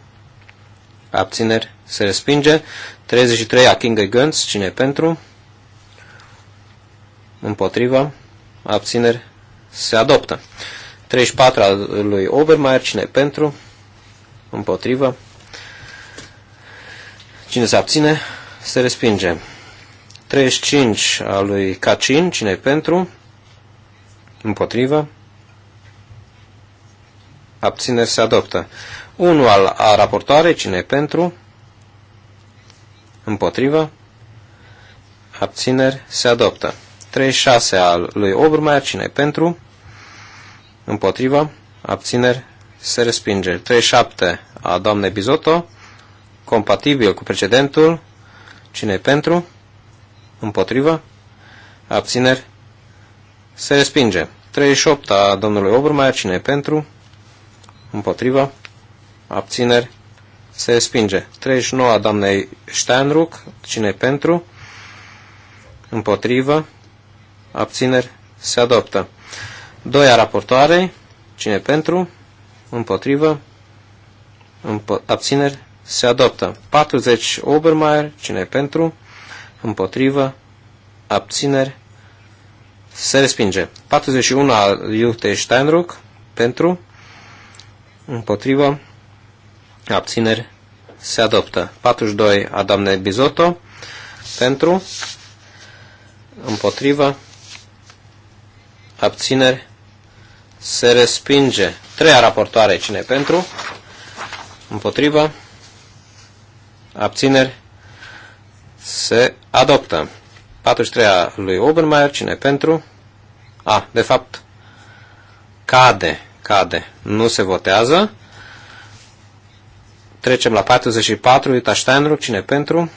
Abțineri. Se respinge. 33 Akingă Gönz. Cine pentru? împotriva, abțineri, se adoptă. 34 al lui Obermeier, cine pentru, împotriva, cine se abține, se respinge. 35 al lui Cacin, cine pentru, împotriva, abțineri, se adoptă. 1 al a raportoare, cine pentru, împotriva, abțineri, se adoptă. 36 al lui Obermeier, cine pentru? Împotriva, abțineri, se respinge. 37 a doamnei Bizotto, compatibil cu precedentul, cine pentru? Împotriva, abțineri, se respinge. 38 a domnului Obermeier, cine pentru? Împotriva, abțineri, se respinge. 39 a doamnei Steinruck, cine pentru? Împotrivă, abțineri, se adoptă. Doi raportoare. cine pentru, împotrivă, împo- abțineri, se adoptă. 40 Obermeier, cine pentru, împotrivă, abțineri, se respinge. 41 al Iute Steinruck, pentru, împotrivă, abțineri, se adoptă. 42 Adamne Bizotto, pentru, împotrivă, abțineri, se respinge. Treia raportoare, cine pentru, împotriva, abțineri, se adoptă. 43-a lui Obermeier, cine pentru? A, de fapt, cade, cade, nu se votează. Trecem la 44, Iuta Steinruck, cine pentru?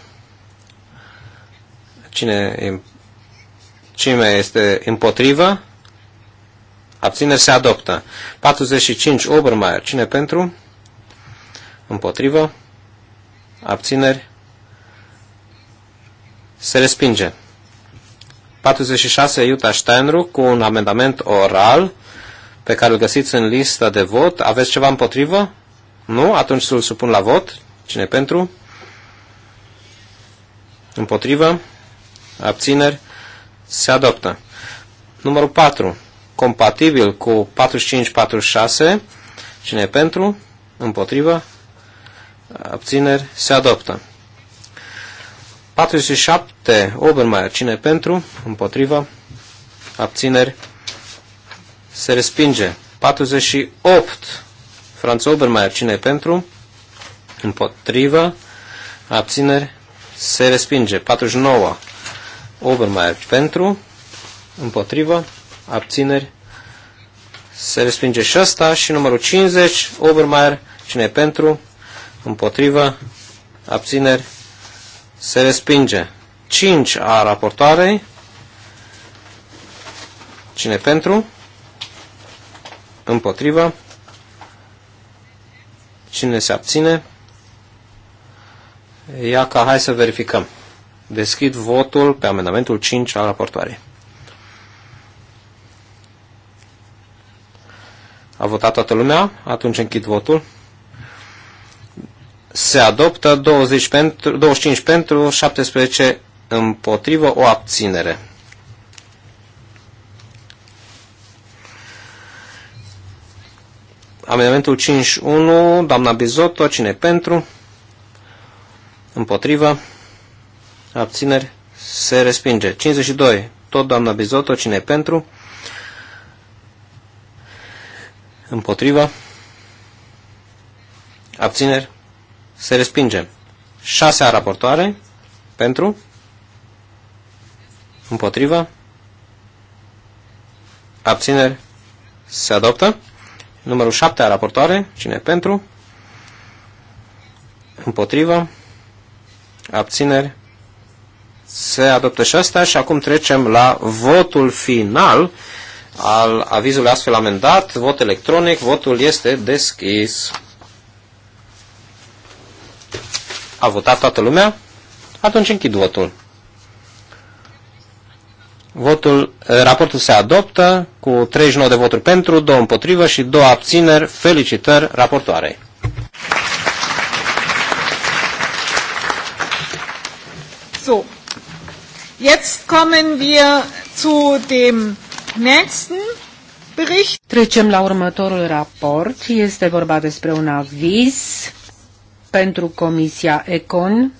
Cine, cine este împotrivă? Abțineri se adoptă. 45. Obermeier. Cine pentru? Împotrivă. Abțineri. Se respinge. 46. Iuta Steinru cu un amendament oral pe care îl găsiți în lista de vot. Aveți ceva împotrivă? Nu? Atunci să-l supun la vot. Cine pentru? Împotrivă. Abțineri. Se adoptă. Numărul 4 compatibil cu 45-46. Cine e pentru? Împotrivă? Abțineri? Se adoptă. 47. Obermeier. Cine pentru? Împotrivă? Abțineri? Se respinge. 48. Franz Obermeier. Cine pentru? Împotrivă? Abțineri? Se respinge. 49. Obermeier. Pentru? Împotrivă? abțineri, se respinge și asta și numărul 50, Obermeier, cine e pentru, împotriva, abțineri, se respinge. 5 a raportoarei, cine e pentru, împotriva, cine se abține, ia ca hai să verificăm. Deschid votul pe amendamentul 5 al raportoarei. A votat toată lumea? Atunci închid votul. Se adoptă 20 pentru, 25 pentru, 17 împotrivă, o abținere. Amendamentul 5.1, doamna Bizotto, cine pentru? Împotrivă. Abțineri. Se respinge. 52. Tot doamna Bizotto, cine pentru? Împotriva. Abțineri. Se respinge. 6 a raportoare. Pentru. Împotriva. Abțineri. Se adoptă. Numărul 7 a raportoare. Cine pentru? Împotriva. Abțineri. Se adoptă și asta și acum trecem la votul final al avizului astfel amendat, vot electronic, votul este deschis. A votat toată lumea? Atunci închid votul. Votul, eh, raportul se adoptă cu 39 de voturi pentru, 2 împotrivă și 2 abțineri. Felicitări raportoarei. So, jetzt kommen wir zu dem Trecem la următorul raport. Este vorba despre un aviz pentru Comisia Econ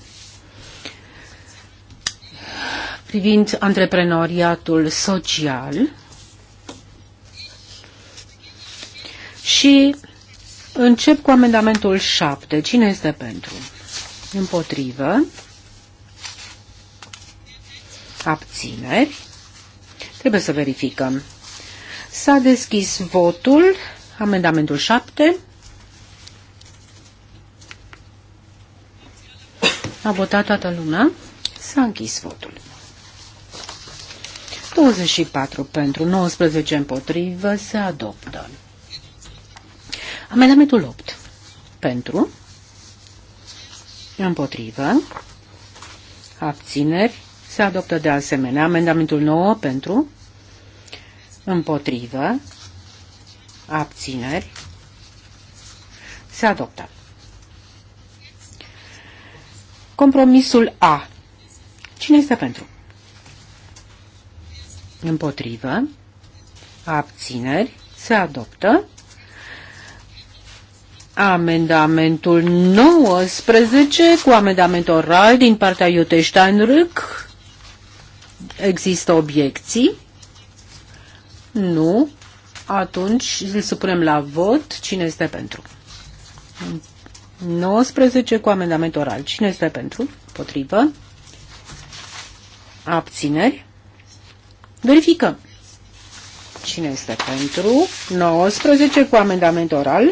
privind antreprenoriatul social și încep cu amendamentul 7. Cine este pentru? Împotrivă. Abțineri. Trebuie să verificăm. S-a deschis votul. Amendamentul 7. A votat toată lumea. S-a închis votul. 24 pentru, 19 împotrivă, se adoptă. Amendamentul 8. Pentru, împotrivă, abțineri, se adoptă de asemenea amendamentul 9 pentru, împotrivă, abțineri. Se adoptă. Compromisul A. Cine este pentru? Împotrivă, abțineri. Se adoptă. Amendamentul 19 cu amendamentul oral din partea Iuteștein Râc Există obiecții? Nu. Atunci îl supunem la vot. Cine este pentru? 19 cu amendament oral. Cine este pentru? Potrivă. Abțineri. Verificăm. Cine este pentru? 19 cu amendament oral.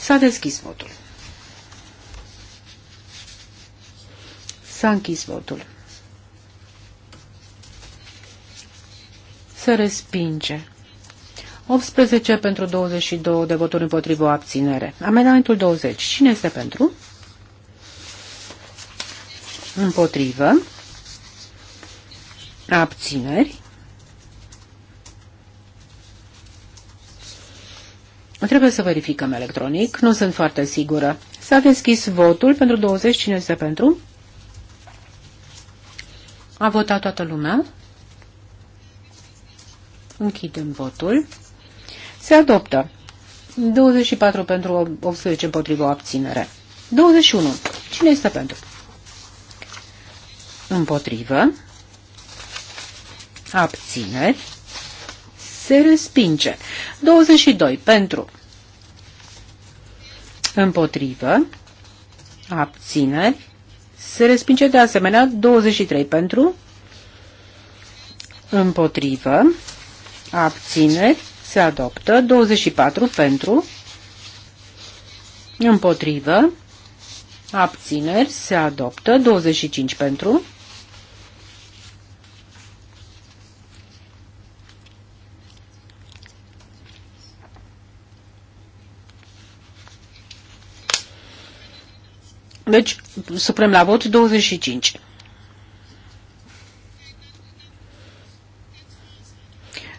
S-a deschis votul. S-a închis votul. se respinge. 18 pentru 22 de voturi împotriva o abținere. Amendamentul 20. Cine este pentru? Împotrivă. Abțineri. Trebuie să verificăm electronic, nu sunt foarte sigură. S-a deschis votul pentru 20, cine este pentru? A votat toată lumea? Închidem votul. Se adoptă. 24 pentru 18 împotriva o abținere. 21. Cine este pentru? Împotrivă. Abțineri. Se respinge. 22 pentru. Împotrivă. Abțineri. Se respinge de asemenea 23 pentru. Împotrivă abțineri, se adoptă. 24 pentru, împotrivă, abțineri, se adoptă. 25 pentru, Deci, suprem la vot 25.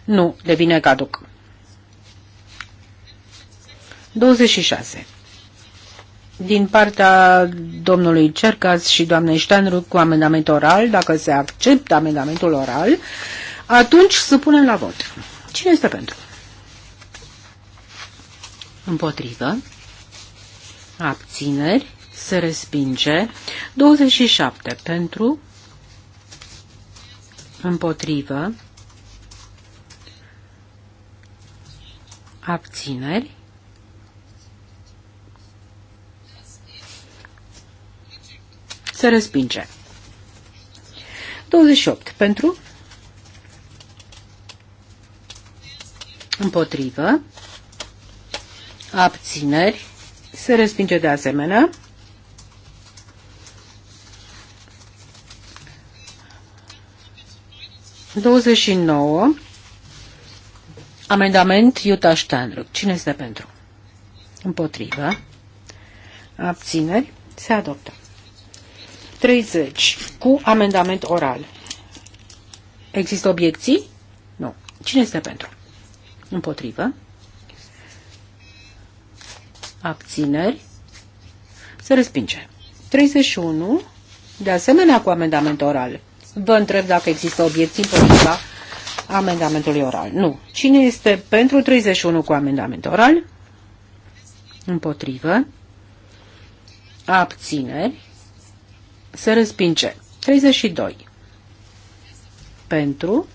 Nu, devine caduc. 26. Din partea domnului Cercas și doamnei Ștenru cu amendament oral, dacă se acceptă amendamentul oral, atunci supunem la vot. Cine este pentru? Împotrivă. Abțineri. Se respinge. 27 pentru. Împotrivă. Abțineri. Se respinge. 28. Pentru. Împotrivă. Abțineri. Se respinge de asemenea. Douăzeci și nouă Amendament Iuta Steinruck. Cine este pentru? Împotrivă. Abțineri. Se adoptă. 30. Cu amendament oral. Există obiecții? Nu. Cine este pentru? Împotrivă. Abțineri. Se respinge. 31. De asemenea cu amendament oral. Vă întreb dacă există obiecții împotriva amendamentului oral. Nu. Cine este pentru 31 cu amendament oral? Împotrivă. Abțineri. Se respinge. 32. Pentru.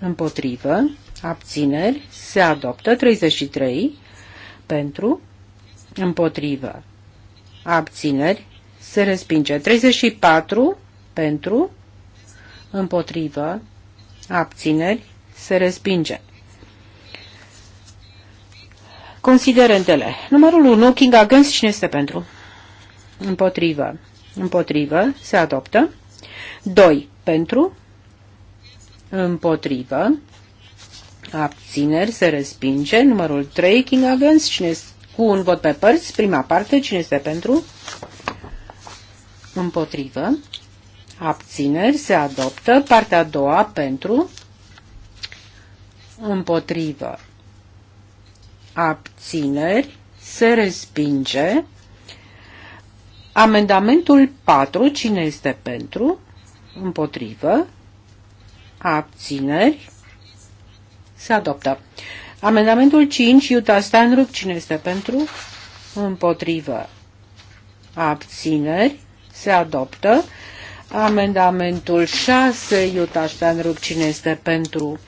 Împotrivă. Abțineri. Se adoptă. 33. Pentru. Împotrivă. Abțineri. Se respinge. 34. Pentru. Împotrivă abțineri, se respinge. Considerentele. Numărul 1, King Against, cine este pentru? Împotrivă. Împotrivă, se adoptă. 2, pentru. Împotrivă. Abțineri, se respinge. Numărul 3, King Against, cine este? Cu un vot pe părți, prima parte, cine este pentru? Împotrivă abțineri, se adoptă. Partea a doua pentru, împotrivă, abțineri, se respinge. Amendamentul 4, cine este pentru, împotrivă, abțineri, se adoptă. Amendamentul 5, Iuta Stanrup, cine este pentru? Împotrivă. Abțineri. Se adoptă. Amendamentul 6, Iuta Ștanrup, cine este pentru?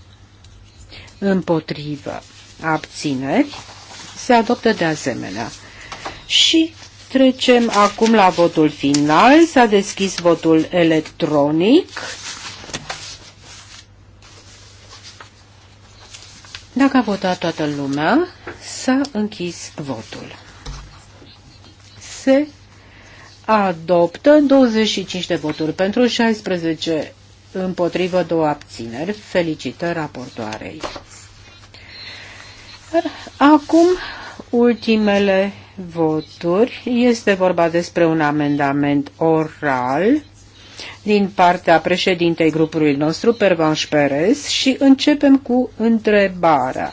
Împotrivă. Abțineri. Se adoptă de asemenea. Și trecem acum la votul final. S-a deschis votul electronic. Dacă a votat toată lumea, s-a închis votul. Se adoptă 25 de voturi pentru 16 împotrivă două abțineri. Felicitări raportoarei. acum ultimele voturi. Este vorba despre un amendament oral din partea președintei grupului nostru, Pervanș Perez, și începem cu întrebarea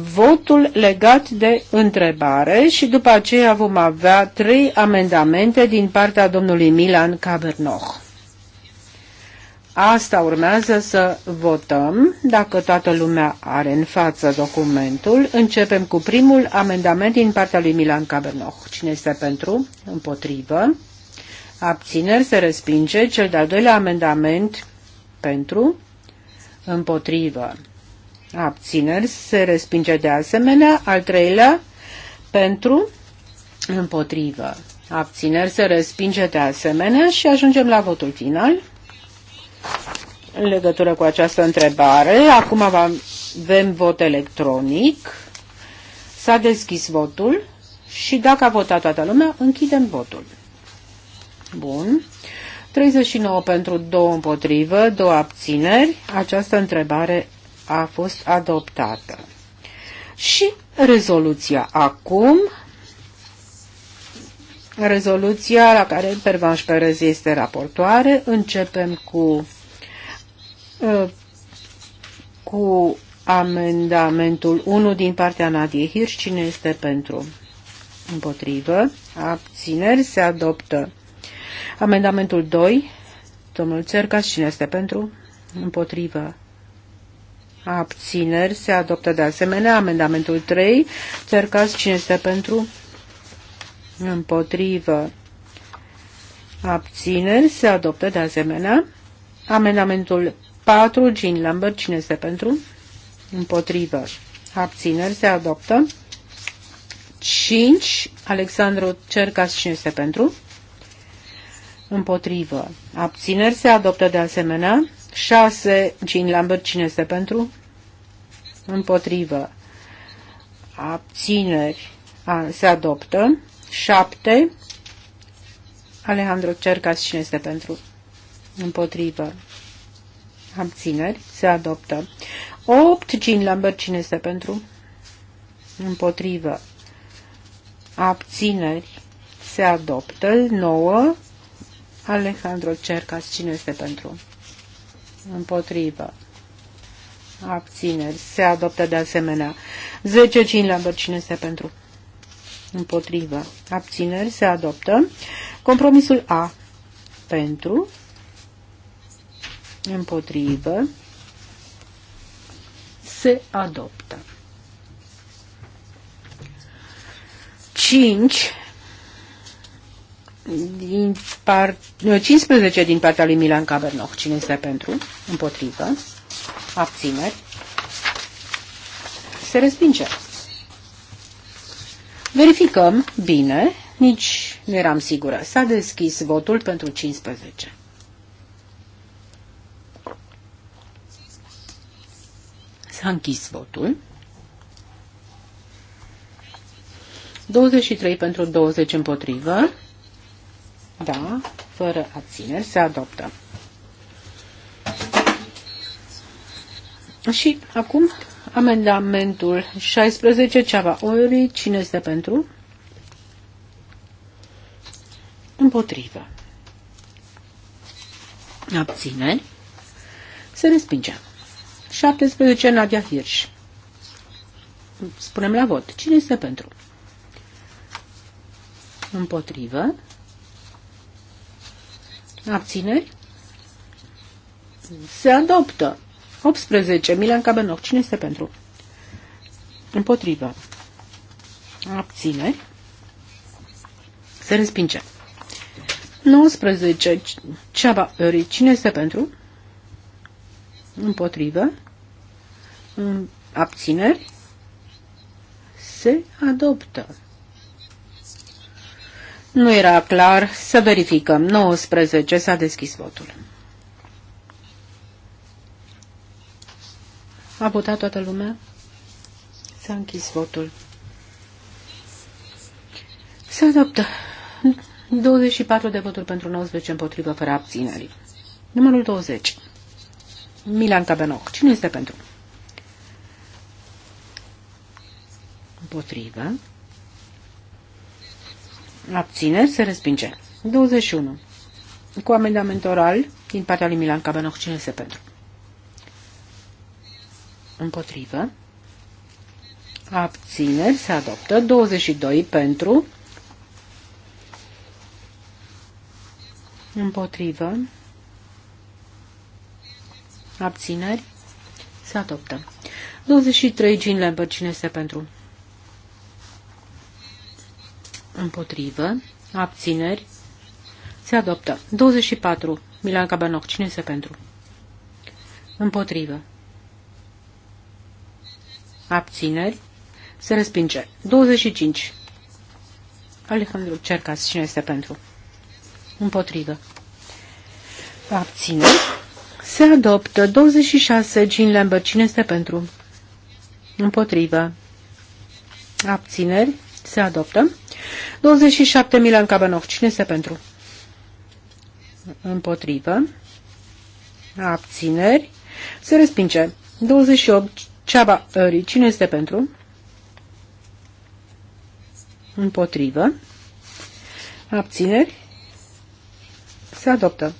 votul legat de întrebare și după aceea vom avea trei amendamente din partea domnului Milan Cabernoch. Asta urmează să votăm, dacă toată lumea are în față documentul. Începem cu primul amendament din partea lui Milan Cabernoch. Cine este pentru? Împotrivă. Abțineri se respinge. Cel de-al doilea amendament pentru? Împotrivă abțineri se respinge de asemenea. Al treilea pentru împotrivă abțineri se respinge de asemenea și ajungem la votul final. În legătură cu această întrebare, acum avem vot electronic. S-a deschis votul și dacă a votat toată lumea, închidem votul. Bun. 39 pentru 2 împotrivă, 2 abțineri. Această întrebare a fost adoptată. Și rezoluția acum, rezoluția la care Pervanș Perez este raportoare, începem cu, ă, cu amendamentul 1 din partea Nadiei Hirsch. Cine este pentru? Împotrivă. Abțineri se adoptă. Amendamentul 2. Domnul Cercas, cine este pentru? Împotrivă abțineri se adoptă de asemenea. Amendamentul 3, Cercați cine este pentru, împotrivă, abțineri se adoptă de asemenea. Amendamentul 4, Jean Lambert, cine este pentru, împotrivă, abțineri se adoptă. 5, Alexandru Cercas, cine este pentru? Împotrivă. Abțineri se adoptă de asemenea. 6, Jean Lambert, cine este pentru? Împotrivă. Abțineri. A, se adoptă. 7. Alejandro Cercas, cine este pentru? Împotrivă. Abțineri. Se adoptă. 8. Jean Lambert, cine este pentru? Împotrivă. Abțineri. Se adoptă. 9. Alejandro Cercas, cine este pentru? Împotrivă. Abțineri. Se adoptă de asemenea. 10 5 la cine este pentru? Împotrivă. Abțineri. Se adoptă. Compromisul A. Pentru. Împotrivă. Se adoptă. 5 din part, 15 din partea lui Milan Cabernoc. Cine este pentru? Împotrivă. Abțineri. Se respinge. Verificăm bine. Nici nu eram sigură. S-a deschis votul pentru 15. S-a închis votul. 23 pentru 20 împotrivă. Da, fără abțineri se adoptă. Și acum amendamentul 16, ceava ori, cine este pentru? Împotrivă. Abțineri. Se respinge. 17, Nadia Hirsch. Spunem la vot. Cine este pentru? Împotrivă. Abțineri? Se adoptă. 18. Milan Cabenoc. Cine este pentru? Împotrivă. Abțineri? Se respinge. 19. Ceaba ori, Cine este pentru? Împotrivă. Abțineri? Se adoptă. Nu era clar. Să verificăm. 19. S-a deschis votul. A votat toată lumea? S-a închis votul. Se adoptă. 24 de voturi pentru 19 împotrivă fără abținerii. Numărul 20. Milan Cabenoc. Cine este pentru? Împotrivă abțineri, se respinge. 21. Cu amendament oral din partea lui Milan Cabanoc, cine se pentru? Împotrivă. Abțineri, se adoptă. 22 pentru. Împotrivă. Abțineri, se adoptă. 23 Gin Lambert, cine este pentru? împotrivă, abțineri, se adoptă. 24. Milan Cabanoc, cine este pentru? Împotrivă. Abțineri, se respinge. 25. Alejandru Cercas, cine este pentru? Împotrivă. Abțineri, se adoptă. 26. Jean Lambert, cine este pentru? Împotrivă. Abțineri, se adoptă. 27 Milan Cabanov. Cine este pentru? Împotrivă. Abțineri. Se respinge. 28 Ceaba Ări. Cine este pentru? Împotrivă. Abțineri. Se adoptă.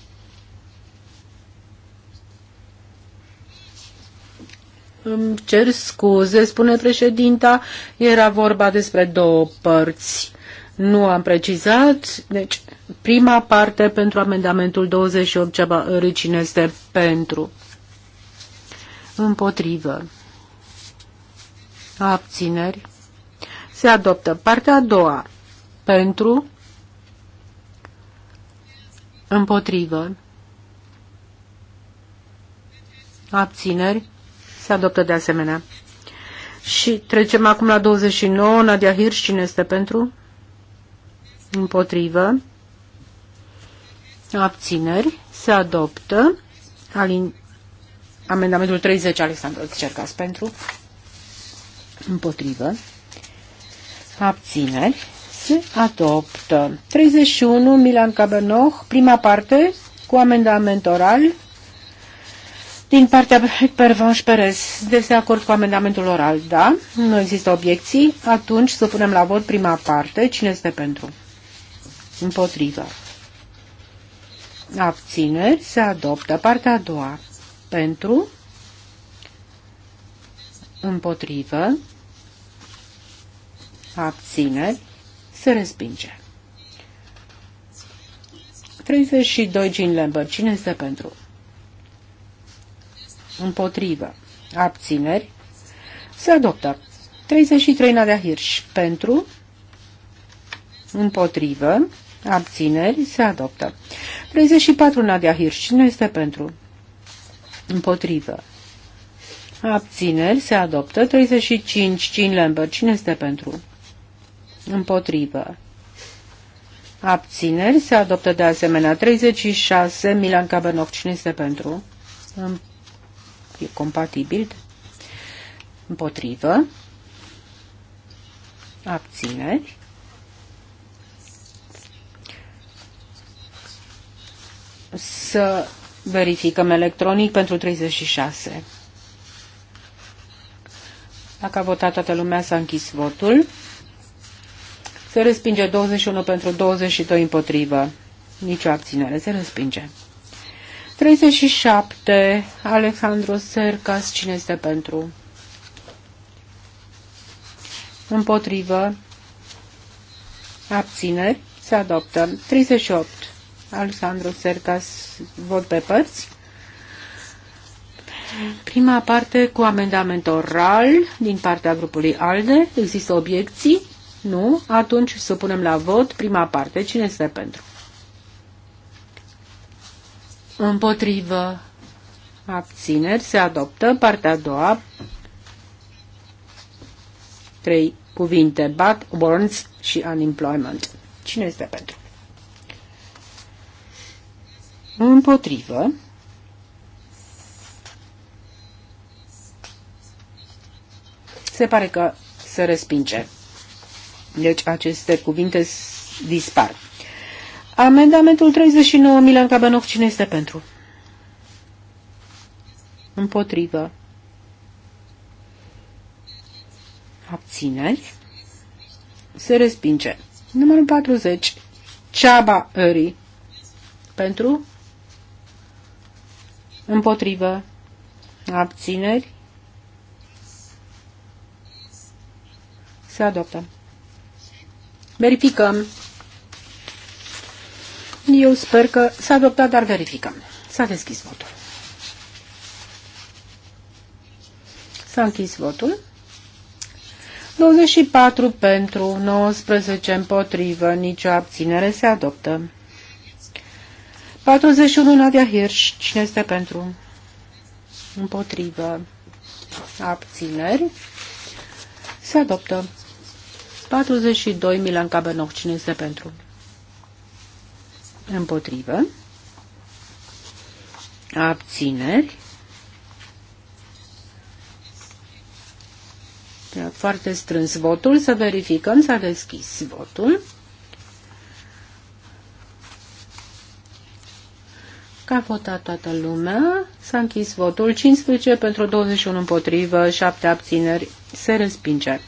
Îmi cer scuze, spune președinta, era vorba despre două părți. Nu am precizat, deci prima parte pentru amendamentul 28, cea origine este pentru. Împotrivă. Abțineri. Se adoptă partea a doua. Pentru. Împotrivă. Abțineri. Se adoptă de asemenea. Și trecem acum la 29. Nadia Hirsch, cine este pentru? Împotrivă. Abțineri. Se adoptă. Alin... Amendamentul 30, Alexandru, îți cercați pentru? Împotrivă. Abțineri. Se adoptă. 31, Milan Cabernoch, prima parte, cu amendament oral. Din partea Pervanș Perez, de acord cu amendamentul oral, da, nu există obiecții, atunci să punem la vot prima parte. Cine este pentru? Împotriva. Abțineri se adoptă. Partea a doua. Pentru. Împotrivă. Abțineri se respinge. 32 Jean Lambert. Cine este pentru? împotrivă, abțineri, se adoptă. 33 Nadia Hirsch pentru, împotrivă, abțineri, se adoptă. 34 Nadia Hirsch, cine este pentru? Împotrivă. Abțineri, se adoptă. 35 Cin Lambert, cine este pentru? Împotrivă. Abțineri, se adoptă de asemenea. 36 Milan Cabernoc, cine este pentru? Împotrivă e compatibil, împotrivă, abțineri, să verificăm electronic pentru 36. Dacă a votat toată lumea, s-a închis votul. Se respinge 21 pentru 22 împotrivă. Nicio abținere. Se respinge. 37. Alexandru Sercas, cine este pentru? Împotrivă. Abțineri. Se adoptă. 38. Alexandru Sercas, vot pe părți. Prima parte cu amendament oral din partea grupului ALDE. Există obiecții? Nu? Atunci supunem la vot prima parte. Cine este pentru? împotrivă, abțineri, se adoptă. Partea a doua, trei cuvinte, but, warns și unemployment. Cine este pentru? Împotrivă, se pare că se respinge. Deci aceste cuvinte dispar. Amendamentul 39, Milan Cabanov, cine este pentru? Împotrivă. Abțineri. Se respinge. Numărul 40. Ceaba Ării. Pentru? Împotrivă. Abțineri. Se adoptă. Verificăm. Eu sper că s-a adoptat, dar verificăm. S-a deschis votul. S-a închis votul. 24 pentru, 19 împotrivă, nicio abținere se adoptă. 41 Nadia Hirsch, cine este pentru? Împotrivă, abțineri, se adoptă. 42 Milan Cabenoc, cine este pentru? Împotrivă. Abțineri. Da, foarte strâns votul. Să verificăm. S-a deschis votul. Că a votat toată lumea, s-a închis votul 15 pentru 21 împotrivă, 7 abțineri, se respinge.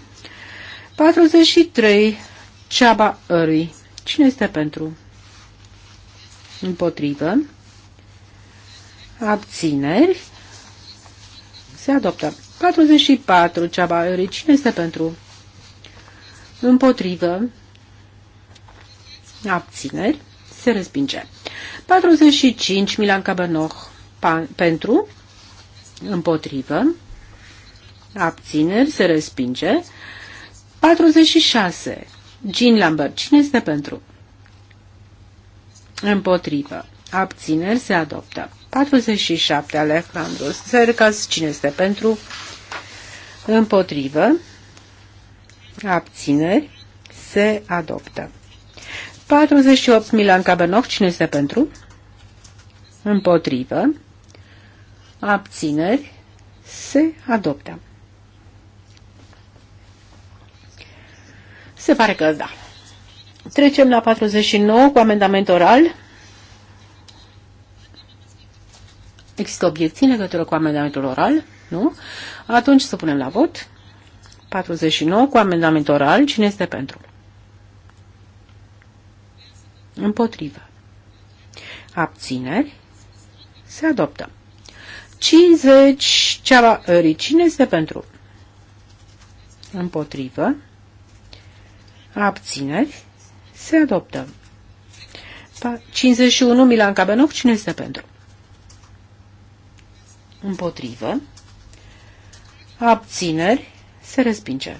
43. Ceaba Ării. Cine este pentru? împotrivă, abțineri, se adoptă. 44, ceaba, cine este pentru, împotrivă, abțineri, se respinge. 45, Milan Cabanoch, pentru, împotrivă, abțineri, se respinge. 46, Jean Lambert, cine este pentru? Împotrivă. Abțineri se adoptă. 47. Alejandro Sercas. Cine este pentru? Împotrivă. Abțineri se adoptă. 48. Milan Cabenoc. Cine este pentru? Împotrivă. Abțineri se adoptă. Se pare că da. Trecem la 49 cu amendament oral. Există obiecții în legătură cu amendamentul oral? Nu? Atunci să punem la vot. 49 cu amendament oral. Cine este pentru? Împotrivă. Abțineri. Se adoptă. 50 ceva ori. Cine este pentru? Împotrivă. Abțineri. Se adoptă. 51 Milan Cabenoc. Cine este pentru? Împotrivă. Abțineri. Se respinge.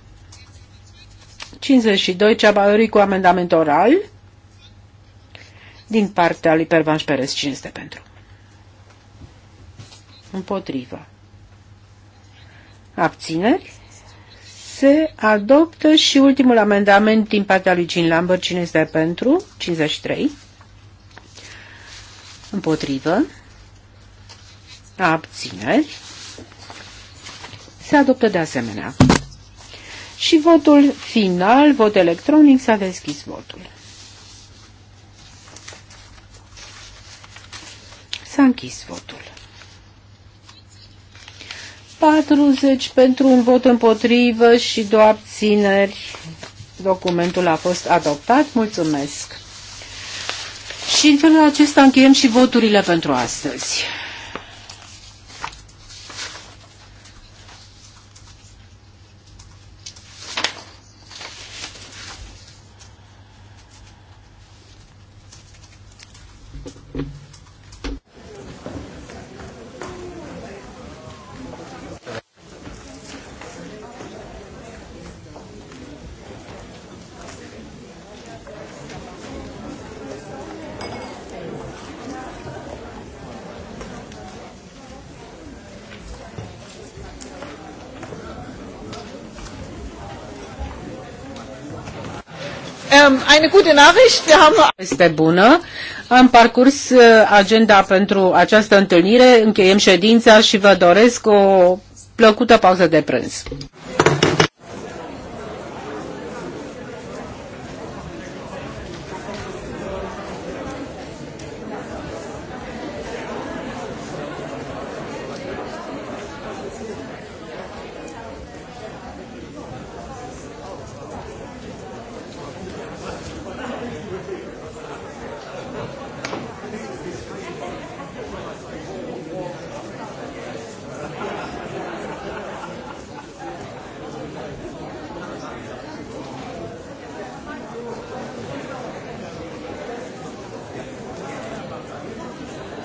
52 Ceabaiori cu amendament oral din partea lui Pervanș Perez. Cine este pentru? Împotrivă. Abțineri? se adoptă și ultimul amendament din partea lui Jean Lambert. Cine este pentru? 53. Împotrivă. Abțineri. Se adoptă de asemenea. Și votul final, vot electronic, s-a deschis votul. S-a închis votul. 40 pentru un vot împotrivă și două abțineri. Documentul a fost adoptat. Mulțumesc! Și în felul acesta încheiem și voturile pentru astăzi. eine gute Nachricht. Wir haben este bună. Am parcurs uh, agenda pentru această întâlnire. Încheiem ședința și vă doresc o plăcută pauză de prânz.